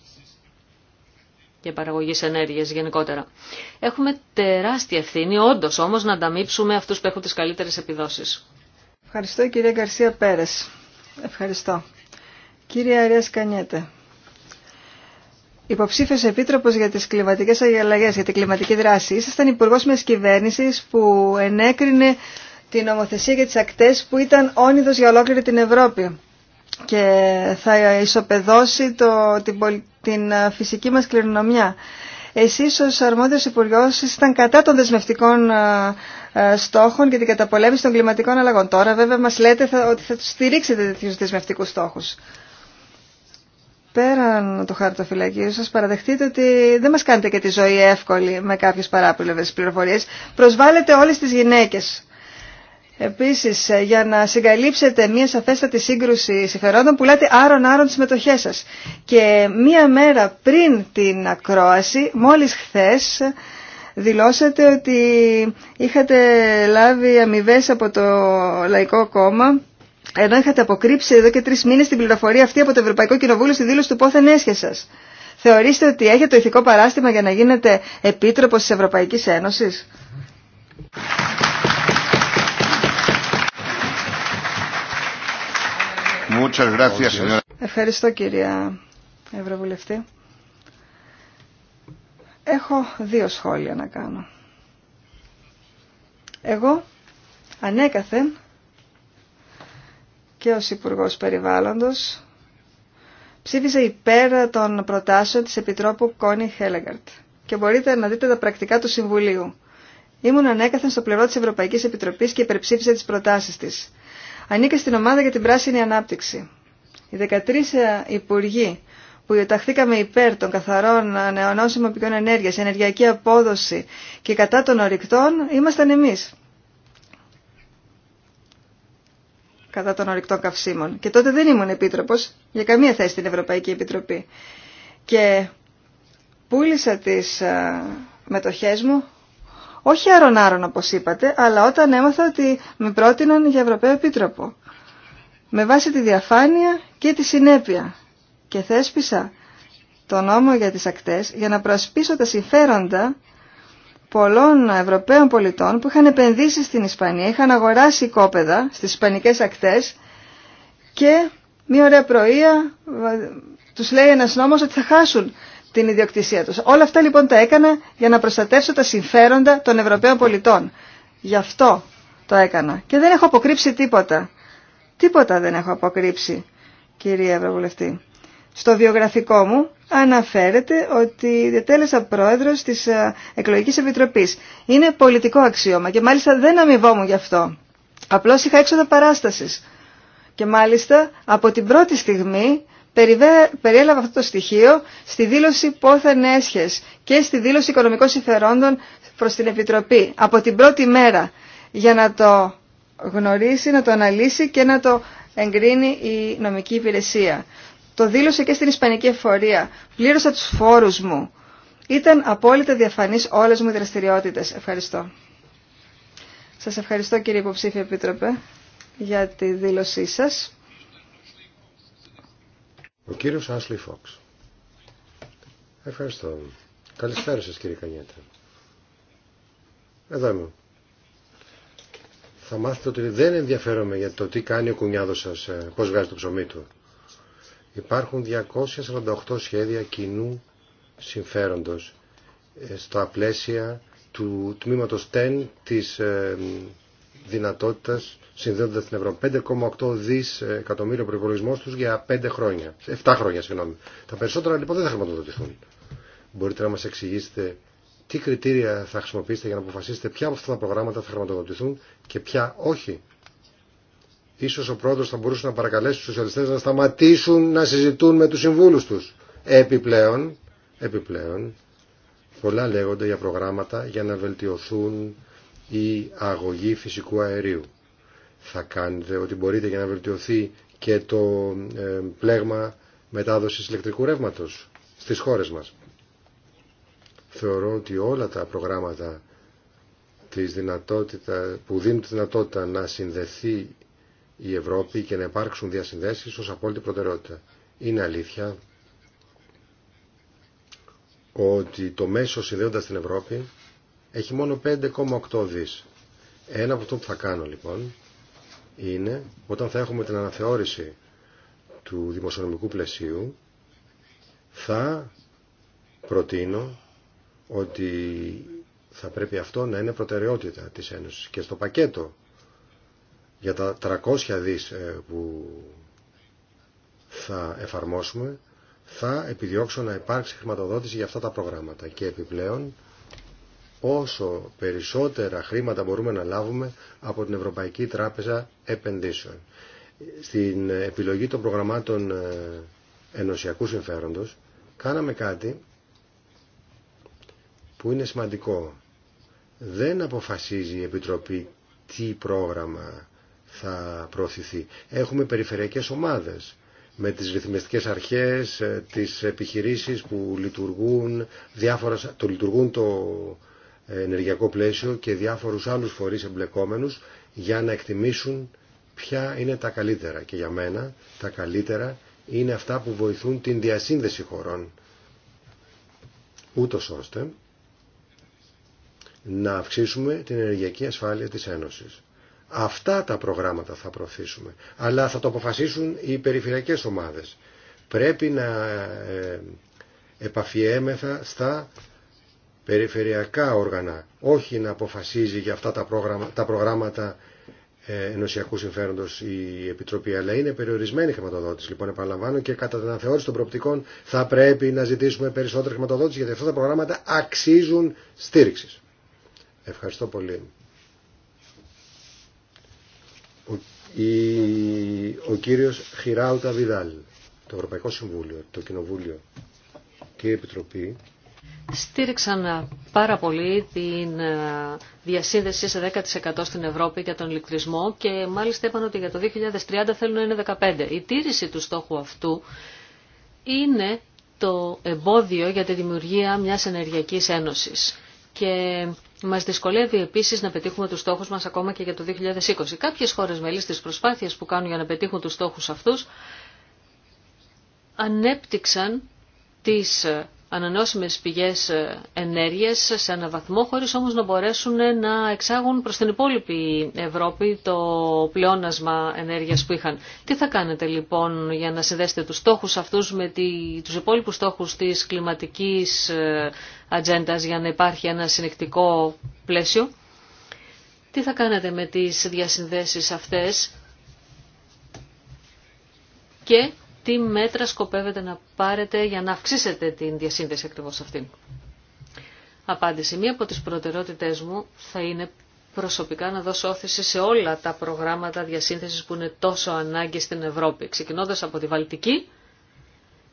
και παραγωγή ενέργεια γενικότερα. Έχουμε τεράστια ευθύνη, όντω όμω, να ανταμείψουμε αυτού που έχουν τι καλύτερε επιδόσει. Ευχαριστώ, κυρία Γκαρσία Πέρε. Ευχαριστώ. Κύριε Αρία Κανιέται, υποψήφιο επίτροπο για τι κλιματικέ αλλαγέ για την κλιματική δράση, ήσασταν υπουργό μια κυβέρνηση που ενέκρινε την νομοθεσία για τι ακτέ που ήταν όνειδο για ολόκληρη την Ευρώπη και θα ισοπεδώσει το, την, την φυσική μας κληρονομιά. Εσείς ως αρμόδιος υπουργός ήσασταν κατά των δεσμευτικών στόχων για την καταπολέμηση των κλιματικών αλλαγών. Τώρα βέβαια μας λέτε θα, ότι θα τους στηρίξετε τέτοιους δεσμευτικούς στόχους πέραν του χαρτοφυλακίου σας παραδεχτείτε ότι δεν μας κάνετε και τη ζωή εύκολη με κάποιες παράπλευρες πληροφορίες. Προσβάλλετε όλες τις γυναίκες. Επίσης, ε, για να συγκαλύψετε μια σαφέστατη σύγκρουση συμφερόντων, πουλάτε άρον-άρον τις μετοχές σας. Και μία μέρα πριν την ακρόαση, μόλις χθες, δηλώσατε ότι είχατε λάβει αμοιβέ από το Λαϊκό Κόμμα ενώ είχατε αποκρύψει εδώ και τρει μήνε την πληροφορία αυτή από το Ευρωπαϊκό Κοινοβούλιο στη δήλωση του πόθεν έσχε σα. Θεωρείστε ότι έχετε το ηθικό παράστημα για να γίνετε επίτροπο τη Ευρωπαϊκή Ένωση. Ευχαριστώ κυρία Ευρωβουλευτή. Έχω δύο σχόλια να κάνω. Εγώ ανέκαθεν και ως Υπουργό Περιβάλλοντος ψήφισε υπέρ των προτάσεων της Επιτρόπου Κόνι Χέλεγκαρτ και μπορείτε να δείτε τα πρακτικά του Συμβουλίου. Ήμουν ανέκαθεν στο πλευρό της Ευρωπαϊκής Επιτροπής και υπερψήφισα τις προτάσεις της. Ανήκα στην ομάδα για την πράσινη ανάπτυξη. Οι 13 ε, υπουργοί που ταχθήκαμε υπέρ των καθαρών ανανεώσιμων ε, πηγών ενέργειας, ενεργειακή απόδοση και κατά των ορυκτών, ήμασταν εμείς. κατά των ορυκτών καυσίμων. Και τότε δεν ήμουν επίτροπο για καμία θέση στην Ευρωπαϊκή Επιτροπή. Και πούλησα τις ε, μετοχές μου, όχι όπως είπατε, αλλά όταν έμαθα ότι με πρότειναν για Ευρωπαίο Επίτροπο. Με βάση τη διαφάνεια και τη συνέπεια. Και θέσπισα το νόμο για τις ακτές για να προασπίσω τα συμφέροντα πολλών Ευρωπαίων πολιτών που είχαν επενδύσει στην Ισπανία, είχαν αγοράσει κόπεδα στις Ισπανικές ακτές και μία ωραία πρωία τους λέει ένας νόμος ότι θα χάσουν την ιδιοκτησία τους. Όλα αυτά λοιπόν τα έκανα για να προστατεύσω τα συμφέροντα των Ευρωπαίων πολιτών. Γι' αυτό το έκανα. Και δεν έχω αποκρύψει τίποτα. Τίποτα δεν έχω αποκρύψει, κύριε Ευρωβουλευτή στο βιογραφικό μου αναφέρεται ότι διατέλεσα πρόεδρος της ε, Εκλογικής Επιτροπής. Είναι πολιτικό αξίωμα και μάλιστα δεν αμοιβόμουν γι' αυτό. Απλώς είχα έξοδα παράστασης. Και μάλιστα από την πρώτη στιγμή περιέλαβα αυτό το στοιχείο στη δήλωση πόθεν έσχες και στη δήλωση οικονομικών συμφερόντων προς την Επιτροπή. Από την πρώτη μέρα για να το γνωρίσει, να το αναλύσει και να το εγκρίνει η νομική υπηρεσία. Το δήλωσε και στην Ισπανική Εφορία. Πλήρωσα τους φόρους μου. Ήταν απόλυτα διαφανής όλες μου οι δραστηριότητες. Ευχαριστώ. Σας ευχαριστώ κύριε υποψήφιο επίτροπε για τη δήλωσή σας. Ο κύριος Άσλι Φόξ. Ευχαριστώ. Καλησπέρα σας κύριε Κανιέτα. Εδώ είμαι. Θα μάθετε ότι δεν ενδιαφέρομαι για το τι κάνει ο κουνιάδος σας, ε, πώς βγάζει το ψωμί του. Υπάρχουν 248 σχέδια κοινού συμφέροντος ε, στα πλαίσια του τμήματος 10 της ε, δυνατότητας συνδέοντας την Ευρώπη. 5,8 δις ε, εκατομμύριο προπολογισμό τους για 5 χρόνια. 7 χρόνια, συγγνώμη. Τα περισσότερα λοιπόν δεν θα χρηματοδοτηθούν. Μπορείτε να μας εξηγήσετε τι κριτήρια θα χρησιμοποιήσετε για να αποφασίσετε ποια από αυτά τα προγράμματα θα χρηματοδοτηθούν και ποια όχι. Ίσως ο πρόεδρος θα μπορούσε να παρακαλέσει τους σοσιαλιστές να σταματήσουν να συζητούν με τους συμβούλους τους. Επιπλέον, επιπλέον, πολλά λέγονται για προγράμματα για να βελτιωθούν η αγωγή φυσικού αερίου. Θα κάνετε ό,τι μπορείτε για να βελτιωθεί και το ε, πλέγμα μετάδοσης ηλεκτρικού ρεύματος στις χώρες μας. Θεωρώ ότι όλα τα προγράμματα της δυνατότητα, που δίνουν τη δυνατότητα να συνδεθεί η Ευρώπη και να υπάρξουν διασυνδέσεις ως απόλυτη προτεραιότητα. Είναι αλήθεια ότι το μέσο συνδέοντας την Ευρώπη έχει μόνο 5,8 δις. Ένα από αυτό που θα κάνω λοιπόν είναι όταν θα έχουμε την αναθεώρηση του δημοσιονομικού πλαισίου θα προτείνω ότι θα πρέπει αυτό να είναι προτεραιότητα της Ένωσης και στο πακέτο για τα 300 δις ε, που θα εφαρμόσουμε θα επιδιώξω να υπάρξει χρηματοδότηση για αυτά τα προγράμματα και επιπλέον όσο περισσότερα χρήματα μπορούμε να λάβουμε από την Ευρωπαϊκή Τράπεζα Επενδύσεων. Στην επιλογή των προγραμμάτων ε, ενωσιακού συμφέροντος κάναμε κάτι που είναι σημαντικό. Δεν αποφασίζει η Επιτροπή τι πρόγραμμα θα προωθηθεί. Έχουμε περιφερειακές ομάδες με τις ρυθμιστικές αρχές, ε, τις επιχειρήσεις που λειτουργούν, διάφορα, το λειτουργούν το ενεργειακό πλαίσιο και διάφορους άλλους φορείς εμπλεκόμενους για να εκτιμήσουν ποια είναι τα καλύτερα. Και για μένα τα καλύτερα είναι αυτά που βοηθούν την διασύνδεση χωρών. Ούτως ώστε να αυξήσουμε την ενεργειακή ασφάλεια της Ένωσης. Αυτά τα προγράμματα θα προωθήσουμε. Αλλά θα το αποφασίσουν οι περιφερειακές ομάδες. Πρέπει να ε, επαφιέμεθα στα περιφερειακά όργανα, όχι να αποφασίζει για αυτά τα, προγράμματα, τα προγράμματα ε, ενωσιακού συμφέροντο η Επιτροπή, αλλά είναι περιορισμένη η χρηματοδότηση. Λοιπόν, επαναλαμβάνω και κατά την αναθεώρηση των προοπτικών θα πρέπει να ζητήσουμε περισσότερη χρηματοδότηση γιατί αυτά τα προγράμματα αξίζουν στήριξη. Ευχαριστώ πολύ. η, ο κύριος Χιράουτα Βιδάλ, το Ευρωπαϊκό Συμβούλιο, το Κοινοβούλιο και η Επιτροπή στήριξαν ε, πάρα πολύ την ε, διασύνδεση σε 10% στην Ευρώπη για τον ηλεκτρισμό και μάλιστα είπαν ότι για το 2030 θέλουν να είναι 15%. Η τήρηση του στόχου αυτού είναι το εμπόδιο για τη δημιουργία μιας ενεργειακής ένωσης. Και Μα δυσκολεύει επίση να πετύχουμε του στόχου μα ακόμα και για το 2020. Κάποιε χώρε μελή στις προσπάθειες που κάνουν για να πετύχουν του στόχου αυτού, ανέπτυξαν τις ε, ανανεώσιμες πηγές ε, ενέργειας σε έναν βαθμό, χωρίς όμως να μπορέσουν να εξάγουν προς την υπόλοιπη Ευρώπη το πλεόνασμα ενέργειας που είχαν. Τι θα κάνετε λοιπόν για να συνδέσετε τους στόχους αυτούς με τους υπόλοιπους στόχους της κλιματικής ε, ατζέντα για να υπάρχει ένα συνεκτικό πλαίσιο. Τι θα κάνετε με τις διασυνδέσεις αυτές και τι μέτρα σκοπεύετε να πάρετε για να αυξήσετε την διασύνδεση ακριβώς αυτή. Απάντηση. Μία από τις προτεραιότητές μου θα είναι προσωπικά να δώσω όθηση σε όλα τα προγράμματα διασύνθεσης που είναι τόσο ανάγκη στην Ευρώπη, ξεκινώντας από τη Βαλτική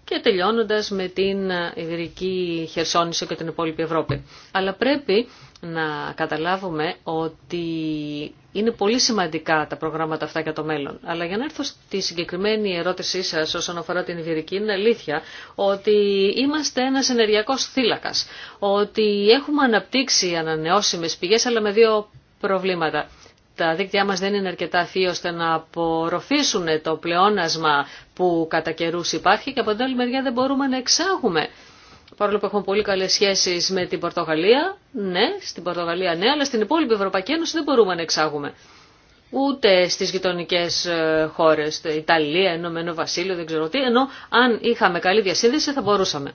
και τελειώνοντας με την Ιδρική Χερσόνησο και την υπόλοιπη Ευρώπη. Αλλά πρέπει να καταλάβουμε ότι είναι πολύ σημαντικά τα προγράμματα αυτά για το μέλλον. Αλλά για να έρθω στη συγκεκριμένη ερώτησή σας όσον αφορά την Ιβηρική, είναι αλήθεια ότι είμαστε ένας ενεργειακό θύλακας. Ότι έχουμε αναπτύξει ανανεώσιμες πηγές, αλλά με δύο προβλήματα. Τα δίκτυά μας δεν είναι αρκετά αφή ώστε να απορροφήσουν το πλεόνασμα που κατά καιρού υπάρχει και από την άλλη μεριά δεν μπορούμε να εξάγουμε παρόλο που έχουμε πολύ καλές σχέσεις με την Πορτογαλία, ναι, στην Πορτογαλία ναι, αλλά στην υπόλοιπη Ευρωπαϊκή Ένωση δεν μπορούμε να εξάγουμε. Ούτε στις γειτονικέ ε, χώρες, Ιταλία, Ενωμένο Βασίλειο, δεν ξέρω τι, ενώ αν είχαμε καλή διασύνδεση θα μπορούσαμε.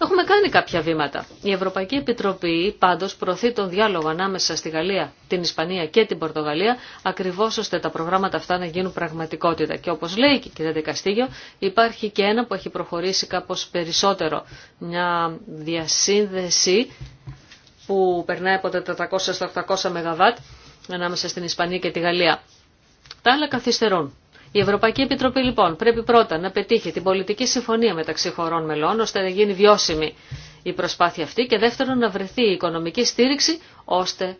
Έχουμε κάνει κάποια βήματα. Η Ευρωπαϊκή Επιτροπή πάντως προωθεί τον διάλογο ανάμεσα στη Γαλλία, την Ισπανία και την Πορτογαλία, ακριβώς ώστε τα προγράμματα αυτά να γίνουν πραγματικότητα. Και όπως λέει και η κυρία Δικαστήγιο, υπάρχει και ένα που έχει προχωρήσει κάπως περισσότερο. Μια διασύνδεση που περνάει από τα 400 στα 800 ΜΒ ανάμεσα στην Ισπανία και τη Γαλλία. Τα άλλα καθυστερούν. Η Ευρωπαϊκή Επιτροπή λοιπόν πρέπει πρώτα να πετύχει την πολιτική συμφωνία μεταξύ χωρών μελών ώστε να γίνει βιώσιμη η προσπάθεια αυτή και δεύτερον να βρεθεί η οικονομική στήριξη ώστε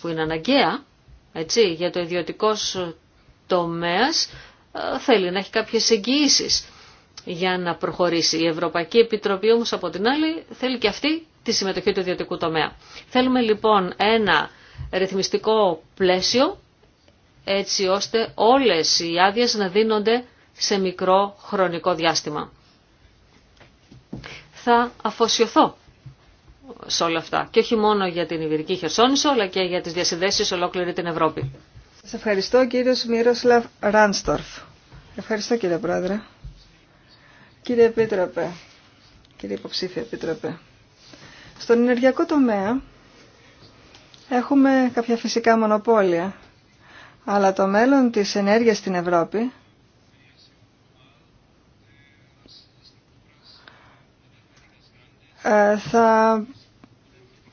που είναι αναγκαία έτσι, για το ιδιωτικό τομέα ε, θέλει να έχει κάποιες εγγυήσεις για να προχωρήσει. Η Ευρωπαϊκή Επιτροπή όμως από την άλλη θέλει και αυτή τη συμμετοχή του ιδιωτικού τομέα. Θέλουμε λοιπόν ένα ρυθμιστικό πλαίσιο έτσι ώστε όλες οι άδειες να δίνονται σε μικρό χρονικό διάστημα. Θα αφοσιωθώ σε όλα αυτά και όχι μόνο για την Ιβυρική Χερσόνησο αλλά και για τις διασυνδέσεις ολόκληρη την Ευρώπη. Σας ευχαριστώ κύριος Μύροσλαβ Ράνστορφ. Ευχαριστώ κύριε Πρόεδρε. Κύριε Επίτροπε, κύριε Υποψήφια Επίτροπε, στον ενεργειακό τομέα έχουμε κάποια φυσικά μονοπόλια αλλά το μέλλον της ενέργειας στην Ευρώπη ε, θα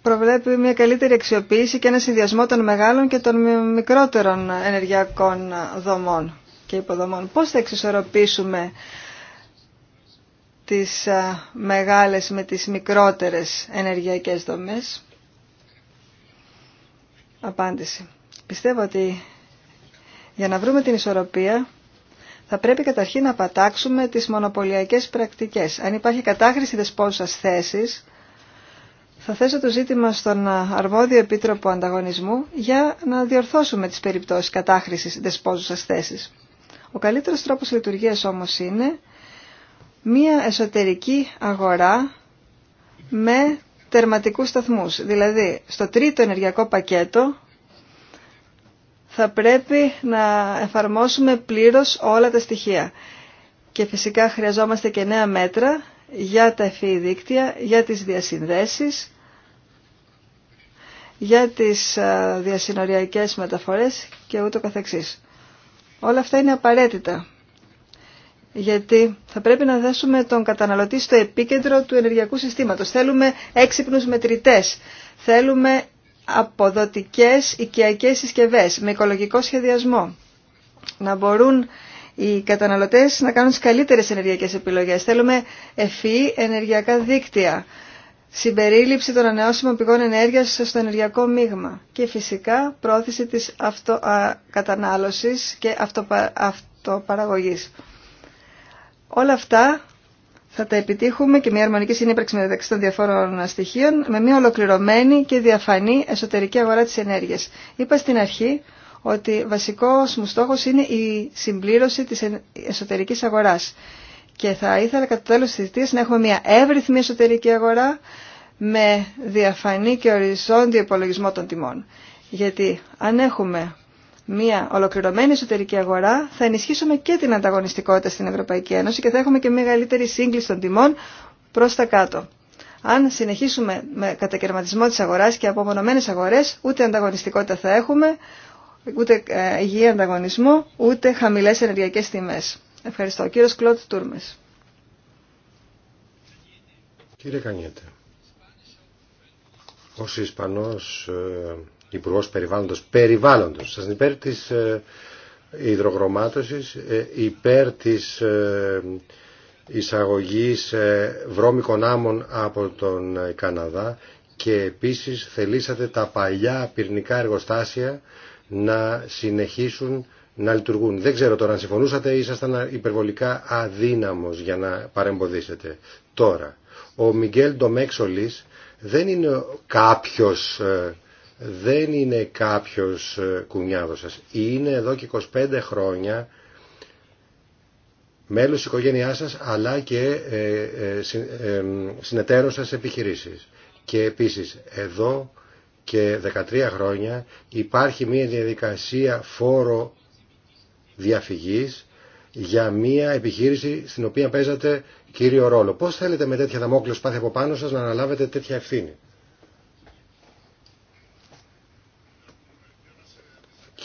προβλέπει μια καλύτερη αξιοποίηση και ένα συνδυασμό των μεγάλων και των μικρότερων ενεργειακών δομών και υποδομών. Πώς θα εξισορροπήσουμε τις ε, μεγάλες με τις μικρότερες ενεργειακές δομές. Απάντηση. Πιστεύω ότι για να βρούμε την ισορροπία θα πρέπει καταρχήν να πατάξουμε τις μονοπολιακές πρακτικές. Αν υπάρχει κατάχρηση δεσπόζουσας θέσης, θα θέσω το ζήτημα στον αρμόδιο επίτροπο ανταγωνισμού για να διορθώσουμε τις περιπτώσεις κατάχρησης δεσπόζουσας θέσης. Ο καλύτερος τρόπος λειτουργίας όμως είναι μία εσωτερική αγορά με τερματικούς σταθμούς. Δηλαδή, στο τρίτο ενεργειακό πακέτο θα πρέπει να εφαρμόσουμε πλήρως όλα τα στοιχεία. Και φυσικά χρειαζόμαστε και νέα μέτρα για τα ευφύη δίκτυα, για τις διασυνδέσεις, για τις διασυνοριακές μεταφορές και ούτω καθεξής. Όλα αυτά είναι απαραίτητα, γιατί θα πρέπει να δέσουμε τον καταναλωτή στο επίκεντρο του ενεργειακού συστήματος. Θέλουμε έξυπνους μετρητές, θέλουμε αποδοτικές οικιακές συσκευές με οικολογικό σχεδιασμό. Να μπορούν οι καταναλωτές να κάνουν τις καλύτερες ενεργειακές επιλογές. Θέλουμε ευφύ ενεργειακά δίκτυα, συμπερίληψη των ανανεώσιμων πηγών ενέργειας στο ενεργειακό μείγμα και φυσικά πρόθεση της αυτοκατανάλωσης και αυτοπαραγωγής. Όλα αυτά θα τα επιτύχουμε και μια αρμονική συνύπαρξη μεταξύ των διαφόρων στοιχείων με μια ολοκληρωμένη και διαφανή εσωτερική αγορά της ενέργειας. Είπα στην αρχή ότι βασικός μου στόχος είναι η συμπλήρωση της εσωτερικής αγοράς και θα ήθελα κατά το τέλος της θητείας να έχουμε μια εύρυθμη εσωτερική αγορά με διαφανή και οριζόντιο υπολογισμό των τιμών. Γιατί αν έχουμε μια ολοκληρωμένη εσωτερική αγορά θα ενισχύσουμε και την ανταγωνιστικότητα στην Ευρωπαϊκή Ένωση και θα έχουμε και μεγαλύτερη σύγκληση των τιμών προς τα κάτω. Αν συνεχίσουμε με κατακαιρματισμό τη αγορά και απομονωμένες αγορές, ούτε ανταγωνιστικότητα θα έχουμε, ούτε ε, υγιή ανταγωνισμό, ούτε χαμηλέ ενεργειακέ τιμέ. Ευχαριστώ. Ο κύριος Κλώτ Τούρμες. Κύριε Κανιέτε, ως Ισπανός ε, Υπουργός Περιβάλλοντος, περιβάλλοντος, σας υπέρ της ε, ε υπέρ της ε, εισαγωγής ε, βρώμικων άμμων από τον Καναδά και επίσης θελήσατε τα παλιά πυρηνικά εργοστάσια να συνεχίσουν να λειτουργούν. Δεν ξέρω τώρα αν συμφωνούσατε ή ήσασταν υπερβολικά αδύναμος για να παρεμποδίσετε. Τώρα, ο Μιγγέλ Ντομέξολης δεν είναι κάποιος δεν είναι κάποιος ε, κουνιάδος σας. Είναι εδώ και 25 χρόνια μέλος της οικογένειάς σας αλλά και ε, ε, συνεταίρος σας επιχειρήσεις. Και επίσης εδώ και 13 χρόνια υπάρχει μια διαδικασία φόρο διαφυγής για μια επιχείρηση στην οποία παίζατε κύριο ρόλο. Πώς θέλετε με τέτοια δαμόκλειο σπάθη από πάνω σας να αναλάβετε τέτοια ευθύνη.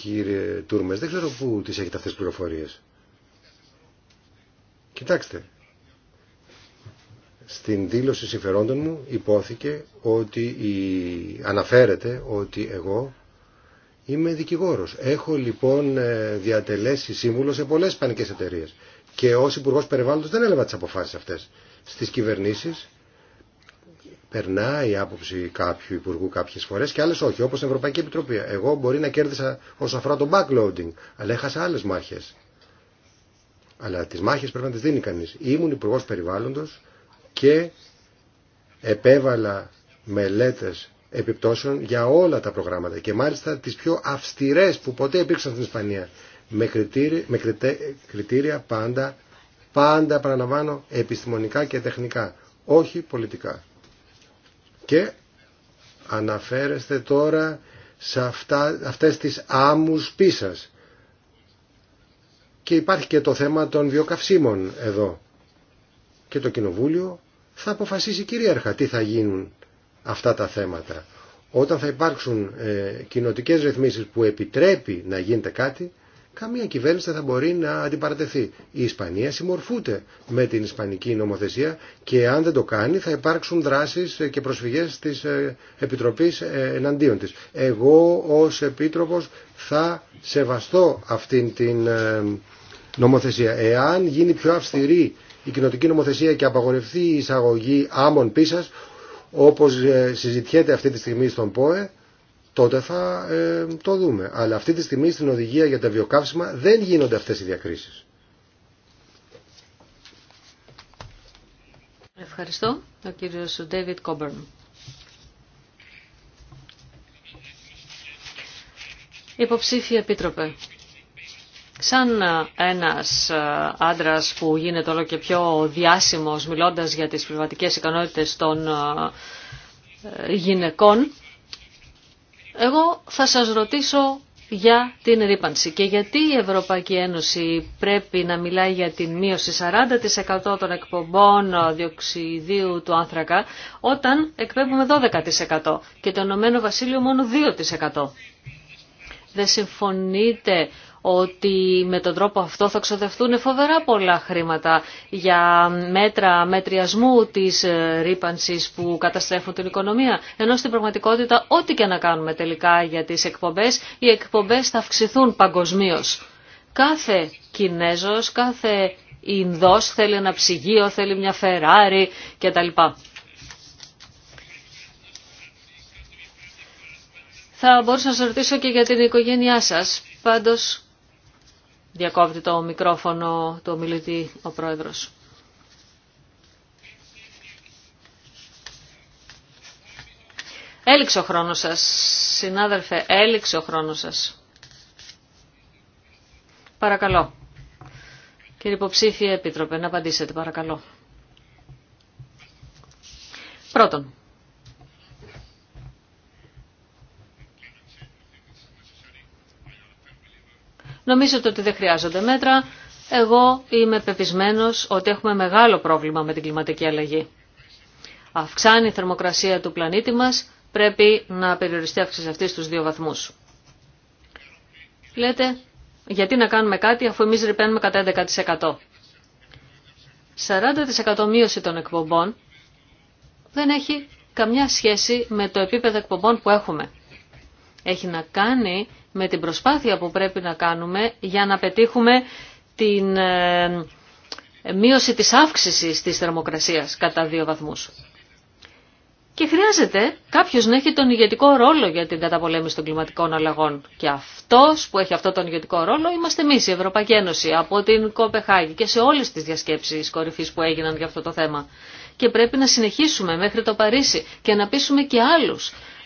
κύριε Τούρμες. Δεν ξέρω πού τις έχετε αυτές τις πληροφορίες. Κοιτάξτε. Στην δήλωση συμφερόντων μου υπόθηκε ότι η... αναφέρεται ότι εγώ είμαι δικηγόρος. Έχω λοιπόν ε, διατελέσει σύμβουλο σε πολλές πανικές εταιρείες. Και ως υπουργό Περιβάλλοντος δεν έλαβα τις αποφάσεις αυτές. Στις κυβερνήσεις περνάει η άποψη κάποιου υπουργού κάποιε φορέ και άλλε όχι, όπω η Ευρωπαϊκή Επιτροπή. Εγώ μπορεί να κέρδισα όσον αφορά το backloading, αλλά έχασα άλλε μάχε. Αλλά τι μάχε πρέπει να τι δίνει κανεί. Ήμουν υπουργό περιβάλλοντο και επέβαλα μελέτε επιπτώσεων για όλα τα προγράμματα και μάλιστα τι πιο αυστηρέ που ποτέ υπήρξαν στην Ισπανία. Με, κριτήρι, με κριτέ, κριτήρια πάντα, πάντα παραλαμβάνω, επιστημονικά και τεχνικά, όχι πολιτικά. Και αναφέρεστε τώρα σε αυτά, αυτές τις άμμους πίσας. Και υπάρχει και το θέμα των βιοκαυσίμων εδώ. Και το Κοινοβούλιο θα αποφασίσει κυρίαρχα τι θα γίνουν αυτά τα θέματα. Όταν θα υπάρξουν ε, κοινοτικές ρυθμίσεις που επιτρέπει να γίνεται κάτι, καμία κυβέρνηση δεν θα μπορεί να αντιπαρατεθεί. Η Ισπανία συμμορφούται με την Ισπανική νομοθεσία και αν δεν το κάνει θα υπάρξουν δράσεις και προσφυγές της ε, Επιτροπής ε, εναντίον της. Εγώ ως Επίτροπος θα σεβαστώ αυτήν την ε, νομοθεσία. Εάν γίνει πιο αυστηρή η κοινοτική νομοθεσία και απαγορευτεί η εισαγωγή άμμων πίσας, όπως συζητιέται αυτή τη στιγμή στον ΠΟΕ, τότε θα ε, το δούμε. Αλλά αυτή τη στιγμή στην οδηγία για τα βιοκαύσιμα δεν γίνονται αυτές οι διακρίσεις. Ευχαριστώ. Ο κύριος David Coburn. Υποψήφια Επίτροπε, σαν ε, ένας ε, άντρας που γίνεται όλο και πιο διάσημος μιλώντας για τις πνευματικές ικανότητες των γυναικών, εγώ θα σας ρωτήσω για την ρήπανση και γιατί η Ευρωπαϊκή Ένωση πρέπει να μιλάει για την μείωση 40% των εκπομπών διοξιδίου του άνθρακα όταν εκπέμπουμε 12% και το Ηνωμένο Βασίλειο μόνο 2%. Δεν συμφωνείτε ότι με τον τρόπο αυτό θα ξοδευτούν φοβερά πολλά χρήματα για μέτρα μετριασμού της ε, ρήπανση που καταστρέφουν την οικονομία. Ενώ στην πραγματικότητα ό,τι και να κάνουμε τελικά για τις εκπομπές, οι εκπομπές θα αυξηθούν παγκοσμίω. Κάθε Κινέζος, κάθε Ινδός θέλει ένα ψυγείο, θέλει μια Φεράρι κτλ. Θα μπορούσα να σας ρωτήσω και για την οικογένειά σας. Πάντως διακόπτει το μικρόφωνο του ομιλητή ο πρόεδρος. Έληξε ο χρόνος σας, συνάδελφε, έληξε ο χρόνος σας. Παρακαλώ. Κύριε υποψήφιε επίτροπε, να απαντήσετε παρακαλώ. Πρώτον, Νομίζετε ότι δεν χρειάζονται μέτρα. Εγώ είμαι πεπισμένος ότι έχουμε μεγάλο πρόβλημα με την κλιματική αλλαγή. Αυξάνει η θερμοκρασία του πλανήτη μας, πρέπει να περιοριστεί αύξηση αυτή στους δύο βαθμούς. Λέτε, γιατί να κάνουμε κάτι αφού εμείς ρηπαίνουμε κατά 11%. 40% μείωση των εκπομπών δεν έχει καμιά σχέση με το επίπεδο εκπομπών που έχουμε. Έχει να κάνει με την προσπάθεια που πρέπει να κάνουμε για να πετύχουμε την ε, μείωση της αύξησης της θερμοκρασίας κατά δύο βαθμούς. Και χρειάζεται κάποιο να έχει τον ηγετικό ρόλο για την καταπολέμηση των κλιματικών αλλαγών. Και αυτό που έχει αυτό τον ηγετικό ρόλο είμαστε εμεί, η Ευρωπαϊκή Ένωση, από την Κοπεχάγη και σε όλε τι διασκέψει κορυφή που έγιναν για αυτό το θέμα. Και πρέπει να συνεχίσουμε μέχρι το Παρίσι και να πείσουμε και άλλου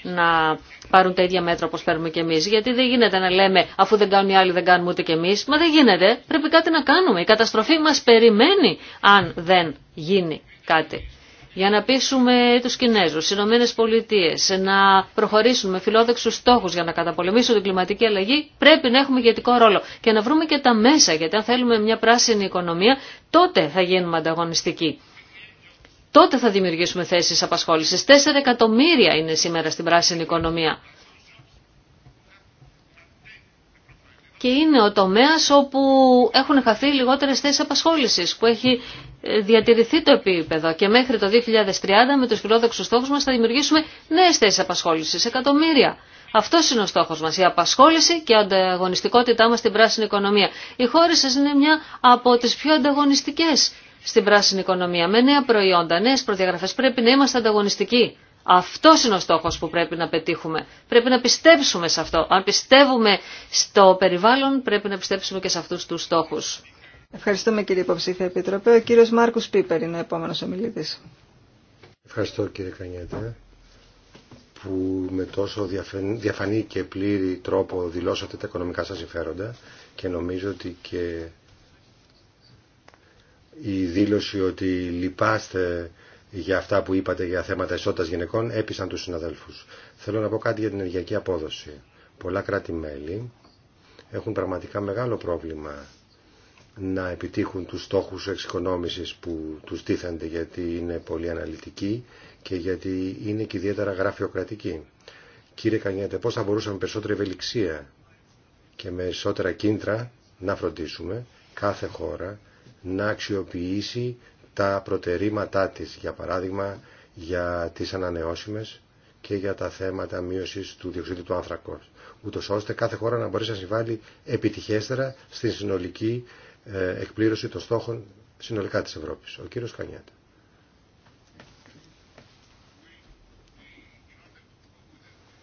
να πάρουν τα ίδια μέτρα όπως παίρνουμε και εμείς. Γιατί δεν γίνεται να λέμε αφού δεν κάνουν οι άλλοι δεν κάνουμε ούτε και εμείς. Μα δεν γίνεται. Πρέπει κάτι να κάνουμε. Η καταστροφή μας περιμένει αν δεν γίνει κάτι. Για να πείσουμε τους Κινέζους, τις Ηνωμένες Πολιτείες, να προχωρήσουμε με φιλόδεξους στόχους για να καταπολεμήσουν την κλιματική αλλαγή, πρέπει να έχουμε ηγετικό ρόλο και να βρούμε και τα μέσα, γιατί αν θέλουμε μια πράσινη οικονομία, τότε θα γίνουμε ανταγωνιστικοί τότε θα δημιουργήσουμε θέσεις απασχόλησης. Τέσσερα εκατομμύρια είναι σήμερα στην πράσινη οικονομία. Και είναι ο τομέας όπου έχουν χαθεί λιγότερες θέσεις απασχόλησης, που έχει ε, διατηρηθεί το επίπεδο και μέχρι το 2030 με τους φιλόδοξους στόχους μας θα δημιουργήσουμε νέες θέσεις απασχόλησης, εκατομμύρια. Αυτό είναι ο στόχο μα. Η απασχόληση και η ανταγωνιστικότητά μα στην πράσινη οικονομία. Η χώρα σα είναι μια από τι πιο ανταγωνιστικέ στην πράσινη οικονομία, με νέα προϊόντα, νέες προδιαγραφές. Πρέπει να είμαστε ανταγωνιστικοί. Αυτό είναι ο στόχος που πρέπει να πετύχουμε. Πρέπει να πιστέψουμε σε αυτό. Αν πιστεύουμε στο περιβάλλον, πρέπει να πιστέψουμε και σε αυτούς τους στόχους. Ευχαριστούμε κύριε Υποψήφια Επιτροπέ. Ο κύριος Μάρκος Πίπερ είναι ο επόμενος ομιλητής. Ευχαριστώ κύριε Κανιέτα που με τόσο διαφανή και πλήρη τρόπο δηλώσατε τα οικονομικά σας συμφέροντα και νομίζω ότι και η δήλωση ότι λυπάστε για αυτά που είπατε για θέματα ισότητας γυναικών έπεισαν τους συναδέλφους. Θέλω να πω κάτι για την ενεργειακή απόδοση. Πολλά κράτη-μέλη έχουν πραγματικά μεγάλο πρόβλημα να επιτύχουν τους στόχους εξοικονόμησης που τους τίθενται γιατί είναι πολύ αναλυτικοί και γιατί είναι και ιδιαίτερα γραφειοκρατικοί. Κύριε Κανιέτε, πώς θα μπορούσαμε περισσότερη ευελιξία και με περισσότερα κίντρα να φροντίσουμε κάθε χώρα να αξιοποιήσει τα προτερήματά της, για παράδειγμα για τις ανανεώσιμες και για τα θέματα μείωσης του διοξειδίου του άνθρακος, ούτως ώστε κάθε χώρα να μπορεί να συμβάλλει επιτυχέστερα στην συνολική ε, εκπλήρωση των στόχων συνολικά της Ευρώπης. Ο κύριος Κανιάτα.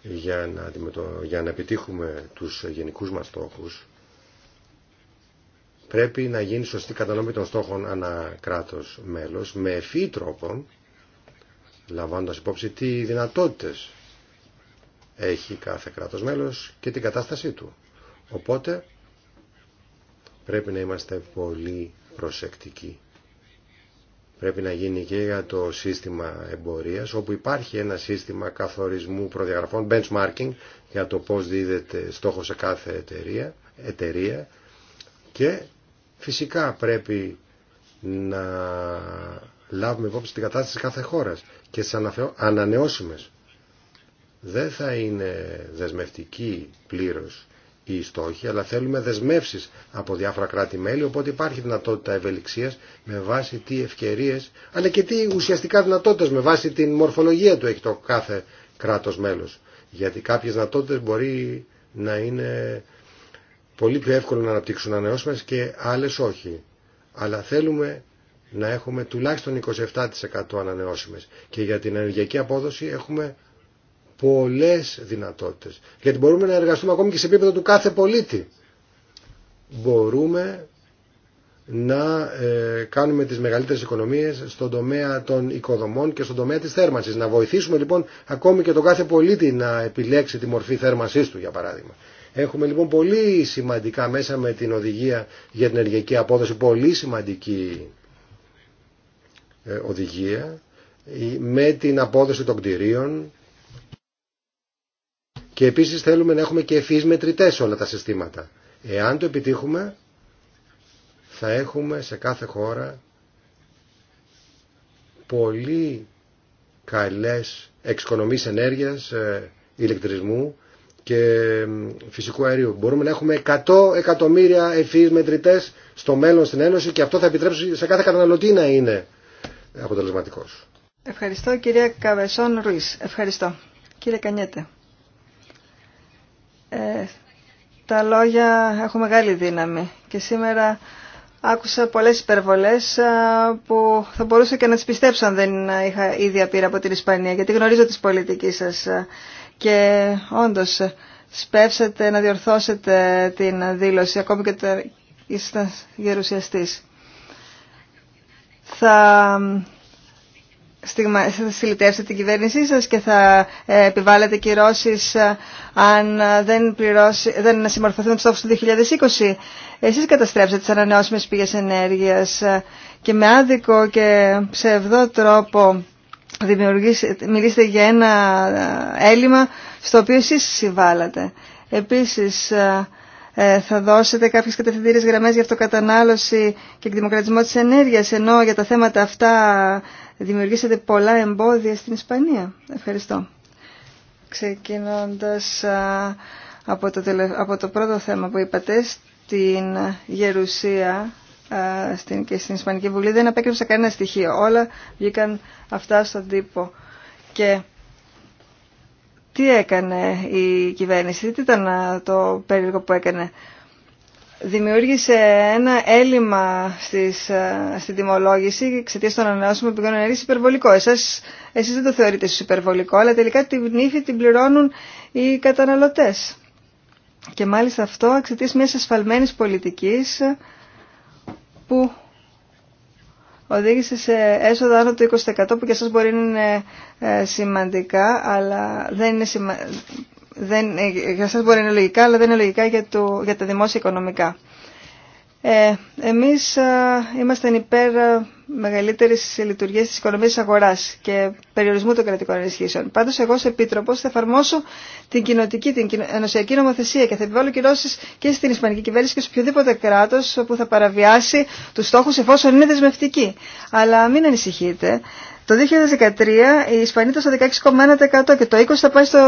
Για να, για να επιτύχουμε τους γενικούς μας στόχους, πρέπει να γίνει σωστή κατανομή των στόχων ανά κράτος μέλος με ευφύ τρόπο λαμβάνοντα υπόψη τι δυνατότητες έχει κάθε κράτος μέλος και την κατάστασή του. Οπότε πρέπει να είμαστε πολύ προσεκτικοί. Πρέπει να γίνει και για το σύστημα εμπορίας, όπου υπάρχει ένα σύστημα καθορισμού προδιαγραφών, benchmarking, για το πώς δίδεται στόχο σε κάθε εταιρεία, εταιρεία και Φυσικά πρέπει να λάβουμε υπόψη την κατάσταση κάθε χώρας και τις ανανεώσιμες. Δεν θα είναι δεσμευτική πλήρως η στόχη, αλλά θέλουμε δεσμεύσεις από διάφορα κράτη-μέλη, οπότε υπάρχει δυνατότητα ευελιξίας με βάση τι ευκαιρίες, αλλά και τι ουσιαστικά δυνατότητες με βάση την μορφολογία του έχει το κάθε κράτος μέλος. Γιατί κάποιες δυνατότητες μπορεί να είναι πολύ πιο εύκολο να αναπτύξουν ανανεώσιμες και άλλες όχι. Αλλά θέλουμε να έχουμε τουλάχιστον 27% ανανεώσιμες. Και για την ενεργειακή απόδοση έχουμε πολλές δυνατότητες. Γιατί μπορούμε να εργαστούμε ακόμη και σε επίπεδο του κάθε πολίτη. Μπορούμε να ε, κάνουμε τις μεγαλύτερες οικονομίες στον τομέα των οικοδομών και στον τομέα της θέρμανσης. Να βοηθήσουμε λοιπόν ακόμη και τον κάθε πολίτη να επιλέξει τη μορφή θέρμανσής του για παράδειγμα. Έχουμε λοιπόν πολύ σημαντικά μέσα με την οδηγία για την ενεργειακή απόδοση, πολύ σημαντική ε, οδηγία, με την απόδοση των κτηρίων και επίσης θέλουμε να έχουμε και μετρητέ μετρητές όλα τα συστήματα. Εάν το επιτύχουμε θα έχουμε σε κάθε χώρα πολύ καλές εξοικονομίες ενέργειας, ε, ηλεκτρισμού και φυσικού αερίου. Μπορούμε να έχουμε 100 εκατομμύρια ευφυεί μετρητές στο μέλλον στην Ένωση και αυτό θα επιτρέψει σε κάθε καταναλωτή να είναι αποτελεσματικό. Ευχαριστώ κυρία Καβεσόν Ρουί. Ευχαριστώ. Κύριε Κανιέτε. Ε, τα λόγια έχουν μεγάλη δύναμη και σήμερα άκουσα πολλές υπερβολές που θα μπορούσα και να τις πιστέψω αν δεν είχα ήδη απείρα από την Ισπανία γιατί γνωρίζω τις πολιτικές σας και όντως σπεύσετε να διορθώσετε την δήλωση, ακόμη και το ήσασταν γερουσιαστής. Θα συλλητεύσετε την κυβέρνησή σας και θα ε, επιβάλλετε κυρώσεις ε, αν δεν, πληρώσει, δεν συμμορφωθούν τους στόχους του 2020. Εσείς καταστρέψετε τις ανανεώσιμες πηγές ενέργειας ε, και με άδικο και ψευδό τρόπο μιλήσετε για ένα ε, έλλειμμα στο οποίο εσείς συμβάλλατε. Επίσης, ε, ε, θα δώσετε κάποιες κατευθυντήριες γραμμές για αυτοκατανάλωση και εκδημοκρατισμό της ενέργειας, ενώ για τα θέματα αυτά δημιουργήσατε πολλά εμπόδια στην Ισπανία. Ευχαριστώ. Ξεκινώντας από το, από το πρώτο θέμα που είπατε, στην Γερουσία στην, και στην Ισπανική Βουλή δεν απέκρυψα κανένα στοιχείο. Όλα βγήκαν αυτά στον τύπο. Και τι έκανε η κυβέρνηση, τι ήταν το περίεργο που έκανε. Δημιούργησε ένα έλλειμμα στις, στην τιμολόγηση εξαιτία των ανανεώσιμων πηγών ενέργεια υπερβολικό. Εσεί εσείς δεν το θεωρείτε ίσω υπερβολικό, αλλά τελικά την ύφη την πληρώνουν οι καταναλωτέ. Και μάλιστα αυτό εξαιτία μια ασφαλμένη πολιτική που οδήγησε σε έσοδα άνω του 20% που για σας μπορεί να είναι ε, σημαντικά, αλλά δεν είναι δεν... Ε, για σας μπορεί να είναι λογικά, αλλά δεν είναι λογικά για, το... για τα δημόσια οικονομικά. Ε, εμείς είμαστε υπέρ ε, μεγαλύτερης λειτουργίας της οικονομίας αγοράς και περιορισμού των κρατικών ενισχύσεων. Πάντως εγώ ως Επίτροπος θα εφαρμόσω την κοινοτική, την ενωσιακή νομοθεσία και θα επιβάλλω κυρώσεις και στην Ισπανική κυβέρνηση και σε οποιοδήποτε κράτος που θα παραβιάσει τους στόχους εφόσον είναι δεσμευτική. Αλλά μην ανησυχείτε, το 2013 η Ισπανία ήταν στο 16,1% και το 20% θα πάει στο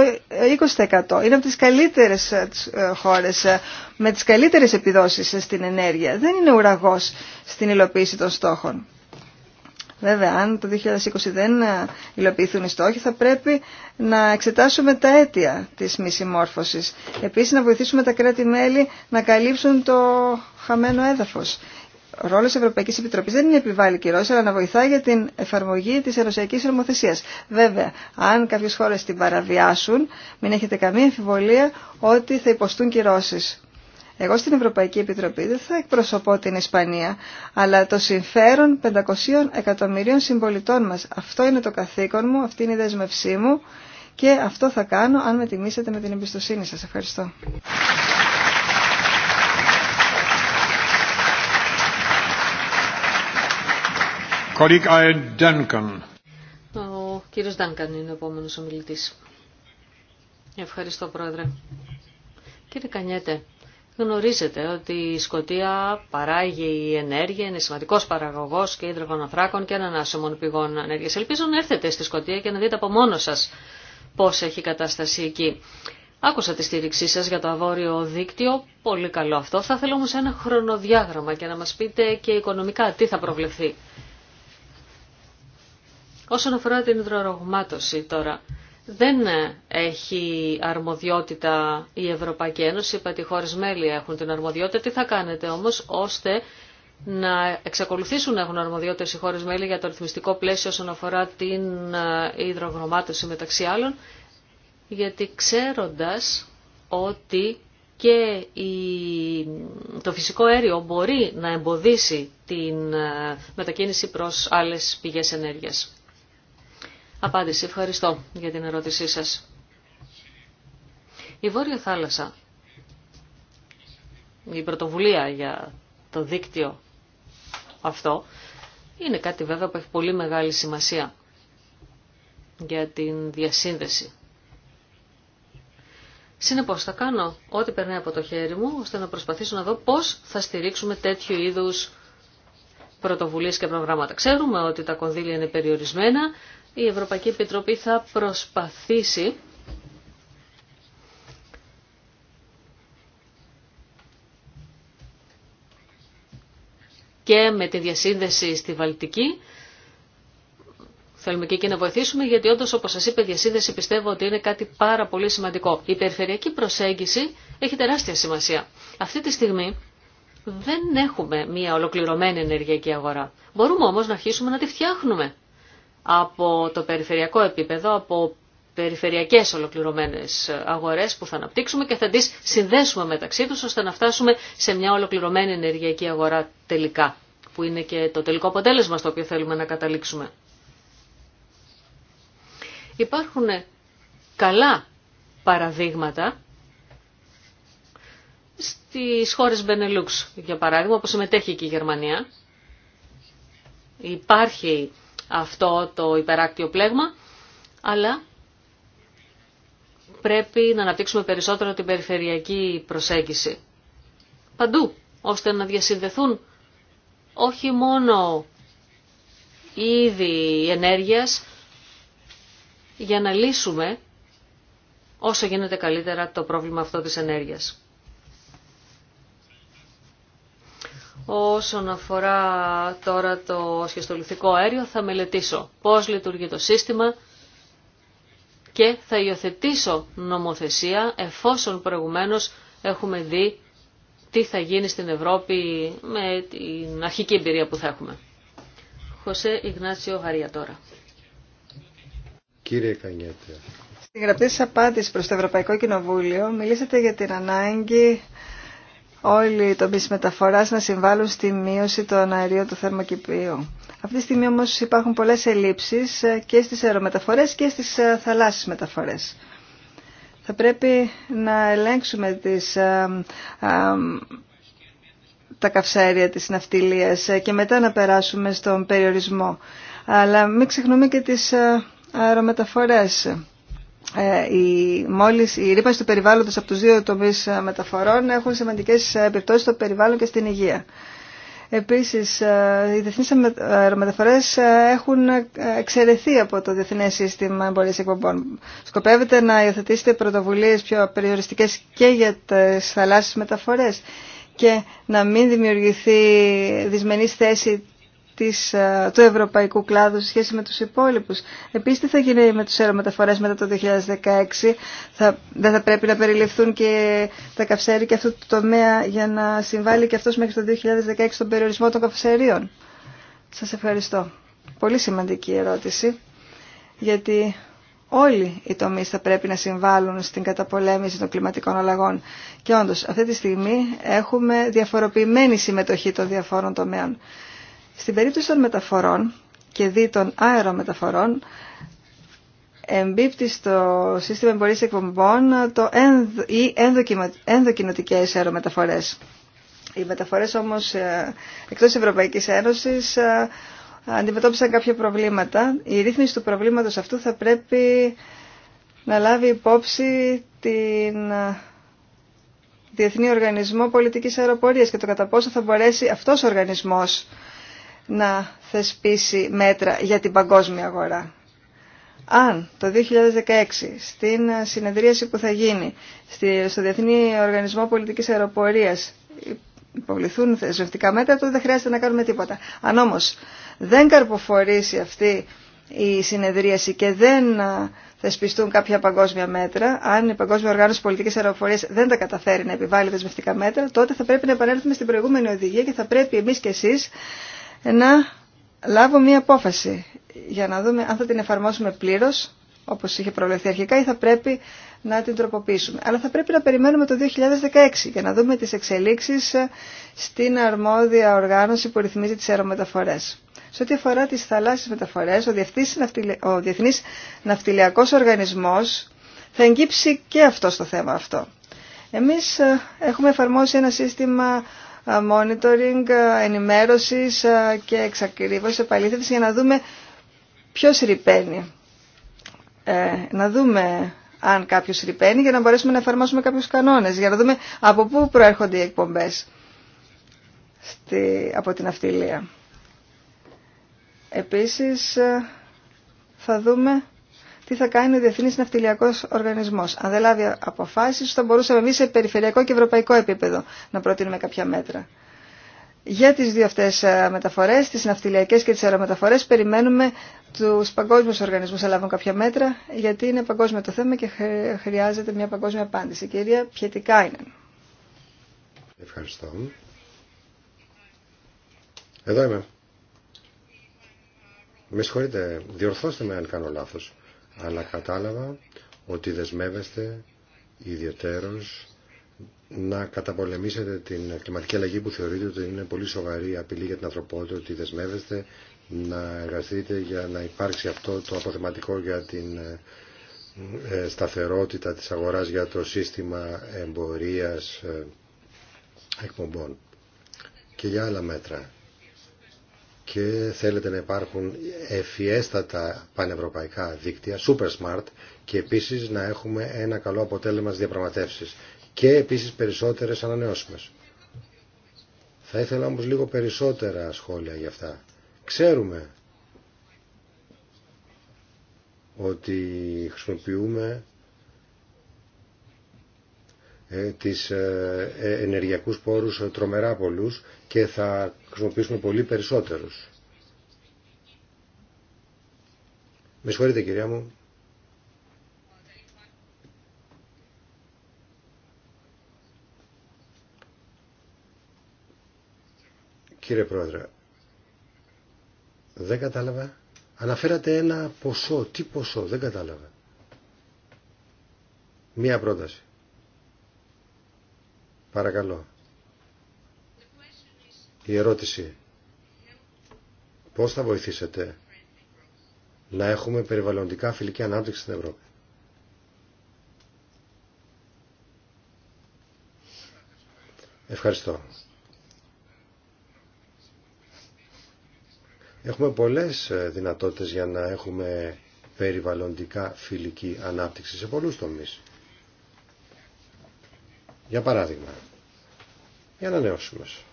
20%. Είναι από τις καλύτερες ε, ε, χώρες ε, με τις καλύτερες επιδόσεις στην ενέργεια. Δεν είναι ουραγός στην υλοποίηση των στόχων. Βέβαια, αν το 2020 δεν υλοποιηθούν οι στόχοι, θα πρέπει να εξετάσουμε τα αίτια της μη συμμόρφωσης. Επίσης, να βοηθήσουμε τα κράτη-μέλη να καλύψουν το χαμένο έδαφος ρόλο της Ευρωπαϊκής Επιτροπής δεν είναι επιβάλλει κυρώσεις, αλλά να βοηθάει για την εφαρμογή τη ερωσιακής νομοθεσία. Βέβαια, αν κάποιε χώρε την παραβιάσουν, μην έχετε καμία εμφιβολία ότι θα υποστούν κυρώσεις. Εγώ στην Ευρωπαϊκή Επιτροπή δεν θα εκπροσωπώ την Ισπανία, αλλά το συμφέρον 500 εκατομμυρίων συμπολιτών μας. Αυτό είναι το καθήκον μου, αυτή είναι η δέσμευσή μου και αυτό θα κάνω αν με τιμήσετε με την εμπιστοσύνη σας. Ευχαριστώ. Ο κύριος Ντάνκαν είναι ο επόμενος ομιλητής. Ευχαριστώ, Πρόεδρε. Κύριε Κανιέτε, γνωρίζετε ότι η Σκοτία παράγει ενέργεια, είναι σημαντικός παραγωγός και υδρογοναθράκων και ανανάσιμων πηγών ενέργειας. Ελπίζω να έρθετε στη Σκοτία και να δείτε από μόνο σας πώς έχει η κατάσταση εκεί. Άκουσα τη στήριξή σας για το αβόριο δίκτυο, πολύ καλό αυτό. Θα θέλω όμως ένα χρονοδιάγραμμα και να μας πείτε και οικονομικά τι θα προβλεφθεί. Όσον αφορά την υδρορογμάτωση τώρα, δεν έχει αρμοδιότητα η Ευρωπαϊκή Ένωση, είπα ότι οι χώρες μέλη έχουν την αρμοδιότητα. Τι θα κάνετε όμως ώστε να εξακολουθήσουν να έχουν αρμοδιότητες οι χώρες μέλη για το ρυθμιστικό πλαίσιο όσον αφορά την ε, υδρογνωμάτωση μεταξύ άλλων, γιατί ξέροντας ότι και το φυσικό αέριο μπορεί να εμποδίσει την ε, μετακίνηση προς άλλες πηγές ενέργειας. Απάντηση. Ευχαριστώ για την ερώτησή σας. Η Βόρεια Θάλασσα, η πρωτοβουλία για το δίκτυο αυτό, είναι κάτι βέβαια που έχει πολύ μεγάλη σημασία για την διασύνδεση. Συνεπώς θα κάνω ό,τι περνάει από το χέρι μου, ώστε να προσπαθήσω να δω πώς θα στηρίξουμε τέτοιου είδους πρωτοβουλίες και προγράμματα. Ξέρουμε ότι τα κονδύλια είναι περιορισμένα, η Ευρωπαϊκή Επιτροπή θα προσπαθήσει και με τη διασύνδεση στη Βαλτική. Θέλουμε και εκεί να βοηθήσουμε, γιατί όντω, όπω σα είπε η διασύνδεση πιστεύω ότι είναι κάτι πάρα πολύ σημαντικό. Η περιφερειακή προσέγγιση έχει τεράστια σημασία. Αυτή τη στιγμή δεν έχουμε μια ολοκληρωμένη ενεργειακή αγορά. Μπορούμε όμω να αρχίσουμε να τη φτιάχνουμε από το περιφερειακό επίπεδο, από περιφερειακές ολοκληρωμένες αγορές που θα αναπτύξουμε και θα τις συνδέσουμε μεταξύ τους ώστε να φτάσουμε σε μια ολοκληρωμένη ενεργειακή αγορά τελικά, που είναι και το τελικό αποτέλεσμα στο οποίο θέλουμε να καταλήξουμε. Υπάρχουν καλά παραδείγματα στις χώρες Μπενελούξ για παράδειγμα, που συμμετέχει και η Γερμανία. Υπάρχει αυτό το υπεράκτιο πλέγμα, αλλά πρέπει να αναπτύξουμε περισσότερο την περιφερειακή προσέγγιση. Παντού, ώστε να διασυνδεθούν όχι μόνο είδη ενέργειας για να λύσουμε όσο γίνεται καλύτερα το πρόβλημα αυτό της ενέργειας. Όσον αφορά τώρα το σχεστολιθικό αέριο θα μελετήσω πώς λειτουργεί το σύστημα και θα υιοθετήσω νομοθεσία εφόσον προηγουμένως έχουμε δει τι θα γίνει στην Ευρώπη με την αρχική εμπειρία που θα έχουμε. Χωσέ Ιγνάτσιο Γαρία τώρα. Κύριε Κανιέτε. Στην γραπτή σας απάντηση προς το Ευρωπαϊκό Κοινοβούλιο μιλήσατε για την ανάγκη όλοι οι τομείς μεταφοράς να συμβάλλουν στη μείωση των αερίων του θερμοκηπίου. Αυτή τη στιγμή όμως υπάρχουν πολλές ελλείψεις ε, και στις αερομεταφορές και στις ε, θαλάσσιες μεταφορές. Θα πρέπει να ελέγξουμε τις, ε, τα καυσαέρια της ναυτιλίας και μετά να περάσουμε στον περιορισμό. Αλλά μην ξεχνούμε και τις αερομεταφορές η, ε, μόλις, η ρήπαση του περιβάλλοντος από τους δύο τομείς ε, μεταφορών έχουν σημαντικές ε, επιπτώσεις στο περιβάλλον και στην υγεία. Επίσης, οι διεθνείς αερομεταφορές έχουν εξαιρεθεί από το Διεθνές Σύστημα Εμπορίας Εκπομπών. Σκοπεύετε να υιοθετήσετε πρωτοβουλίες πιο περιοριστικές και για τις θαλάσσιες μεταφορές και να μην δημιουργηθεί δυσμενής θέση της, ε, του ευρωπαϊκού κλάδου σε σχέση με τους υπόλοιπους. Επίσης τι θα γίνει με τους αερομεταφορές μετά το 2016, θα, δεν θα πρέπει να περιληφθούν και τα καυσαέρια και αυτού του τομέα για να συμβάλλει και αυτός μέχρι το 2016 στον περιορισμό των καυσαερίων. Σας ευχαριστώ. Πολύ σημαντική ερώτηση, γιατί όλοι οι τομεί θα πρέπει να συμβάλλουν στην καταπολέμηση των κλιματικών αλλαγών. Και όντω, αυτή τη στιγμή έχουμε διαφοροποιημένη συμμετοχή των διαφόρων τομέων. Στην περίπτωση των μεταφορών και δι των αερομεταφορών, εμπίπτει στο σύστημα εμπορίας εκπομπών το ενδο, οι ενδοκινοτικές αερομεταφορές. Οι μεταφορές όμως ε, εκτός Ευρωπαϊκής Ένωσης ε, αντιμετώπισαν κάποια προβλήματα. Η ρύθμιση του προβλήματος αυτού θα πρέπει να λάβει υπόψη την ε, Διεθνή Οργανισμό Πολιτικής Αεροπορίας και το κατά πόσο θα μπορέσει αυτός ο οργανισμός να θεσπίσει μέτρα για την παγκόσμια αγορά. Αν το 2016 στην συνεδρίαση που θα γίνει στο Διεθνή Οργανισμό Πολιτικής Αεροπορίας υποβληθούν θεσμευτικά μέτρα, τότε δεν χρειάζεται να κάνουμε τίποτα. Αν όμως δεν καρποφορήσει αυτή η συνεδρίαση και δεν θεσπιστούν κάποια παγκόσμια μέτρα, αν η Παγκόσμια Οργάνωση Πολιτική Αεροπορία δεν τα καταφέρει να επιβάλλει δεσμευτικά μέτρα, τότε θα πρέπει να επανέλθουμε στην προηγούμενη οδηγία και θα πρέπει εμεί και εσεί να λάβω μία απόφαση για να δούμε αν θα την εφαρμόσουμε πλήρως, όπως είχε προβλεφθεί αρχικά, ή θα πρέπει να την τροποποιήσουμε. Αλλά θα πρέπει να περιμένουμε το 2016 για να δούμε τις εξελίξεις στην αρμόδια οργάνωση που ρυθμίζει τις αερομεταφορές. Σε ό,τι αφορά τις θαλάσσιες μεταφορές, ο Διεθνής Ναυτιλιακός Οργανισμός θα εγκύψει και αυτό στο θέμα αυτό. Εμείς ε, έχουμε εφαρμόσει ένα σύστημα monitoring, ενημέρωσης και εξακρίβωση επαλήθευση για να δούμε ποιος ρηπαίνει. Ε, να δούμε αν κάποιος ρηπαίνει για να μπορέσουμε να εφαρμόσουμε κάποιους κανόνες, για να δούμε από πού προέρχονται οι εκπομπές στη, από την αυτιλία. Επίσης θα δούμε τι θα κάνει ο Διεθνής Ναυτιλιακός Οργανισμός. Αν δεν λάβει αποφάσεις, θα μπορούσαμε εμείς σε περιφερειακό και ευρωπαϊκό επίπεδο να προτείνουμε κάποια μέτρα. Για τις δύο αυτές ε, μεταφορές, τις ναυτιλιακές και τις αερομεταφορές, περιμένουμε τους παγκόσμιους οργανισμούς να λάβουν κάποια μέτρα, γιατί είναι παγκόσμιο το θέμα και χρειάζεται μια παγκόσμια απάντηση. Κυρία Πιετικά είναι. Ευχαριστώ. Εδώ είμαι. Με συγχωρείτε, διορθώστε με αν κάνω λάθος αλλά κατάλαβα ότι δεσμεύεστε ιδιαιτέρως να καταπολεμήσετε την κλιματική αλλαγή που θεωρείτε ότι είναι πολύ σοβαρή απειλή για την ανθρωπότητα, ότι δεσμεύεστε να εργαστείτε για να υπάρξει αυτό το αποθεματικό για την ε, σταθερότητα της αγοράς για το σύστημα εμπορίας ε, εκπομπών και για άλλα μέτρα και θέλετε να υπάρχουν ευφιέστατα πανευρωπαϊκά δίκτυα, super smart και επίσης να έχουμε ένα καλό αποτέλεσμα στις διαπραγματεύσεις και επίσης περισσότερες ανανεώσιμες. Θα ήθελα όμως λίγο περισσότερα σχόλια για αυτά. Ξέρουμε ότι χρησιμοποιούμε ε, τις ε, ε, ενεργειακούς πόρους τρομερά πολλούς και θα χρησιμοποιήσουμε πολύ περισσότερους. Με συγχωρείτε κυρία μου. Κύριε Πρόεδρε, δεν κατάλαβα. Αναφέρατε ένα ποσό. Τι ποσό, δεν κατάλαβα. Μία πρόταση. Παρακαλώ. Η ερώτηση. Πώς θα βοηθήσετε να έχουμε περιβαλλοντικά φιλική ανάπτυξη στην Ευρώπη. Ευχαριστώ. Έχουμε πολλές ε, δυνατότητες για να έχουμε περιβαλλοντικά φιλική ανάπτυξη σε πολλούς τομείς. Για παράδειγμα, οι ανανεώσιμες.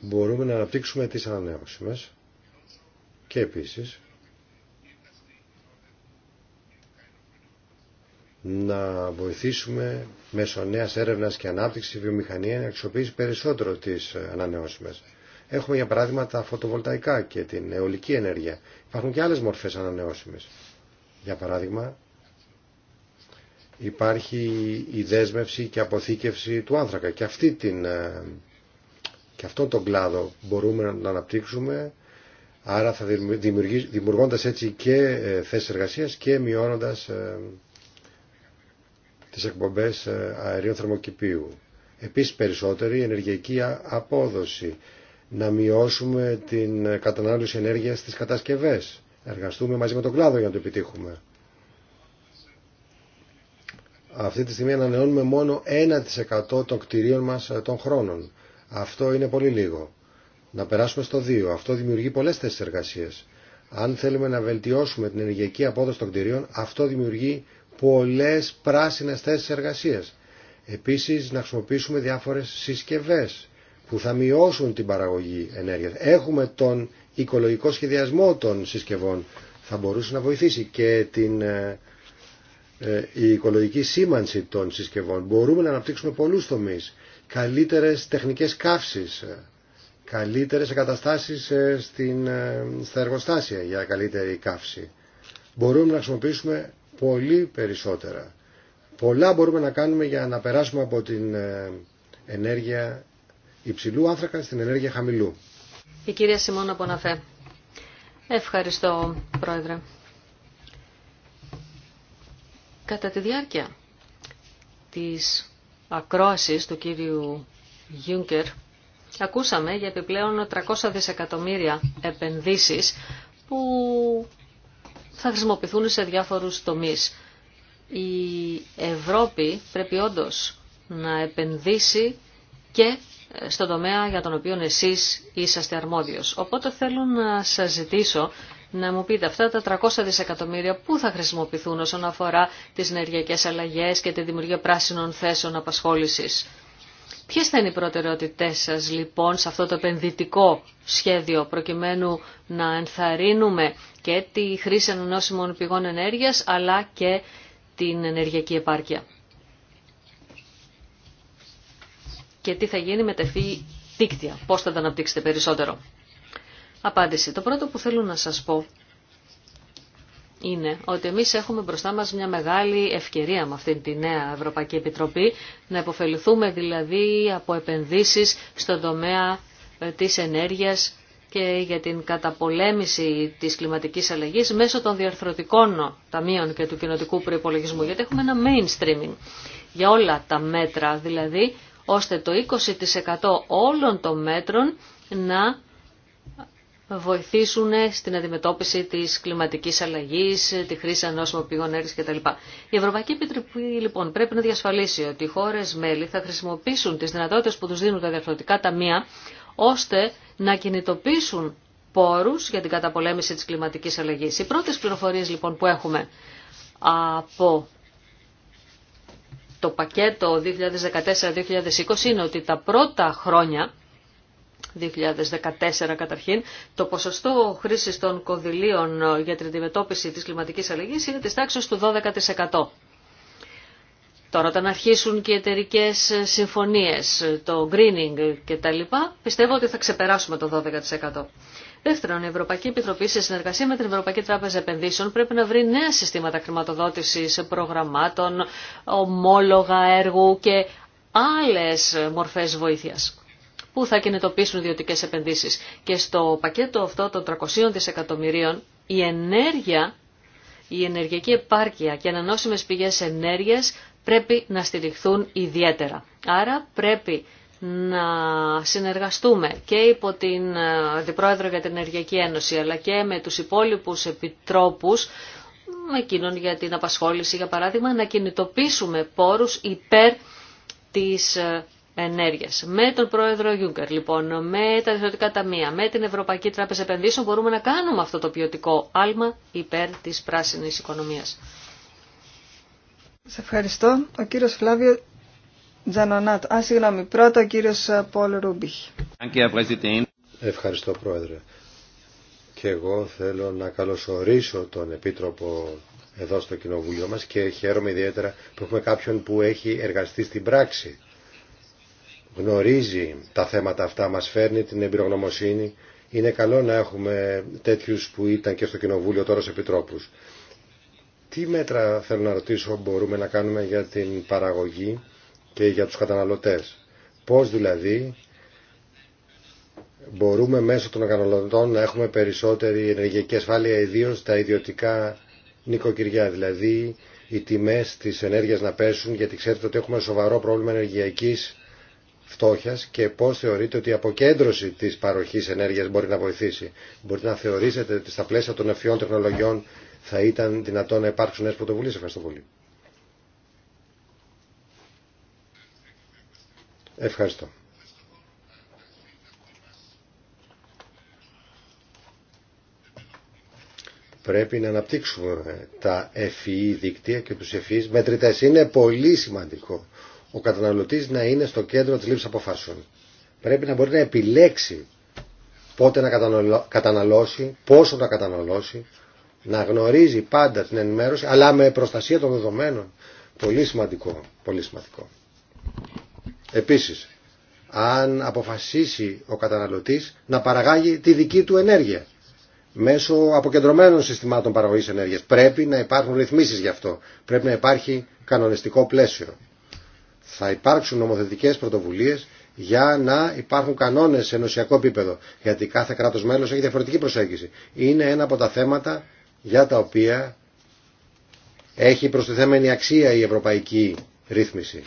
Μπορούμε να αναπτύξουμε τις ανανεώσιμες και επίσης να βοηθήσουμε μέσω νέα έρευνα και ανάπτυξη βιομηχανία να αξιοποιήσει περισσότερο τι ε, ανανεώσιμε. Έχουμε για παράδειγμα τα φωτοβολταϊκά και την αιωλική ενέργεια. Υπάρχουν και άλλες μορφές ανανεώσιμες. Για παράδειγμα, υπάρχει η δέσμευση και αποθήκευση του άνθρακα. Και, αυτή την, ε, και αυτόν τον κλάδο μπορούμε να αναπτύξουμε, άρα θα δημιουργώντας έτσι και ε, θέσεις εργασίας και μειώνοντας ε, τις εκπομπές αερίων θερμοκηπίου. Επίσης περισσότερη ενεργειακή απόδοση. Να μειώσουμε την κατανάλωση ενέργειας στις κατασκευές. Εργαστούμε μαζί με τον κλάδο για να το επιτύχουμε. Αυτή τη στιγμή ανανεώνουμε μόνο 1% των κτηρίων μας ε, των χρόνων. Αυτό είναι πολύ λίγο. Να περάσουμε στο 2. Αυτό δημιουργεί πολλές θέσεις εργασίας. Αν θέλουμε να βελτιώσουμε την ενεργειακή απόδοση των κτηρίων, αυτό δημιουργεί πολλές πράσινες θέσεις εργασία. Επίσης, να χρησιμοποιήσουμε διάφορες συσκευές που θα μειώσουν την παραγωγή ενέργειας. Έχουμε τον οικολογικό σχεδιασμό των συσκευών. Θα μπορούσε να βοηθήσει και την ε, ε, η οικολογική σήμανση των συσκευών. Μπορούμε να αναπτύξουμε πολλούς τομείς. Καλύτερες τεχνικές καύσεις, ε, καλύτερες εγκαταστάσεις ε, στην, στα εργοστάσια για καλύτερη καύση. Μπορούμε να χρησιμοποιήσουμε πολύ περισσότερα. Πολλά μπορούμε να κάνουμε για να περάσουμε από την ενέργεια υψηλού άνθρακα στην ενέργεια χαμηλού. Η κυρία Σιμώνα Ποναφέ. Ευχαριστώ, Πρόεδρε. Κατά τη διάρκεια της ακρόασης του κύριου Γιούγκερ, ακούσαμε για επιπλέον 300 δισεκατομμύρια επενδύσεις που θα χρησιμοποιηθούν σε διάφορους τομείς. Η Ευρώπη πρέπει όντως να επενδύσει και στον τομέα για τον οποίο εσείς είσαστε αρμόδιος. Οπότε θέλω να σας ζητήσω να μου πείτε αυτά τα 300 δισεκατομμύρια πού θα χρησιμοποιηθούν όσον αφορά τις ενεργειακές αλλαγές και τη δημιουργία πράσινων θέσεων απασχόλησης. Ποιες θα είναι οι προτεραιότητές σας λοιπόν σε αυτό το επενδυτικό σχέδιο προκειμένου να ενθαρρύνουμε και τη χρήση ανανόσιμων πηγών ενέργειας αλλά και την ενεργειακή επάρκεια. Και τι θα γίνει με τα δίκτυα, πώς θα τα αναπτύξετε περισσότερο απάντηση. Το πρώτο που θέλω να σας πω είναι ότι εμείς έχουμε μπροστά μας μια μεγάλη ευκαιρία με αυτήν τη νέα Ευρωπαϊκή Επιτροπή να υποφεληθούμε δηλαδή από επενδύσεις στον τομέα ε, της ενέργειας και για την καταπολέμηση της κλιματικής αλλαγής μέσω των διαρθρωτικών ταμείων και του κοινοτικού προϋπολογισμού, γιατί έχουμε ένα mainstreaming για όλα τα μέτρα, δηλαδή ώστε το 20% όλων των μέτρων να βοηθήσουν στην αντιμετώπιση της κλιματικής αλλαγής, τη χρήση ανώσιμων πηγών αέρης κτλ. Η Ευρωπαϊκή Επιτροπή λοιπόν πρέπει να διασφαλίσει ότι οι χώρες μέλη θα χρησιμοποιήσουν τις δυνατότητες που τους δίνουν τα διαφορετικά ταμεία ώστε να κινητοποιήσουν πόρους για την καταπολέμηση της κλιματικής αλλαγής. Οι πρώτες πληροφορίες λοιπόν που έχουμε από το πακέτο 2014-2020 είναι ότι τα πρώτα χρόνια 2014 καταρχήν, το ποσοστό χρήση των κονδυλίων για την αντιμετώπιση της κλιματικής αλλαγής είναι της τάξης του 12%. Τώρα όταν αρχίσουν και οι εταιρικέ συμφωνίες, το greening κτλ, πιστεύω ότι θα ξεπεράσουμε το 12%. Δεύτερον, η Ευρωπαϊκή Επιτροπή σε συνεργασία με την Ευρωπαϊκή Τράπεζα Επενδύσεων πρέπει να βρει νέα συστήματα χρηματοδότησης προγραμμάτων, ομόλογα έργου και άλλες μορφές βοήθειας που θα κινητοποιήσουν ιδιωτικέ επενδύσει. Και στο πακέτο αυτό των 300 δισεκατομμυρίων, η ενέργεια, η ενεργειακή επάρκεια και ανανόσιμε πηγέ ενέργεια πρέπει να στηριχθούν ιδιαίτερα. Άρα πρέπει να συνεργαστούμε και υπό την ε, Αντιπρόεδρο για την Ενεργειακή Ένωση αλλά και με τους υπόλοιπους επιτρόπους με εκείνον για την απασχόληση για παράδειγμα να κινητοποιήσουμε πόρους υπέρ της ε, ενέργειας. Με τον πρόεδρο Γιούγκερ, λοιπόν, με τα διευθυντικά ταμεία, με την Ευρωπαϊκή Τράπεζα Επενδύσεων μπορούμε να κάνουμε αυτό το ποιοτικό άλμα υπέρ τη πράσινη οικονομία. Σε ευχαριστώ. Ο κύριος Φλάβιο Τζανονάτ. Α, συγγνώμη. Πρώτα ο κύριος Πολ Ρούμπιχ. Ευχαριστώ, Πρόεδρε. Και εγώ θέλω να καλωσορίσω τον Επίτροπο εδώ στο Κοινοβούλιο μας και χαίρομαι ιδιαίτερα που έχουμε κάποιον που έχει εργαστεί στην πράξη γνωρίζει τα θέματα αυτά, μας φέρνει την εμπειρογνωμοσύνη. Είναι καλό να έχουμε τέτοιους που ήταν και στο Κοινοβούλιο τώρα σε επιτρόπους. Τι μέτρα θέλω να ρωτήσω μπορούμε να κάνουμε για την παραγωγή και για τους καταναλωτές. Πώς δηλαδή μπορούμε μέσω των καταναλωτών να έχουμε περισσότερη ενεργειακή ασφάλεια ιδίω τα ιδιωτικά νοικοκυριά. Δηλαδή οι τιμές της ενέργειας να πέσουν γιατί ξέρετε ότι έχουμε σοβαρό πρόβλημα ενεργειακής και πώς θεωρείτε ότι η αποκέντρωση της παροχής ενέργειας μπορεί να βοηθήσει. Μπορείτε να θεωρήσετε ότι στα πλαίσια των ευφυών τεχνολογιών θα ήταν δυνατόν να υπάρξουν νέες πρωτοβουλίες. Ευχαριστώ πολύ. Ευχαριστώ. Πρέπει να αναπτύξουμε τα εφή δίκτυα και τους εφή. μετρητές. Είναι πολύ σημαντικό ο καταναλωτή να είναι στο κέντρο τη λήψη αποφάσεων. Πρέπει να μπορεί να επιλέξει πότε να καταναλώσει, πόσο να καταναλώσει, να γνωρίζει πάντα την ενημέρωση, αλλά με προστασία των δεδομένων. Πολύ σημαντικό, πολύ σημαντικό. Επίσης, αν αποφασίσει ο καταναλωτής να παραγάγει τη δική του ενέργεια μέσω αποκεντρωμένων συστημάτων παραγωγής ενέργειας. Πρέπει να υπάρχουν ρυθμίσεις γι' αυτό. Πρέπει να υπάρχει κανονιστικό πλαίσιο θα υπάρξουν νομοθετικές πρωτοβουλίες για να υπάρχουν κανόνες σε ενωσιακό επίπεδο. Γιατί κάθε κράτος μέλος έχει διαφορετική προσέγγιση. Είναι ένα από τα θέματα για τα οποία έχει προστιθέμενη αξία η ευρωπαϊκή ρύθμιση.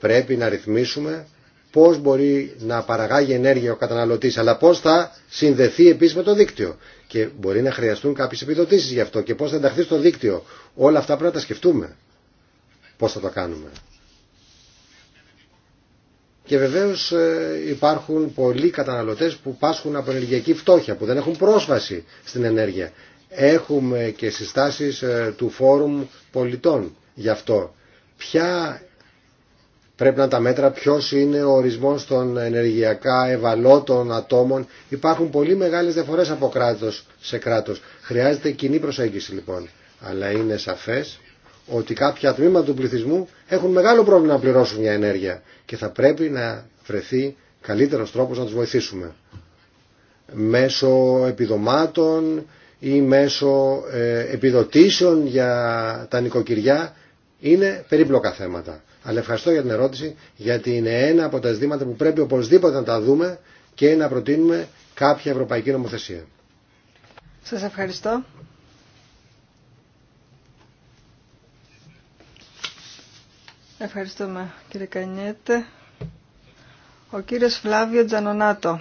Πρέπει να ρυθμίσουμε πώς μπορεί να παραγάγει ενέργεια ο καταναλωτής, αλλά πώς θα συνδεθεί επίσης με το δίκτυο. Και μπορεί να χρειαστούν κάποιες επιδοτήσεις γι' αυτό και πώς θα ενταχθεί στο δίκτυο. Όλα αυτά πρέπει να τα σκεφτούμε. Πώς θα το κάνουμε. Και βεβαίως ε, υπάρχουν πολλοί καταναλωτές που πάσχουν από ενεργειακή φτώχεια, που δεν έχουν πρόσβαση στην ενέργεια. Έχουμε και συστάσεις ε, του Φόρουμ Πολιτών γι' αυτό. Ποια πρέπει να τα μέτρα, ποιος είναι ο ορισμός των ενεργειακά ευαλώτων ατόμων. Υπάρχουν πολύ μεγάλες διαφορές από κράτος σε κράτος. Χρειάζεται κοινή προσέγγιση λοιπόν. Αλλά είναι σαφές ότι κάποια τμήματα του πληθυσμού έχουν μεγάλο πρόβλημα να πληρώσουν μια ενέργεια και θα πρέπει να βρεθεί καλύτερος τρόπος να τους βοηθήσουμε. Μέσω επιδομάτων ή μέσω ε, επιδοτήσεων για τα νοικοκυριά είναι περίπλοκα θέματα. Αλλά ευχαριστώ για την ερώτηση γιατί είναι ένα από τα ζητήματα που πρέπει οπωσδήποτε να τα δούμε και να προτείνουμε κάποια ευρωπαϊκή νομοθεσία. Σας ευχαριστώ. Ευχαριστούμε κύριε Κανιέτε. Ο κύριος Φλάβιο Τζανονάτο.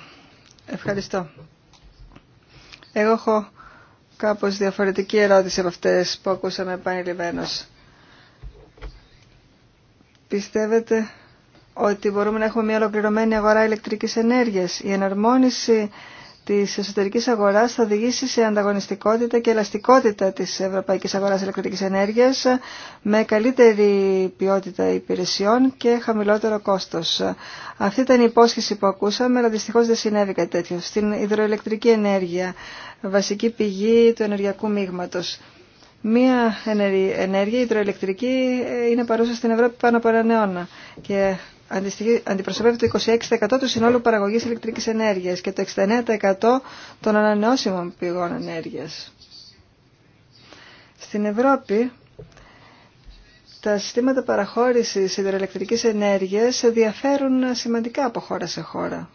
Ευχαριστώ. Εγώ έχω κάπως διαφορετική ερώτηση από αυτές που ακούσαμε επανειλημμένως. Πιστεύετε ότι μπορούμε να έχουμε μια ολοκληρωμένη αγορά ηλεκτρικής ενέργειας. Η εναρμόνιση της εσωτερικής αγοράς θα οδηγήσει σε ανταγωνιστικότητα και ελαστικότητα της ευρωπαϊκής αγοράς ηλεκτρικής ενέργειας με καλύτερη ποιότητα υπηρεσιών και χαμηλότερο κόστος. Αυτή ήταν η υπόσχεση που ακούσαμε, αλλά δυστυχώς δεν συνέβη κάτι τέτοιο. Στην υδροελεκτρική ενέργεια, βασική πηγή του ενεργειακού μείγματος. Μία ενέργεια υδροελεκτρική ε, είναι παρούσα στην Ευρώπη πάνω από έναν αιώνα και αντιπροσωπεύει το 26% του συνόλου παραγωγής ηλεκτρικής ενέργειας και το 69% των ανανεώσιμων πηγών ενέργειας. Στην Ευρώπη, τα συστήματα παραχώρησης ηλεκτρικής ενέργειας διαφέρουν σημαντικά από χώρα σε χώρα.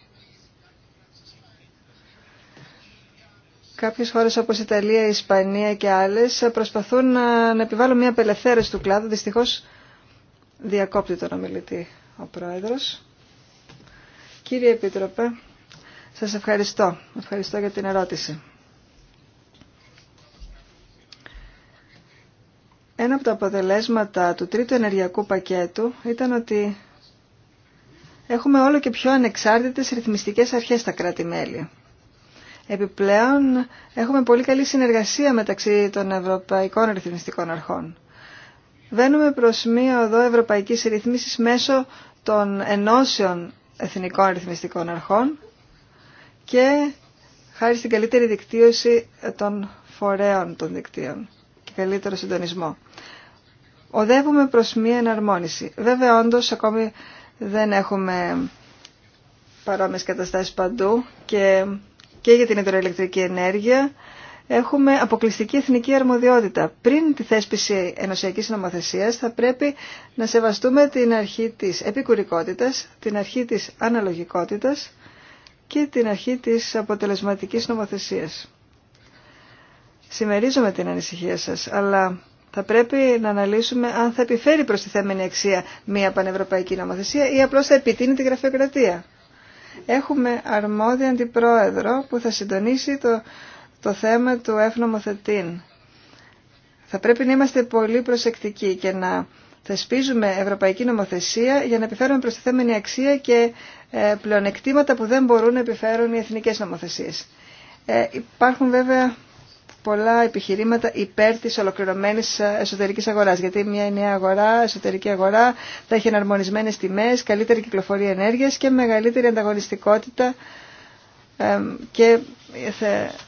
Κάποιες χώρες όπως η Ιταλία, η Ισπανία και άλλες προσπαθούν να επιβάλλουν μια απελευθέρωση του κλάδου. Δυστυχώς διακόπτει τον ομιλητή ο Κύριε Επίτροπε, σας ευχαριστώ. Ευχαριστώ για την ερώτηση. Ένα από τα αποτελέσματα του τρίτου ενεργειακού πακέτου ήταν ότι έχουμε όλο και πιο ανεξάρτητες ρυθμιστικές αρχές στα κράτη-μέλη. Επιπλέον, έχουμε πολύ καλή συνεργασία μεταξύ των ευρωπαϊκών ρυθμιστικών αρχών. Βαίνουμε προς μία οδό ευρωπαϊκής ρυθμίσης μέσω των ενώσεων εθνικών αριθμιστικών αρχών και χάρη στην καλύτερη δικτύωση των φορέων των δικτύων και καλύτερο συντονισμό. Οδεύουμε προς μία εναρμόνιση. Βέβαια, όντως, ακόμη δεν έχουμε παρόμοιες καταστάσεις παντού και, και για την υδροελεκτρική ενέργεια έχουμε αποκλειστική εθνική αρμοδιότητα. Πριν τη θέσπιση ενωσιακής νομοθεσίας θα πρέπει να σεβαστούμε την αρχή της επικουρικότητας, την αρχή της αναλογικότητας και την αρχή της αποτελεσματικής νομοθεσίας. Συμμερίζομαι την ανησυχία σας, αλλά θα πρέπει να αναλύσουμε αν θα επιφέρει προς τη θέμενη αξία μια πανευρωπαϊκή νομοθεσία ή απλώς θα επιτείνει τη γραφειοκρατία. Έχουμε αρμόδια αντιπρόεδρο που θα συντονίσει το το θέμα του εύνομοθετήν. Θα πρέπει να είμαστε πολύ προσεκτικοί και να θεσπίζουμε ευρωπαϊκή νομοθεσία για να επιφέρουμε προστιθέμενη αξία και ε, πλεονεκτήματα που δεν μπορούν να επιφέρουν οι εθνικές νομοθεσίες. Ε, υπάρχουν βέβαια πολλά επιχειρήματα υπέρ της ολοκληρωμένης ε, εσωτερικής αγοράς, γιατί μια νέα αγορά, εσωτερική αγορά, θα έχει εναρμονισμένες τιμές, καλύτερη κυκλοφορία ενέργειας και μεγαλύτερη ανταγωνιστικότητα και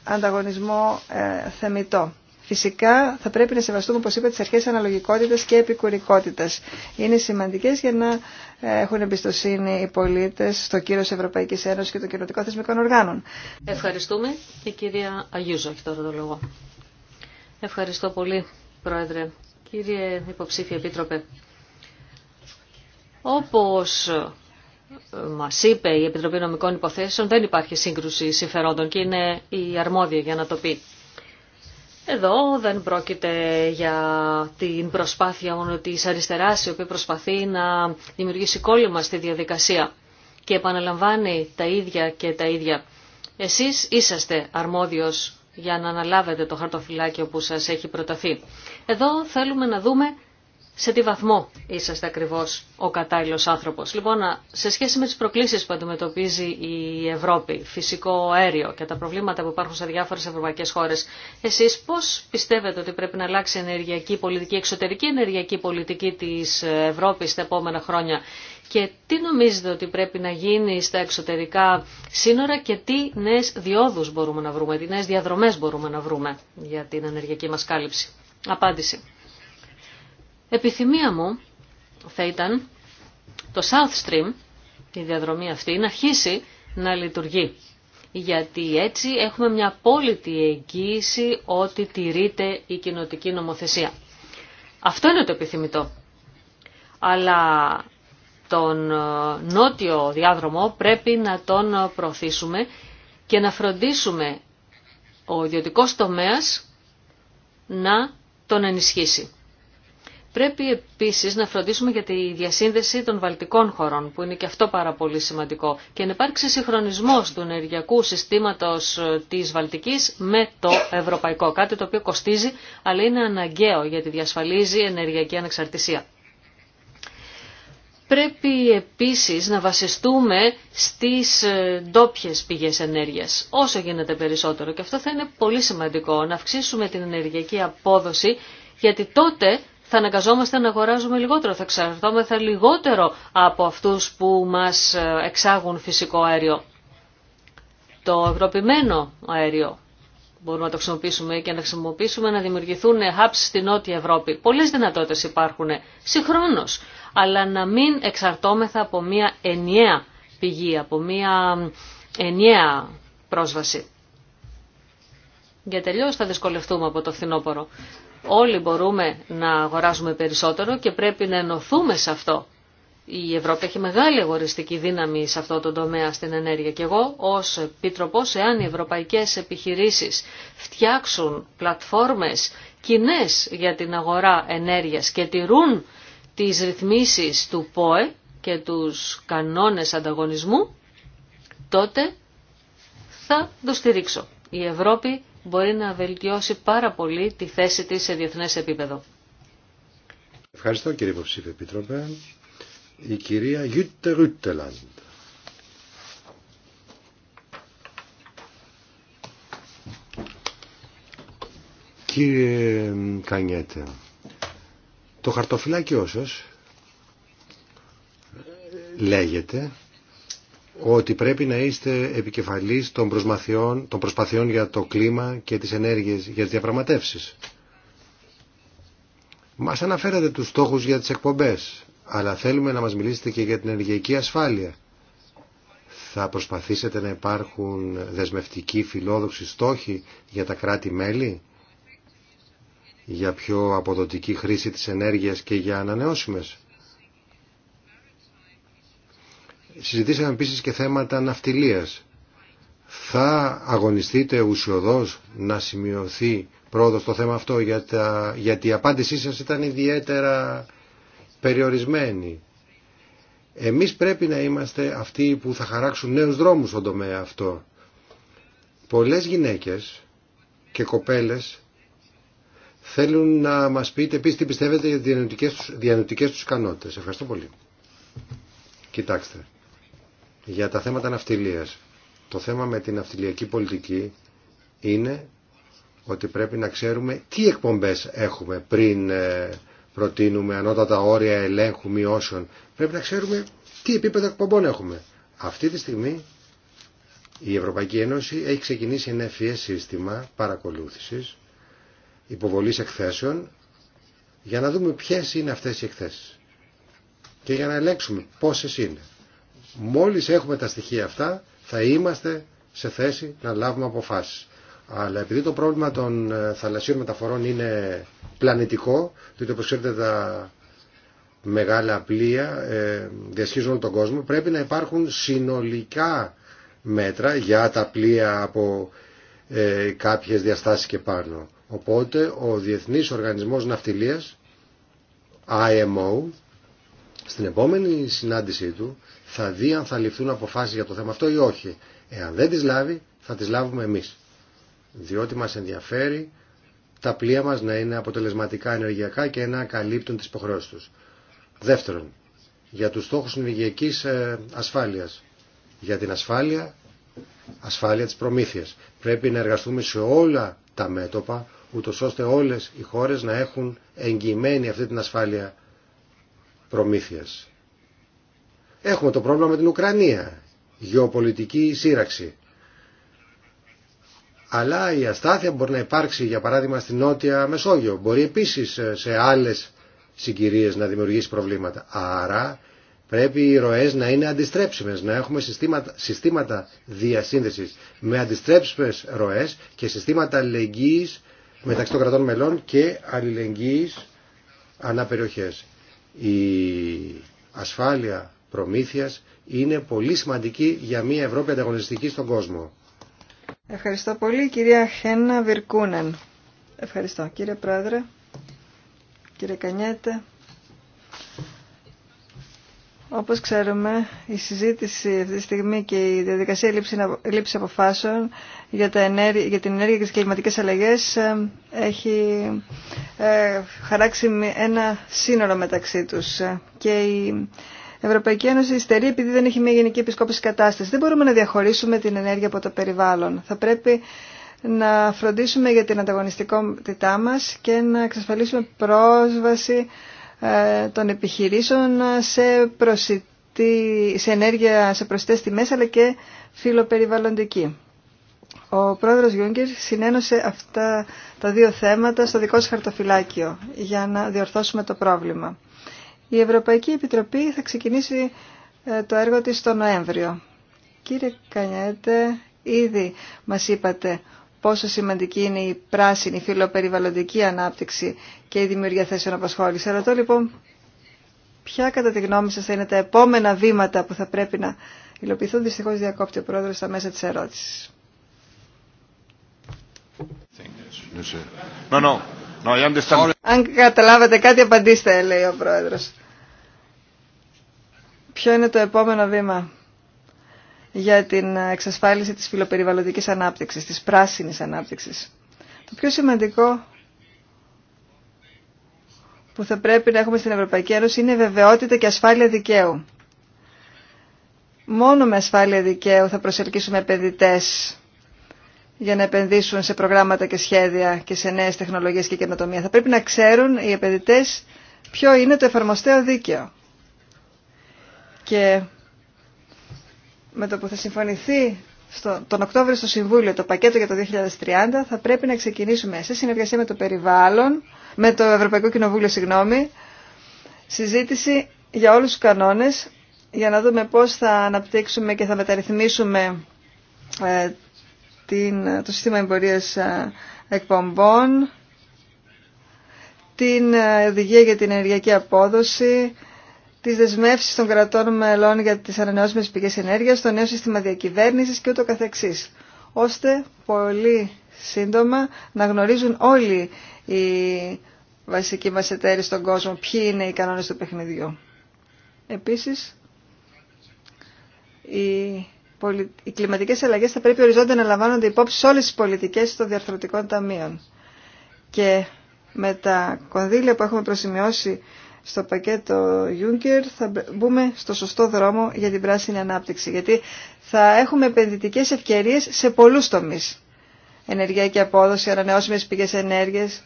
ανταγωνισμό ε, θεμητό. Φυσικά θα πρέπει να σεβαστούμε, όπως είπα, τις αρχές αναλογικότητας και επικουρικότητας. Είναι σημαντικές για να ε, έχουν εμπιστοσύνη οι πολίτες στο κύρος Ευρωπαϊκής Ένωσης και των κοινωτικών θεσμικών οργάνων. Ευχαριστούμε. Η κυρία Αγιούζο έχει τώρα το λόγο. Ευχαριστώ πολύ, Πρόεδρε. Κύριε Υποψήφιε, Επίτροπε, όπως Μα είπε η Επιτροπή Νομικών Υποθέσεων δεν υπάρχει σύγκρουση συμφερόντων και είναι η αρμόδια για να το πει. Εδώ δεν πρόκειται για την προσπάθεια μόνο της αριστεράς η οποία προσπαθεί να δημιουργήσει κόλλημα στη διαδικασία και επαναλαμβάνει τα ίδια και τα ίδια. Εσείς είσαστε αρμόδιος για να αναλάβετε το χαρτοφυλάκιο που σας έχει προταθεί. Εδώ θέλουμε να δούμε σε τι βαθμό είσαστε ακριβώ ο κατάλληλο άνθρωπο. Λοιπόν, σε σχέση με τι προκλήσει που αντιμετωπίζει η Ευρώπη, φυσικό αέριο και τα προβλήματα που υπάρχουν σε διάφορε ευρωπαϊκές χώρες, εσείς πώς πιστεύετε ότι πρέπει να αλλάξει η ενεργειακή πολιτική, η εξωτερική ενεργειακή πολιτική τη Ευρώπη τα επόμενα χρόνια και τι νομίζετε ότι πρέπει να γίνει στα εξωτερικά σύνορα και τι νέε διόδου μπορούμε να βρούμε, τι νέε διαδρομέ μπορούμε να βρούμε για την ενεργειακή μα κάλυψη. Απάντηση. Επιθυμία μου θα ήταν το South Stream, η διαδρομή αυτή, να αρχίσει να λειτουργεί. Γιατί έτσι έχουμε μια απόλυτη εγγύηση ότι τηρείται η κοινοτική νομοθεσία. Αυτό είναι το επιθυμητό. Αλλά τον ε, νότιο διάδρομο πρέπει να τον ε, προωθήσουμε και να φροντίσουμε ο ιδιωτικός τομέας να τον ενισχύσει. Πρέπει επίσης να φροντίσουμε για τη διασύνδεση των βαλτικών χωρών, που είναι και αυτό πάρα πολύ σημαντικό, και να υπάρξει συγχρονισμός του ενεργειακού συστήματος της Βαλτικής με το ευρωπαϊκό, κάτι το οποίο κοστίζει, αλλά είναι αναγκαίο γιατί διασφαλίζει ενεργειακή ανεξαρτησία. Πρέπει επίσης να βασιστούμε στις ε, ντόπιε πηγές ενέργειας, όσο γίνεται περισσότερο. Και αυτό θα είναι πολύ σημαντικό, να αυξήσουμε την ενεργειακή απόδοση, γιατί τότε θα αναγκαζόμαστε να αγοράζουμε λιγότερο, θα εξαρτώμεθα λιγότερο από αυτούς που μας ε, εξάγουν φυσικό αέριο. Το ευρωπημένο αέριο μπορούμε να το χρησιμοποιήσουμε και να χρησιμοποιήσουμε να δημιουργηθούν hubs στη Νότια Ευρώπη. Πολλές δυνατότητες υπάρχουν συγχρόνως, αλλά να μην εξαρτώμεθα από μια ενιαία πηγή, από μια ενιαία πρόσβαση. Για τελειώς θα δυσκολευτούμε από το φθινόπωρο. Όλοι μπορούμε να αγοράζουμε περισσότερο και πρέπει να ενωθούμε σε αυτό. Η Ευρώπη έχει μεγάλη αγοριστική δύναμη σε αυτό το τομέα στην ενέργεια και εγώ ως Επίτροπος, εάν οι ευρωπαϊκές επιχειρήσεις φτιάξουν πλατφόρμες κοινέ για την αγορά ενέργειας και τηρούν τις ρυθμίσεις του ΠΟΕ και τους κανόνες ανταγωνισμού, τότε θα το στηρίξω. Η Ευρώπη μπορεί να βελτιώσει πάρα πολύ τη θέση της σε διεθνές επίπεδο. Ευχαριστώ κύριε υποψήφι Επίτροπε. Η κυρία Γιούτε Ρούτελαντ. Κύριε Κανιέτε, το χαρτοφυλάκι όσος ε, λέγεται ότι πρέπει να είστε επικεφαλής των, προσπαθειών, των προσπαθειών για το κλίμα και τις ενέργειες για τις διαπραγματεύσεις. Μας αναφέρατε τους στόχους για τις εκπομπές, αλλά θέλουμε να μας μιλήσετε και για την ενεργειακή ασφάλεια. Θα προσπαθήσετε να υπάρχουν δεσμευτικοί φιλόδοξοι στόχοι για τα κράτη-μέλη, για πιο αποδοτική χρήση της ενέργειας και για ανανεώσιμες. Συζητήσαμε επίσης και θέματα ναυτιλίας. Θα αγωνιστείτε ουσιοδός να σημειωθεί πρόοδο στο θέμα αυτό για γιατί η απάντησή σας ήταν ιδιαίτερα περιορισμένη. Εμείς πρέπει να είμαστε αυτοί που θα χαράξουν νέους δρόμους στον τομέα αυτό. Πολλές γυναίκες και κοπέλες θέλουν να μας πείτε επίσης τι πιστεύετε για τις διανοητικές διανοητικές τους Ευχαριστώ πολύ. Κοιτάξτε. Για τα θέματα ναυτιλίας. Το θέμα με την ναυτιλιακή πολιτική είναι ότι πρέπει να ξέρουμε τι εκπομπές έχουμε πριν ε, προτείνουμε ανώτατα όρια ελέγχου μειώσεων. Πρέπει να ξέρουμε τι επίπεδο εκπομπών έχουμε. Αυτή τη στιγμή η Ευρωπαϊκή Ένωση έχει ξεκινήσει ένα ευφυές σύστημα παρακολούθησης υποβολής εκθέσεων για να δούμε ποιες είναι αυτές οι εκθέσεις και για να ελέγξουμε πόσες είναι. Μόλις έχουμε τα στοιχεία αυτά θα είμαστε σε θέση να λάβουμε αποφάσεις. Αλλά επειδή το πρόβλημα των ε, θαλασσίων μεταφορών είναι πλανητικό, διότι όπως ξέρετε τα μεγάλα πλοία ε, διασχίζουν τον κόσμο, πρέπει να υπάρχουν συνολικά μέτρα για τα πλοία από ε, κάποιες διαστάσεις και πάνω. Οπότε ο Διεθνής Οργανισμός Ναυτιλίας, IMO, στην επόμενη συνάντησή του θα δει αν θα ληφθούν αποφάσεις για το θέμα αυτό ή όχι. Εάν δεν τις λάβει, θα τις λάβουμε εμείς. Διότι μας ενδιαφέρει τα πλοία μας να είναι αποτελεσματικά ενεργειακά και να καλύπτουν τις υποχρεώσεις τους. Δεύτερον, για τους στόχους ενεργειακής ε, ασφάλειας. Για την ασφάλεια, ασφάλεια της προμήθειας. Πρέπει να εργαστούμε σε όλα τα μέτωπα, ούτως ώστε όλες οι χώρες να έχουν εγγυημένη αυτή την ασφάλεια προμήθειας. Έχουμε το πρόβλημα με την Ουκρανία, γεωπολιτική σύραξη. Αλλά η αστάθεια μπορεί να υπάρξει, για παράδειγμα, στην Νότια Μεσόγειο, μπορεί επίσης ε, σε άλλες συγκυρίες να δημιουργήσει προβλήματα. Άρα πρέπει οι ροές να είναι αντιστρέψιμες, να έχουμε συστήματα, συστήματα διασύνδεσης με αντιστρέψιμες ροές και συστήματα αλληλεγγύης μεταξύ των κρατών μελών και αλληλεγγύης ανά Η ασφάλεια προμήθειας είναι πολύ σημαντική για μια Ευρώπη ανταγωνιστική στον κόσμο. Ευχαριστώ πολύ κυρία Χένα Βιρκούνεν. Ευχαριστώ κύριε Πρόεδρε, κύριε Κανιέτε. Όπως ξέρουμε, η συζήτηση αυτή τη στιγμή και η διαδικασία λήψη αποφάσεων για, για την ενέργεια και τις κλιματικές αλλαγές ε, έχει ε, χαράξει ένα σύνορο μεταξύ τους ε, και η Ευρωπαϊκή Ένωση υστερεί επειδή δεν έχει μια γενική επισκόπηση κατάσταση. Δεν μπορούμε να διαχωρίσουμε την ενέργεια από το περιβάλλον. Θα πρέπει να φροντίσουμε για την ανταγωνιστικότητά μας και να εξασφαλίσουμε πρόσβαση ε, των επιχειρήσεων σε, προσιτή, σε ενέργεια σε προσιτές τιμές αλλά και φιλοπεριβαλλοντική. Ο πρόεδρος Γιούγκερ συνένωσε αυτά τα δύο θέματα στο δικό σας χαρτοφυλάκιο για να διορθώσουμε το πρόβλημα. Η Ευρωπαϊκή Επιτροπή θα ξεκινήσει ε, το έργο της το Νοέμβριο. Κύριε Κανιέτε, ήδη μας είπατε πόσο σημαντική είναι η πράσινη φιλοπεριβαλλοντική ανάπτυξη και η δημιουργία θέσεων απασχόληση. Ρωτώ λοιπόν ποια κατά τη γνώμη σας θα είναι τα επόμενα βήματα που θα πρέπει να υλοποιηθούν. Δυστυχώς διακόπτει ο πρόεδρος στα μέσα της ερώτησης. Αν καταλάβατε κάτι απαντήστε, λέει ο πρόεδρος. Ποιο είναι το επόμενο βήμα για την εξασφάλιση της φιλοπεριβαλλοντικής ανάπτυξης, της πράσινης ανάπτυξης. Το πιο σημαντικό που θα πρέπει να έχουμε στην Ευρωπαϊκή Ένωση είναι βεβαιότητα και ασφάλεια δικαίου. Μόνο με ασφάλεια δικαίου θα προσελκύσουμε επενδυτέ για να επενδύσουν σε προγράμματα και σχέδια και σε νέες τεχνολογίες και καινοτομία. Θα πρέπει να ξέρουν οι επενδυτέ ποιο είναι το εφαρμοστέο δίκαιο και με το που θα συμφωνηθεί στο, τον Οκτώβριο στο Συμβούλιο το πακέτο για το 2030 θα πρέπει να ξεκινήσουμε σε συνεργασία με το περιβάλλον, με το Ευρωπαϊκό Κοινοβούλιο, συγγνώμη, συζήτηση για όλους τους κανόνες για να δούμε πώς θα αναπτύξουμε και θα μεταρρυθμίσουμε ε, την, το σύστημα εμπορίας ε, εκπομπών, την ε, οδηγία για την ενεργειακή απόδοση, τις δεσμεύσει των κρατών μελών για τις ανανεώσιμε πηγέ ενέργειας, το νέο σύστημα διακυβέρνησης και ούτω καθεξής, ώστε πολύ σύντομα να γνωρίζουν όλοι οι βασικοί μα εταίροι στον κόσμο ποιοι είναι οι κανόνες του παιχνιδιού. Επίσης, οι, πολι... οι κλιματικές αλλαγές θα πρέπει οριζόνται να λαμβάνονται υπόψη σε όλες τι πολιτικές των διαρθρωτικών ταμείων. Και με τα κονδύλια που έχουμε προσημειώσει στο πακέτο Juncker θα μπούμε στο σωστό δρόμο για την πράσινη ανάπτυξη. Γιατί θα έχουμε επενδυτικές ευκαιρίες σε πολλούς τομείς. Ενεργειακή απόδοση, ανανεώσιμες πηγές ενέργειας,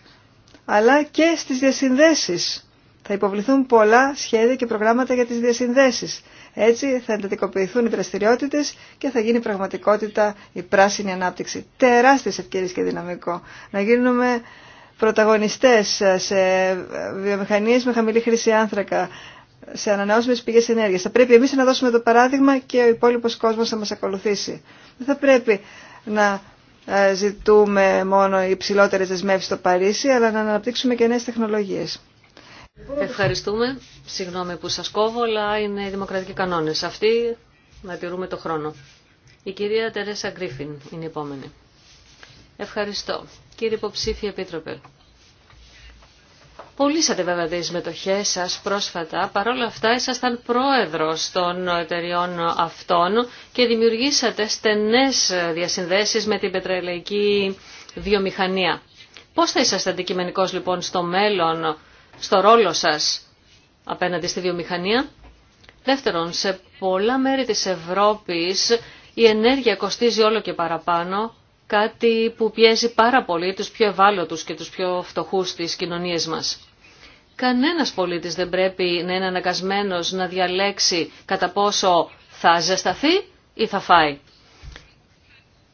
αλλά και στις διασυνδέσεις. Θα υποβληθούν πολλά σχέδια και προγράμματα για τις διασυνδέσεις. Έτσι θα εντατικοποιηθούν οι δραστηριότητε και θα γίνει πραγματικότητα η πράσινη ανάπτυξη. Τεράστιες ευκαιρίες και δυναμικό. Να γίνουμε πρωταγωνιστές σε βιομηχανίες με χαμηλή χρήση άνθρακα, σε ανανεώσιμες πηγές ενέργειας. Θα πρέπει εμείς να δώσουμε το παράδειγμα και ο υπόλοιπος κόσμος θα μας ακολουθήσει. Δεν θα πρέπει να ε, ζητούμε μόνο οι υψηλότερε δεσμεύσεις στο Παρίσι, αλλά να αναπτύξουμε και νέες τεχνολογίες. Ευχαριστούμε. Συγγνώμη που σας κόβω, αλλά είναι οι δημοκρατικοί κανόνες. Αυτοί να τηρούμε το χρόνο. Η κυρία Τερέσα Γκρίφιν είναι η επόμενη. Ευχαριστώ. Κύριε Υποψήφια Επίτροπε. Πουλήσατε βέβαια τι μετοχέ σα πρόσφατα. παρόλα αυτά, ήσασταν πρόεδρο των εταιριών αυτών και δημιουργήσατε στενέ διασυνδέσει με την πετρελαϊκή βιομηχανία. Πώ θα είσαστε αντικειμενικό λοιπόν στο μέλλον, στο ρόλο σας απέναντι στη βιομηχανία. Δεύτερον, σε πολλά μέρη της Ευρώπης η ενέργεια κοστίζει όλο και παραπάνω κάτι που πιέζει πάρα πολύ τους πιο ευάλωτους και τους πιο φτωχούς της κοινωνίας μας. Κανένας πολίτης δεν πρέπει να είναι αναγκασμένος να διαλέξει κατά πόσο θα ζεσταθεί ή θα φάει.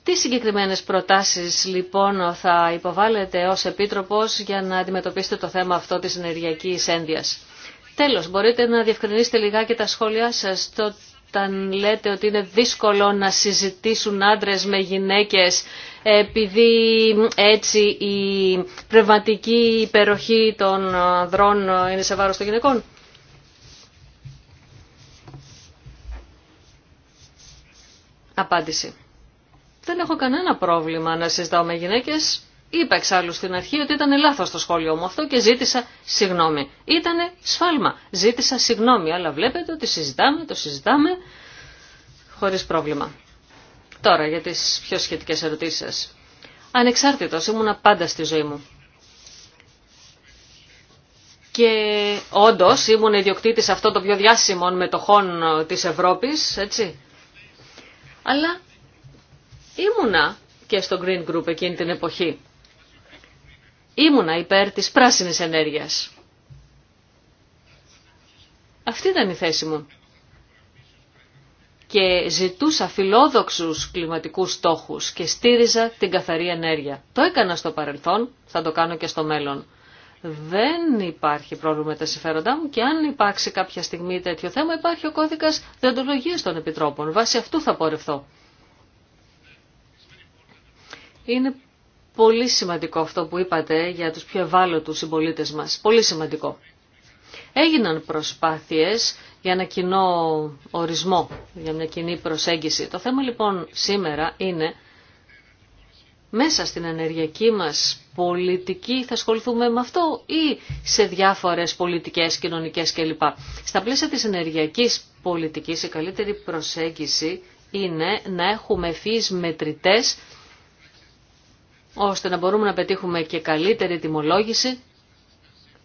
Τι συγκεκριμένες προτάσεις λοιπόν θα υποβάλλετε ως Επίτροπος για να αντιμετωπίσετε το θέμα αυτό της ενεργειακής ένδυας. Τέλος, μπορείτε να διευκρινίσετε λιγάκι τα σχόλιά σας στο όταν λέτε ότι είναι δύσκολο να συζητήσουν άντρες με γυναίκες επειδή έτσι η πνευματική υπεροχή των ανδρών είναι σε βάρος των γυναικών. Απάντηση. Δεν έχω κανένα πρόβλημα να συζητάω με γυναίκες. Είπα εξάλλου στην αρχή ότι ήταν λάθος το σχόλιο μου αυτό και ζήτησα συγγνώμη. Ήτανε σφάλμα. Ζήτησα συγγνώμη, αλλά βλέπετε ότι συζητάμε, το συζητάμε χωρίς πρόβλημα. Τώρα για τις πιο σχετικές ερωτήσεις σας. Ανεξάρτητος ήμουνα πάντα στη ζωή μου. Και όντω ήμουν ιδιοκτήτης αυτών των πιο διάσημων μετοχών της Ευρώπης, έτσι. Αλλά ήμουνα και στο Green Group εκείνη την εποχή ήμουνα υπέρ της πράσινης ενέργειας. Αυτή ήταν η θέση μου. Και ζητούσα φιλόδοξους κλιματικούς στόχους και στήριζα την καθαρή ενέργεια. Το έκανα στο παρελθόν, θα το κάνω και στο μέλλον. Δεν υπάρχει πρόβλημα με τα συμφέροντά μου και αν υπάρξει κάποια στιγμή τέτοιο θέμα υπάρχει ο κώδικας διοντολογίας των επιτρόπων. Βάσει αυτού θα πορευθώ. Είναι πολύ σημαντικό αυτό που είπατε για τους πιο ευάλωτους συμπολίτε μας. Πολύ σημαντικό. Έγιναν προσπάθειες για ένα κοινό ορισμό, για μια κοινή προσέγγιση. Το θέμα λοιπόν σήμερα είναι μέσα στην ενεργειακή μας πολιτική θα ασχοληθούμε με αυτό ή σε διάφορες πολιτικές, κοινωνικές κλπ. Στα πλαίσια της ενεργειακής πολιτικής η καλύτερη προσέγγιση είναι να έχουμε ευφύς μετρητές ώστε να μπορούμε να πετύχουμε και καλύτερη τιμολόγηση,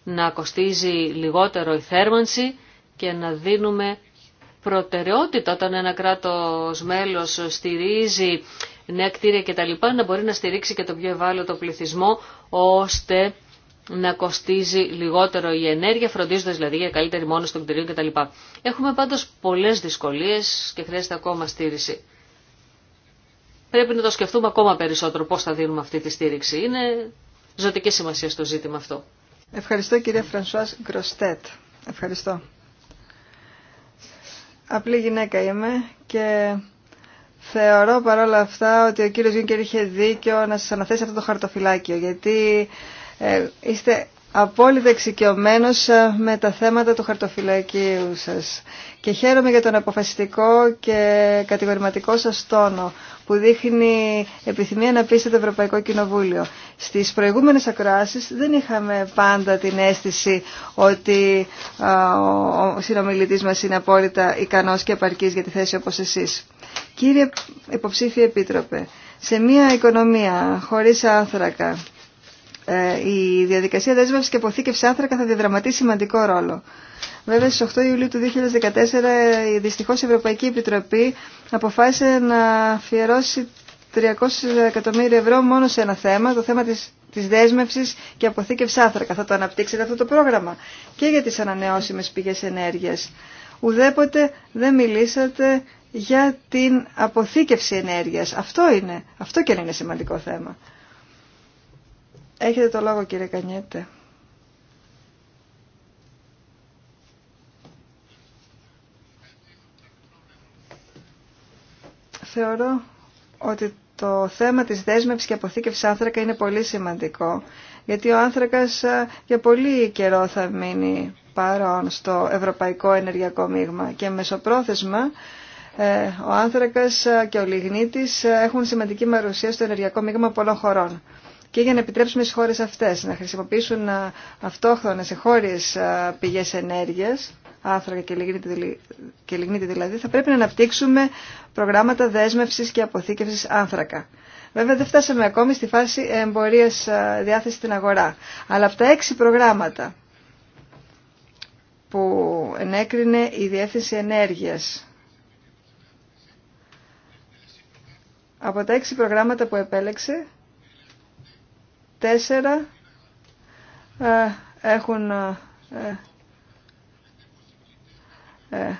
να κοστίζει λιγότερο η θέρμανση και να δίνουμε προτεραιότητα όταν ένα κράτος μέλος στηρίζει νέα κτίρια κτλ. να μπορεί να στηρίξει και το πιο ευάλωτο πληθυσμό ώστε να κοστίζει λιγότερο η ενέργεια, φροντίζοντα δηλαδή για καλύτερη μόνωση των κτηρίων κτλ. Έχουμε πάντως πολλές δυσκολίες και χρειάζεται ακόμα στήριση πρέπει να το σκεφτούμε ακόμα περισσότερο πώς θα δίνουμε αυτή τη στήριξη. Είναι ζωτική σημασία στο ζήτημα αυτό. Ευχαριστώ κυρία Φρανσουάς Γκροστέτ. Ευχαριστώ. Απλή γυναίκα είμαι και θεωρώ παρόλα αυτά ότι ο κύριος Γιούνκερ είχε δίκιο να σας αναθέσει αυτό το χαρτοφυλάκιο γιατί ε, είστε απόλυτα εξοικειωμένο ε, με τα θέματα του χαρτοφυλακίου σα Και χαίρομαι για τον αποφασιστικό και κατηγορηματικό σα τόνο που δείχνει επιθυμία να πείσετε το Ευρωπαϊκό Κοινοβούλιο. Στι προηγούμενε ακροάσεις δεν είχαμε πάντα την αίσθηση ότι ο συνομιλητή μα είναι απόλυτα ικανό και επαρκή για τη θέση όπω εσεί. Κύριε Υποψήφιε Επίτροπε, σε μια οικονομία χωρί άνθρακα, ε, η διαδικασία δέσμευση και αποθήκευση άνθρακα θα διαδραματίσει σημαντικό ρόλο. Βέβαια, στις 8 Ιουλίου του 2014, η η Ευρωπαϊκή Επιτροπή αποφάσισε να αφιερώσει 300 εκατομμύρια ευρώ μόνο σε ένα θέμα, το θέμα της, δέσμευση δέσμευσης και αποθήκευση άθρακα. Θα το αναπτύξετε αυτό το πρόγραμμα και για τις ανανεώσιμες πηγές ενέργειας. Ουδέποτε δεν μιλήσατε για την αποθήκευση ενέργειας. Αυτό είναι, αυτό και είναι σημαντικό θέμα. Έχετε το λόγο κύριε Κανιέτε. Θεωρώ ότι το θέμα της δέσμευσης και αποθήκευσης άνθρακα είναι πολύ σημαντικό, γιατί ο άνθρακας ε, για πολύ καιρό θα μείνει παρόν στο ευρωπαϊκό ενεργειακό μείγμα και μεσοπρόθεσμα ε, ο άνθρακας ε, και ο λιγνίτης έχουν σημαντική μαρουσία στο ενεργειακό μείγμα πολλών χωρών και για να επιτρέψουμε στις χώρες αυτές να χρησιμοποιήσουν αυτόχθονες εχώριες πηγές ενέργειας, άνθρακα και λιγνίτη δηλαδή, θα πρέπει να αναπτύξουμε προγράμματα δέσμευσης και αποθήκευσης άνθρακα. Βέβαια δεν φτάσαμε ακόμη στη φάση εμπορίας διάθεσης στην αγορά. Αλλά από τα έξι προγράμματα που ενέκρινε η Διεύθυνση Ενέργειας από τα έξι προγράμματα που επέλεξε τέσσερα ε, έχουν ε, ε,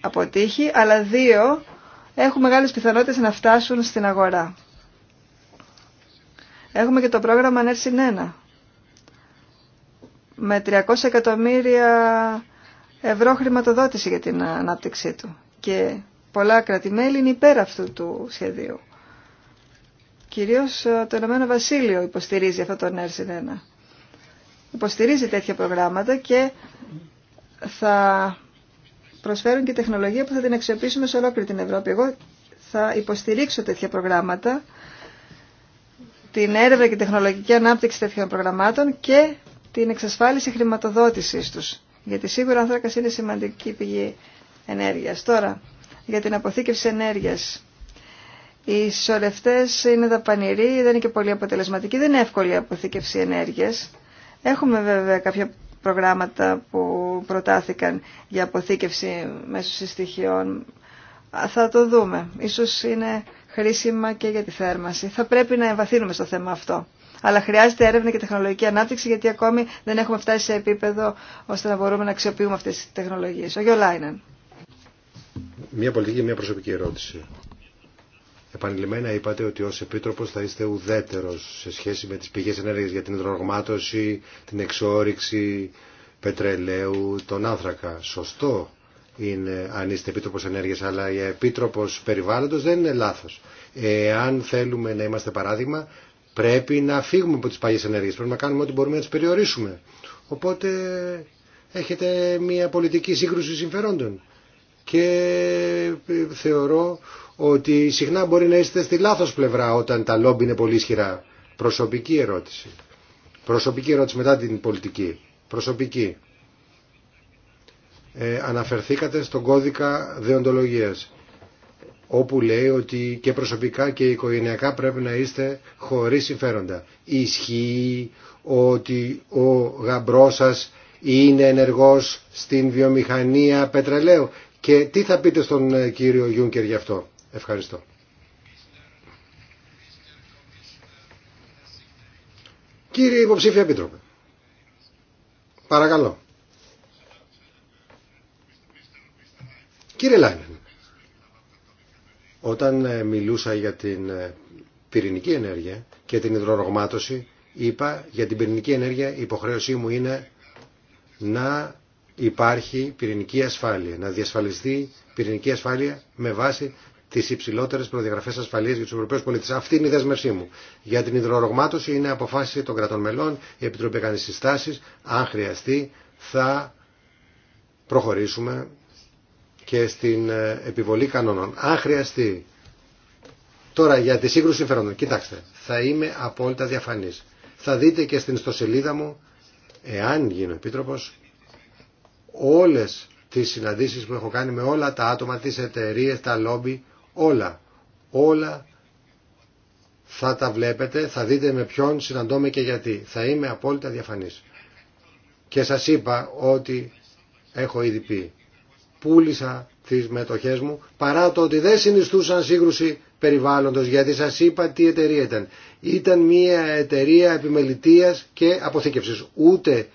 αποτύχει, αλλά δύο έχουν μεγάλες πιθανότητες να φτάσουν στην αγορά. Έχουμε και το πρόγραμμα NERSIN 1 με 300 εκατομμύρια ευρώ χρηματοδότηση για την ανάπτυξή του. Και πολλά κρατημέλη είναι υπέρ αυτού του σχεδίου. Κυρίως ε, το Ηνωμένο Βασίλειο υποστηρίζει αυτό το Nursing 1. Υποστηρίζει τέτοια προγράμματα και θα προσφέρουν και τεχνολογία που θα την αξιοποιήσουμε σε ολόκληρη την Ευρώπη. Εγώ θα υποστηρίξω τέτοια προγράμματα, την έρευνα και τεχνολογική ανάπτυξη τέτοιων προγραμμάτων και την εξασφάλιση χρηματοδότησης τους. Γιατί σίγουρα ο άνθρακας είναι σημαντική πηγή ενέργειας. Τώρα, για την αποθήκευση ενέργειας. Οι συσσωρευτές είναι δαπανηροί, δεν είναι και πολύ αποτελεσματικοί, δεν είναι εύκολη η αποθήκευση ενέργεια. Έχουμε βέβαια κάποια προγράμματα που προτάθηκαν για αποθήκευση μέσω συστοιχειών. Θα το δούμε. Ίσως είναι χρήσιμα και για τη θέρμανση. Θα πρέπει να εμβαθύνουμε στο θέμα αυτό. Αλλά χρειάζεται έρευνα και τεχνολογική ανάπτυξη γιατί ακόμη δεν έχουμε φτάσει σε επίπεδο ώστε να μπορούμε να αξιοποιούμε αυτές τις τεχνολογίες. Ο Γιολάινεν. Μια πολιτική, μια προσωπική ερώτηση. Επανειλημμένα είπατε ότι ως Επίτροπος θα είστε ουδέτερος σε σχέση με τις πηγές ενέργειας για την υδρογμάτωση, την εξόριξη πετρελαίου, τον άνθρακα. Σωστό είναι αν είστε Επίτροπος Ενέργειας, αλλά η Επίτροπος Περιβάλλοντος δεν είναι λάθος. Εάν θέλουμε να είμαστε παράδειγμα, πρέπει να φύγουμε από τις παλιές ενέργειες, πρέπει να κάνουμε ό,τι μπορούμε να τις περιορίσουμε. Οπότε έχετε μια πολιτική σύγκρουση συμφερόντων. Και ε, θεωρώ ότι συχνά μπορεί να είστε στη λάθος πλευρά όταν τα λόμπι είναι πολύ ισχυρά. Προσωπική ερώτηση. Προσωπική ερώτηση μετά την πολιτική. Προσωπική. Ε, αναφερθήκατε στον κώδικα δεοντολογίας όπου λέει ότι και προσωπικά και οικογενειακά πρέπει να είστε χωρίς συμφέροντα. Ισχύει ότι ο γαμπρός σας είναι ενεργός στην βιομηχανία πετρελαίου. Και τι θα πείτε στον ε, κύριο Γιούνκερ γι' αυτό. Ευχαριστώ. Κύριε Υποψήφια Επίτροπε, παρακαλώ. Κύριε Λάινεν, όταν ε, μιλούσα για την ε, πυρηνική ενέργεια και την υδρορογμάτωση, είπα για την πυρηνική ενέργεια η υποχρέωσή μου είναι να υπάρχει πυρηνική ασφάλεια, να διασφαλιστεί πυρηνική ασφάλεια με βάση τι υψηλότερε προδιαγραφέ ασφαλεία για του Ευρωπαίου πολίτε. Αυτή είναι η δέσμευσή μου. Για την υδρορογμάτωση είναι αποφάση των κρατών μελών. Η Επιτροπή έκανε συστάσει. Αν χρειαστεί, θα προχωρήσουμε και στην ε, επιβολή κανόνων. Αν χρειαστεί. Τώρα για τη σύγκρουση συμφερόντων. Κοιτάξτε, θα είμαι απόλυτα διαφανή. Θα δείτε και στην ιστοσελίδα μου, εάν γίνω επίτροπο, όλε τι συναντήσει που έχω κάνει με όλα τα άτομα, τι εταιρείε, τα λόμπι, Όλα, όλα θα τα βλέπετε, θα δείτε με ποιον συναντώμε και γιατί. Θα είμαι απόλυτα διαφανής. Και σας είπα ότι έχω ήδη πει. Πούλησα τις μετοχές μου παρά το ότι δεν συνιστούσαν σύγκρουση περιβάλλοντος γιατί σας είπα τι εταιρεία ήταν. Ήταν μια εταιρεία επιμελητίας και αποθήκευσης. Ούτε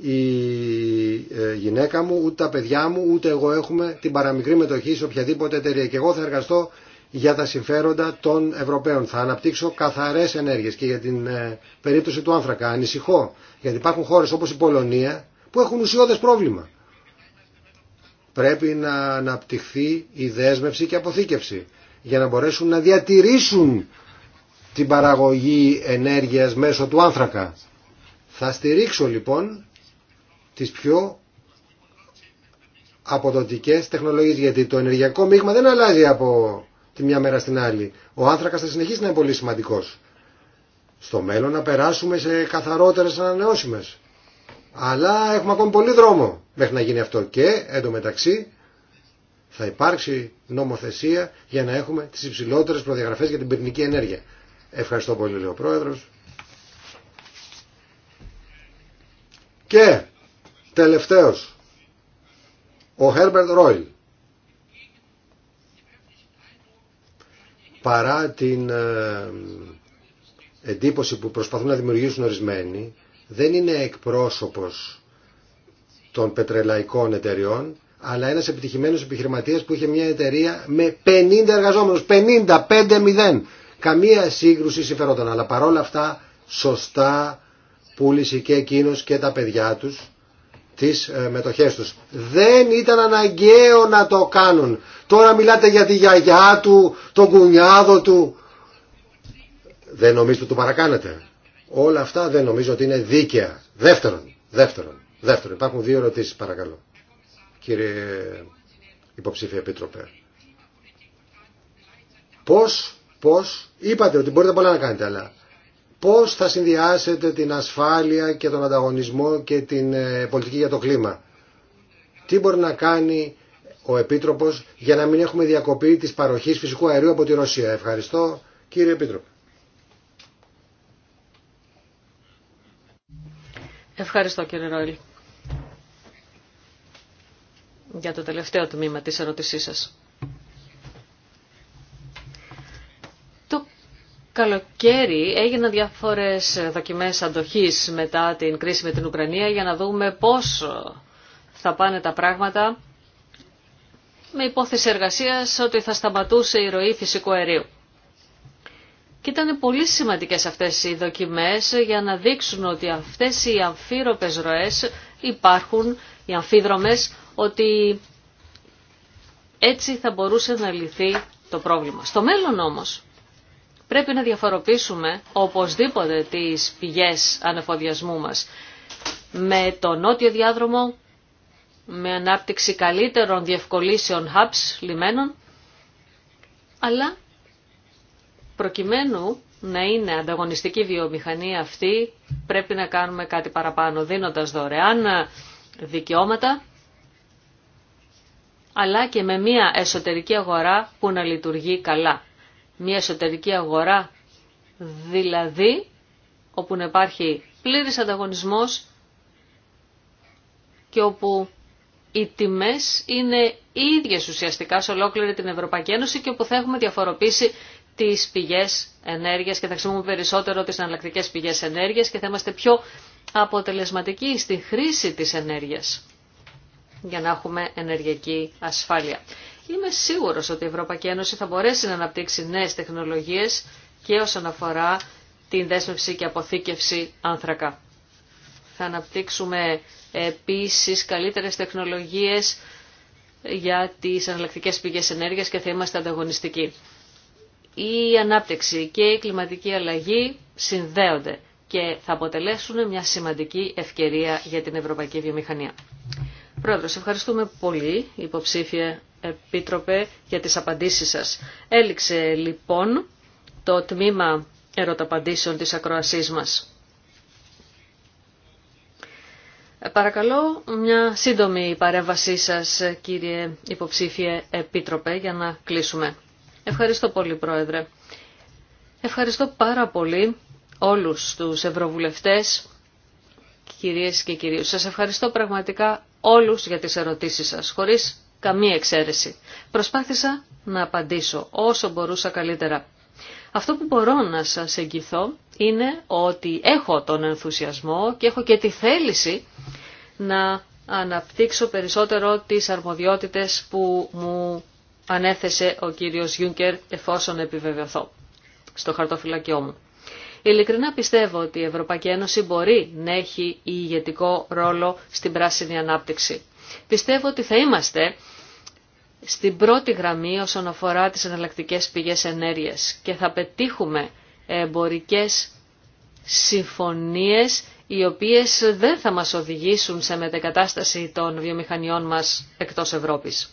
η ε, γυναίκα μου, ούτε τα παιδιά μου, ούτε εγώ έχουμε την παραμικρή μετοχή σε οποιαδήποτε εταιρεία. Και εγώ θα εργαστώ για τα συμφέροντα των Ευρωπαίων. Θα αναπτύξω καθαρέ ενέργειε και για την ε, περίπτωση του άνθρακα. Ανησυχώ, γιατί υπάρχουν χώρε όπω η Πολωνία που έχουν ουσιώδε πρόβλημα. Πρέπει να αναπτυχθεί η δέσμευση και αποθήκευση για να μπορέσουν να διατηρήσουν την παραγωγή ενέργειας μέσω του άνθρακα. Θα στηρίξω λοιπόν τις πιο αποδοτικές τεχνολογίες γιατί το ενεργειακό μείγμα δεν αλλάζει από τη μια μέρα στην άλλη. Ο άνθρακας θα συνεχίσει να είναι πολύ σημαντικός. Στο μέλλον να περάσουμε σε καθαρότερες ανανεώσιμες. Αλλά έχουμε ακόμη πολύ δρόμο μέχρι να γίνει αυτό και εντωμεταξύ θα υπάρξει νομοθεσία για να έχουμε τις υψηλότερες προδιαγραφές για την πυρηνική ενέργεια. Ευχαριστώ πολύ λέει ο Πρόεδρος. Και Τελευταίος, ο Herbert Royal. Παρά την ε, εντύπωση που προσπαθούν να δημιουργήσουν ορισμένοι, δεν είναι εκπρόσωπος των πετρελαϊκών εταιριών, αλλά ένας επιτυχημένος επιχειρηματίας που είχε μια εταιρεία με 50 εργαζόμενους, 50, 5-0. Καμία σύγκρουση συμφερόταν, αλλά παρόλα αυτά σωστά πούλησε και εκείνος και τα παιδιά τους τις ε, μετοχές τους. Δεν ήταν αναγκαίο να το κάνουν. Τώρα μιλάτε για τη γιαγιά του, τον κουνιάδο του. Δεν νομίζω ότι το παρακάνετε. Όλα αυτά δεν νομίζω ότι είναι δίκαια. Δεύτερον, δεύτερον, δεύτερον. Υπάρχουν δύο ερωτήσεις παρακαλώ. Κύριε υποψήφια επίτροπε. Πώς, πώς, είπατε ότι μπορείτε πολλά να κάνετε, αλλά Πώς θα συνδυάσετε την ασφάλεια και τον ανταγωνισμό και την ε, πολιτική για το κλίμα. Τι μπορεί να κάνει ο Επίτροπος για να μην έχουμε διακοπή της παροχής φυσικού αερίου από τη Ρωσία. Ευχαριστώ κύριε Επίτροπο. Ευχαριστώ κύριε Ρόιλ για το τελευταίο τμήμα της ερώτησής σας. καλοκαίρι έγιναν διάφορες δοκιμές αντοχής μετά την κρίση με την Ουκρανία για να δούμε πώς θα πάνε τα πράγματα με υπόθεση εργασίας ότι θα σταματούσε η ροή φυσικού αερίου. Και ήταν πολύ σημαντικές αυτές οι δοκιμές για να δείξουν ότι αυτές οι αμφίροπες ροές υπάρχουν, οι αμφίδρομες, ότι έτσι θα μπορούσε να λυθεί το πρόβλημα. Στο μέλλον όμως, Πρέπει να διαφοροποιήσουμε οπωσδήποτε τις πηγές ανεφοδιασμού μας. Με το νότιο διάδρομο, με ανάπτυξη καλύτερων διευκολύσεων hubs, λιμένων, αλλά προκειμένου να είναι ανταγωνιστική βιομηχανία αυτή, πρέπει να κάνουμε κάτι παραπάνω, δίνοντας δωρεάν δικαιώματα, αλλά και με μια εσωτερική αγορά που να λειτουργεί καλά μια εσωτερική αγορά, δηλαδή όπου να υπάρχει πλήρης ανταγωνισμός και όπου οι τιμές είναι ίδιες ουσιαστικά σε ολόκληρη την Ευρωπαϊκή Ένωση και όπου θα έχουμε διαφοροποίησει τις πηγές ενέργειας και θα χρησιμοποιούμε περισσότερο τις εναλλακτικές πηγές ενέργειας και θα είμαστε πιο αποτελεσματικοί στη χρήση της ενέργειας για να έχουμε ενεργειακή ασφάλεια είμαι σίγουρος ότι η Ευρωπαϊκή Ένωση θα μπορέσει να αναπτύξει νέες τεχνολογίες και όσον αφορά την δέσμευση και αποθήκευση άνθρακα. Θα αναπτύξουμε επίσης καλύτερες τεχνολογίες για τις αναλλακτικές πηγές ενέργειας και θα είμαστε ανταγωνιστικοί. Η ανάπτυξη και η κλιματική αλλαγή συνδέονται και θα αποτελέσουν μια σημαντική ευκαιρία για την ευρωπαϊκή βιομηχανία. Πρόεδρος, ευχαριστούμε πολύ υποψήφια Επίτροπε, για τις απαντήσεις σας. Έληξε λοιπόν το τμήμα ερωταπαντήσεων της ακροασής μας. Ε, παρακαλώ μια σύντομη παρέμβασή σας κύριε υποψήφιε Επίτροπε για να κλείσουμε. Ευχαριστώ πολύ Πρόεδρε. Ευχαριστώ πάρα πολύ όλους τους ευρωβουλευτές, κυρίες και κυρίους. Σας ευχαριστώ πραγματικά όλους για τις ερωτήσεις σας. Χωρίς καμία εξαίρεση. Προσπάθησα να απαντήσω όσο μπορούσα καλύτερα. Αυτό που μπορώ να σας εγγυθώ είναι ότι έχω τον ενθουσιασμό και έχω και τη θέληση να αναπτύξω περισσότερο τις αρμοδιότητες που μου ανέθεσε ο κύριος Γιούνκερ εφόσον επιβεβαιωθώ στο χαρτοφυλακιό μου. Ειλικρινά πιστεύω ότι η Ευρωπαϊκή Ένωση μπορεί να έχει ηγετικό ρόλο στην πράσινη ανάπτυξη. Πιστεύω ότι θα είμαστε στην πρώτη γραμμή όσον αφορά τις εναλλακτικέ πηγές ενέργειας και θα πετύχουμε εμπορικές συμφωνίες οι οποίες δεν θα μας οδηγήσουν σε μετεκατάσταση των βιομηχανιών μας εκτός Ευρώπης.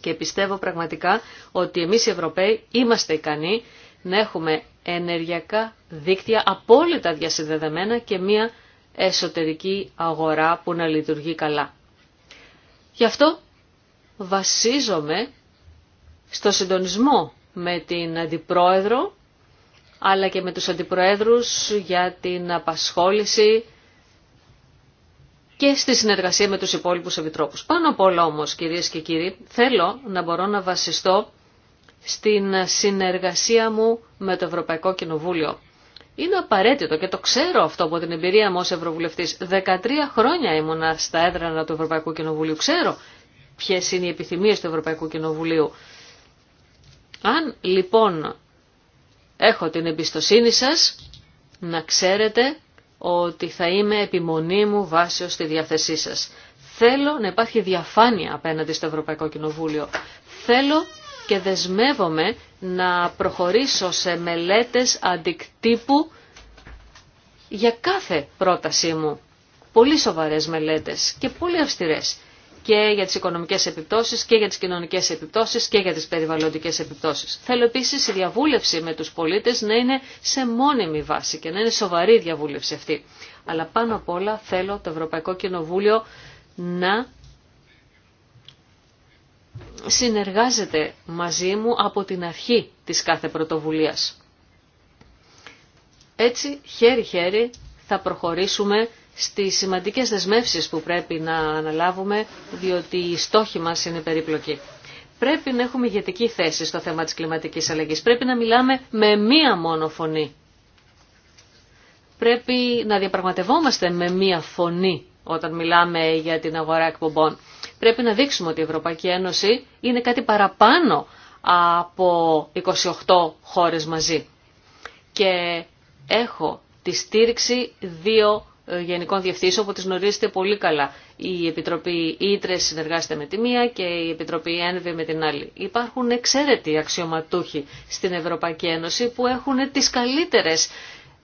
Και πιστεύω πραγματικά ότι εμείς οι Ευρωπαίοι είμαστε ικανοί να έχουμε ενεργειακά δίκτυα απόλυτα διασυνδεδεμένα και μια εσωτερική αγορά που να λειτουργεί καλά. Γι' αυτό βασίζομαι στο συντονισμό με την Αντιπρόεδρο αλλά και με τους Αντιπροέδρους για την απασχόληση και στη συνεργασία με τους υπόλοιπους επιτρόπους. Πάνω απ' όλα όμως, κυρίες και κύριοι, θέλω να μπορώ να βασιστώ στην συνεργασία μου με το Ευρωπαϊκό Κοινοβούλιο. Είναι απαραίτητο και το ξέρω αυτό από την εμπειρία μου ως Ευρωβουλευτής. 13 χρόνια ήμουνα στα έδρανα του Ευρωπαϊκού Κοινοβουλίου. Ξέρω Ποιε είναι οι επιθυμίε του Ευρωπαϊκού Κοινοβουλίου. Αν λοιπόν έχω την εμπιστοσύνη σα να ξέρετε ότι θα είμαι επιμονή μου βάσεω στη διάθεσή σα. Θέλω να υπάρχει διαφάνεια απέναντι στο Ευρωπαϊκό Κοινοβούλιο. Θέλω και δεσμεύομαι να προχωρήσω σε μελέτες αντικτύπου για κάθε πρότασή μου. Πολύ σοβαρές μελέτες και πολύ αυστηρές και για τις οικονομικές επιπτώσεις και για τις κοινωνικές επιπτώσεις και για τις περιβαλλοντικές επιπτώσεις. Θέλω επίσης η διαβούλευση με τους πολίτες να είναι σε μόνιμη βάση και να είναι σοβαρή η διαβούλευση αυτή. Αλλά πάνω απ' όλα θέλω το Ευρωπαϊκό Κοινοβούλιο να συνεργάζεται μαζί μου από την αρχή της κάθε πρωτοβουλίας. Έτσι, χέρι-χέρι θα προχωρήσουμε στις σημαντικές δεσμεύσεις που πρέπει να αναλάβουμε, διότι οι στόχοι μας είναι περίπλοκοι. Πρέπει να έχουμε ηγετική θέση στο θέμα της κλιματικής αλλαγής. Πρέπει να μιλάμε με μία μόνο φωνή. Πρέπει να διαπραγματευόμαστε με μία φωνή όταν μιλάμε για την αγορά εκπομπών. Πρέπει να δείξουμε ότι η Ευρωπαϊκή Ένωση είναι κάτι παραπάνω από 28 χώρες μαζί. Και έχω τη στήριξη δύο γενικών διευθύνσεων που τις γνωρίζετε πολύ καλά. Η Επιτροπή Ήτρε συνεργάζεται με τη μία και η Επιτροπή Ένβη με την άλλη. Υπάρχουν εξαίρετοι αξιωματούχοι στην Ευρωπαϊκή Ένωση που έχουν τις καλύτερες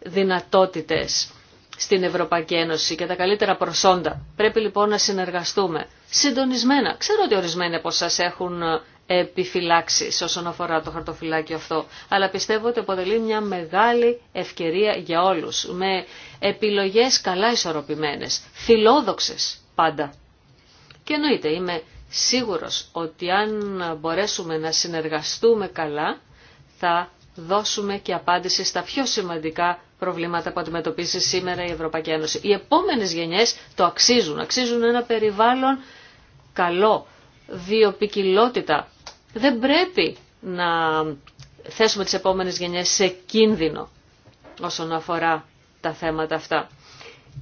δυνατότητες στην Ευρωπαϊκή Ένωση και τα καλύτερα προσόντα. Πρέπει λοιπόν να συνεργαστούμε συντονισμένα. Ξέρω ότι ορισμένοι από εσά έχουν επιφυλάξεις όσον αφορά το χαρτοφυλάκιο αυτό. Αλλά πιστεύω ότι αποτελεί μια μεγάλη ευκαιρία για όλους, με επιλογές καλά ισορροπημένες, φιλόδοξες πάντα. Και εννοείται, είμαι σίγουρος ότι αν μπορέσουμε να συνεργαστούμε καλά, θα δώσουμε και απάντηση στα πιο σημαντικά προβλήματα που αντιμετωπίζει σήμερα η Ευρωπαϊκή Ένωση. Οι επόμενες γενιές το αξίζουν. Αξίζουν ένα περιβάλλον καλό, βιοπικιλότητα, δεν πρέπει να θέσουμε τις επόμενες γενιές σε κίνδυνο όσον αφορά τα θέματα αυτά.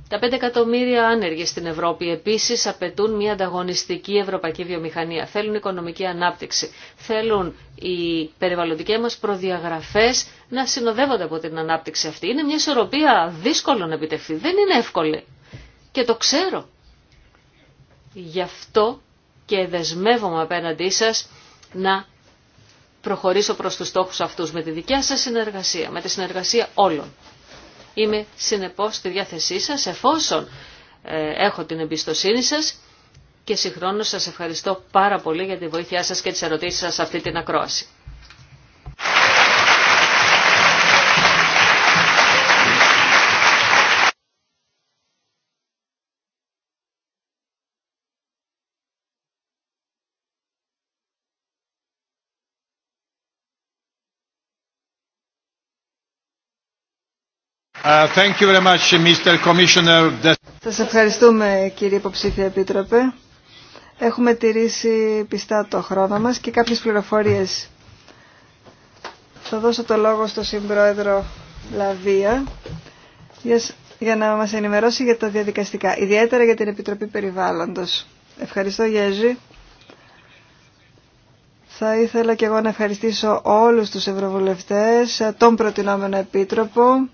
Τα 5 εκατομμύρια άνεργοι στην Ευρώπη επίσης απαιτούν μια ανταγωνιστική ευρωπαϊκή βιομηχανία. Θέλουν οικονομική ανάπτυξη. Θέλουν οι περιβαλλοντικές μας προδιαγραφές να συνοδεύονται από την ανάπτυξη αυτή. Είναι μια ισορροπία δύσκολο να επιτευχθεί. Δεν είναι εύκολη. Και το ξέρω. Γι' αυτό και δεσμεύομαι απέναντί σας να προχωρήσω προς τους στόχους αυτούς με τη δικιά σας συνεργασία, με τη συνεργασία όλων. Είμαι συνεπώς στη διάθεσή σας εφόσον ε, έχω την εμπιστοσύνη σας και συγχρόνως σας ευχαριστώ πάρα πολύ για τη βοήθειά σας και τις ερωτήσεις σας σε αυτή την ακρόαση. Uh, thank Σας ευχαριστούμε κύριε υποψήφια επίτροπε. Έχουμε τηρήσει πιστά το χρόνο μας και κάποιες πληροφορίες. Θα δώσω το λόγο στον Συμπρόεδρο Λαβία για να μας ενημερώσει για τα διαδικαστικά, ιδιαίτερα για την Επιτροπή Περιβάλλοντος. Ευχαριστώ Γέζη. Θα ήθελα και εγώ να ευχαριστήσω όλους τους ευρωβουλευτές, τον προτινόμενο επίτροπο,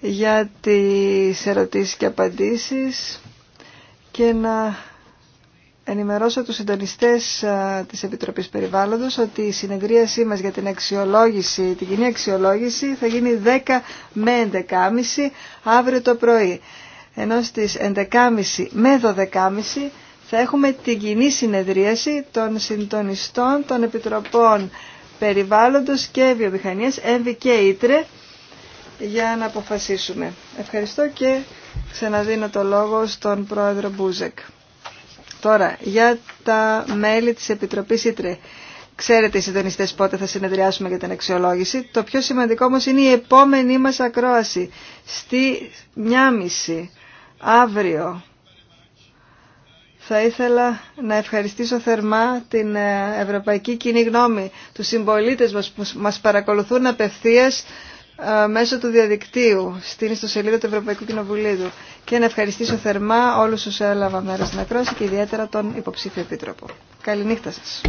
για τις ερωτήσεις και απαντήσεις και να ενημερώσω τους συντονιστές της Επιτροπής Περιβάλλοντος ότι η συνεδρίασή μας για την αξιολόγηση, την κοινή αξιολόγηση θα γίνει 10 με 11.30 αύριο το πρωί. Ενώ στις 11.30 με 12.30 θα έχουμε την κοινή συνεδρίαση των συντονιστών των Επιτροπών Περιβάλλοντος και Βιομηχανίας, ΕΒΚΕΙΤΡΕ για να αποφασίσουμε. Ευχαριστώ και ξαναδίνω το λόγο στον πρόεδρο Μπούζεκ. Τώρα, για τα μέλη της Επιτροπής Ήτρε. Ξέρετε οι συντονιστέ πότε θα συνεδριάσουμε για την αξιολόγηση. Το πιο σημαντικό όμω είναι η επόμενή μας ακρόαση. Στη μια μισή αύριο θα ήθελα να ευχαριστήσω θερμά την ε, Ευρωπαϊκή Κοινή Γνώμη, του συμπολίτε μας που μας παρακολουθούν απευθείας. Ε, μέσω του διαδικτύου στην ιστοσελίδα του Ευρωπαϊκού Κοινοβουλίου και να ευχαριστήσω θερμά όλους όσους έλαβα μέρος στην ακρόαση και ιδιαίτερα τον υποψήφιο επίτροπο. Καληνύχτα σας.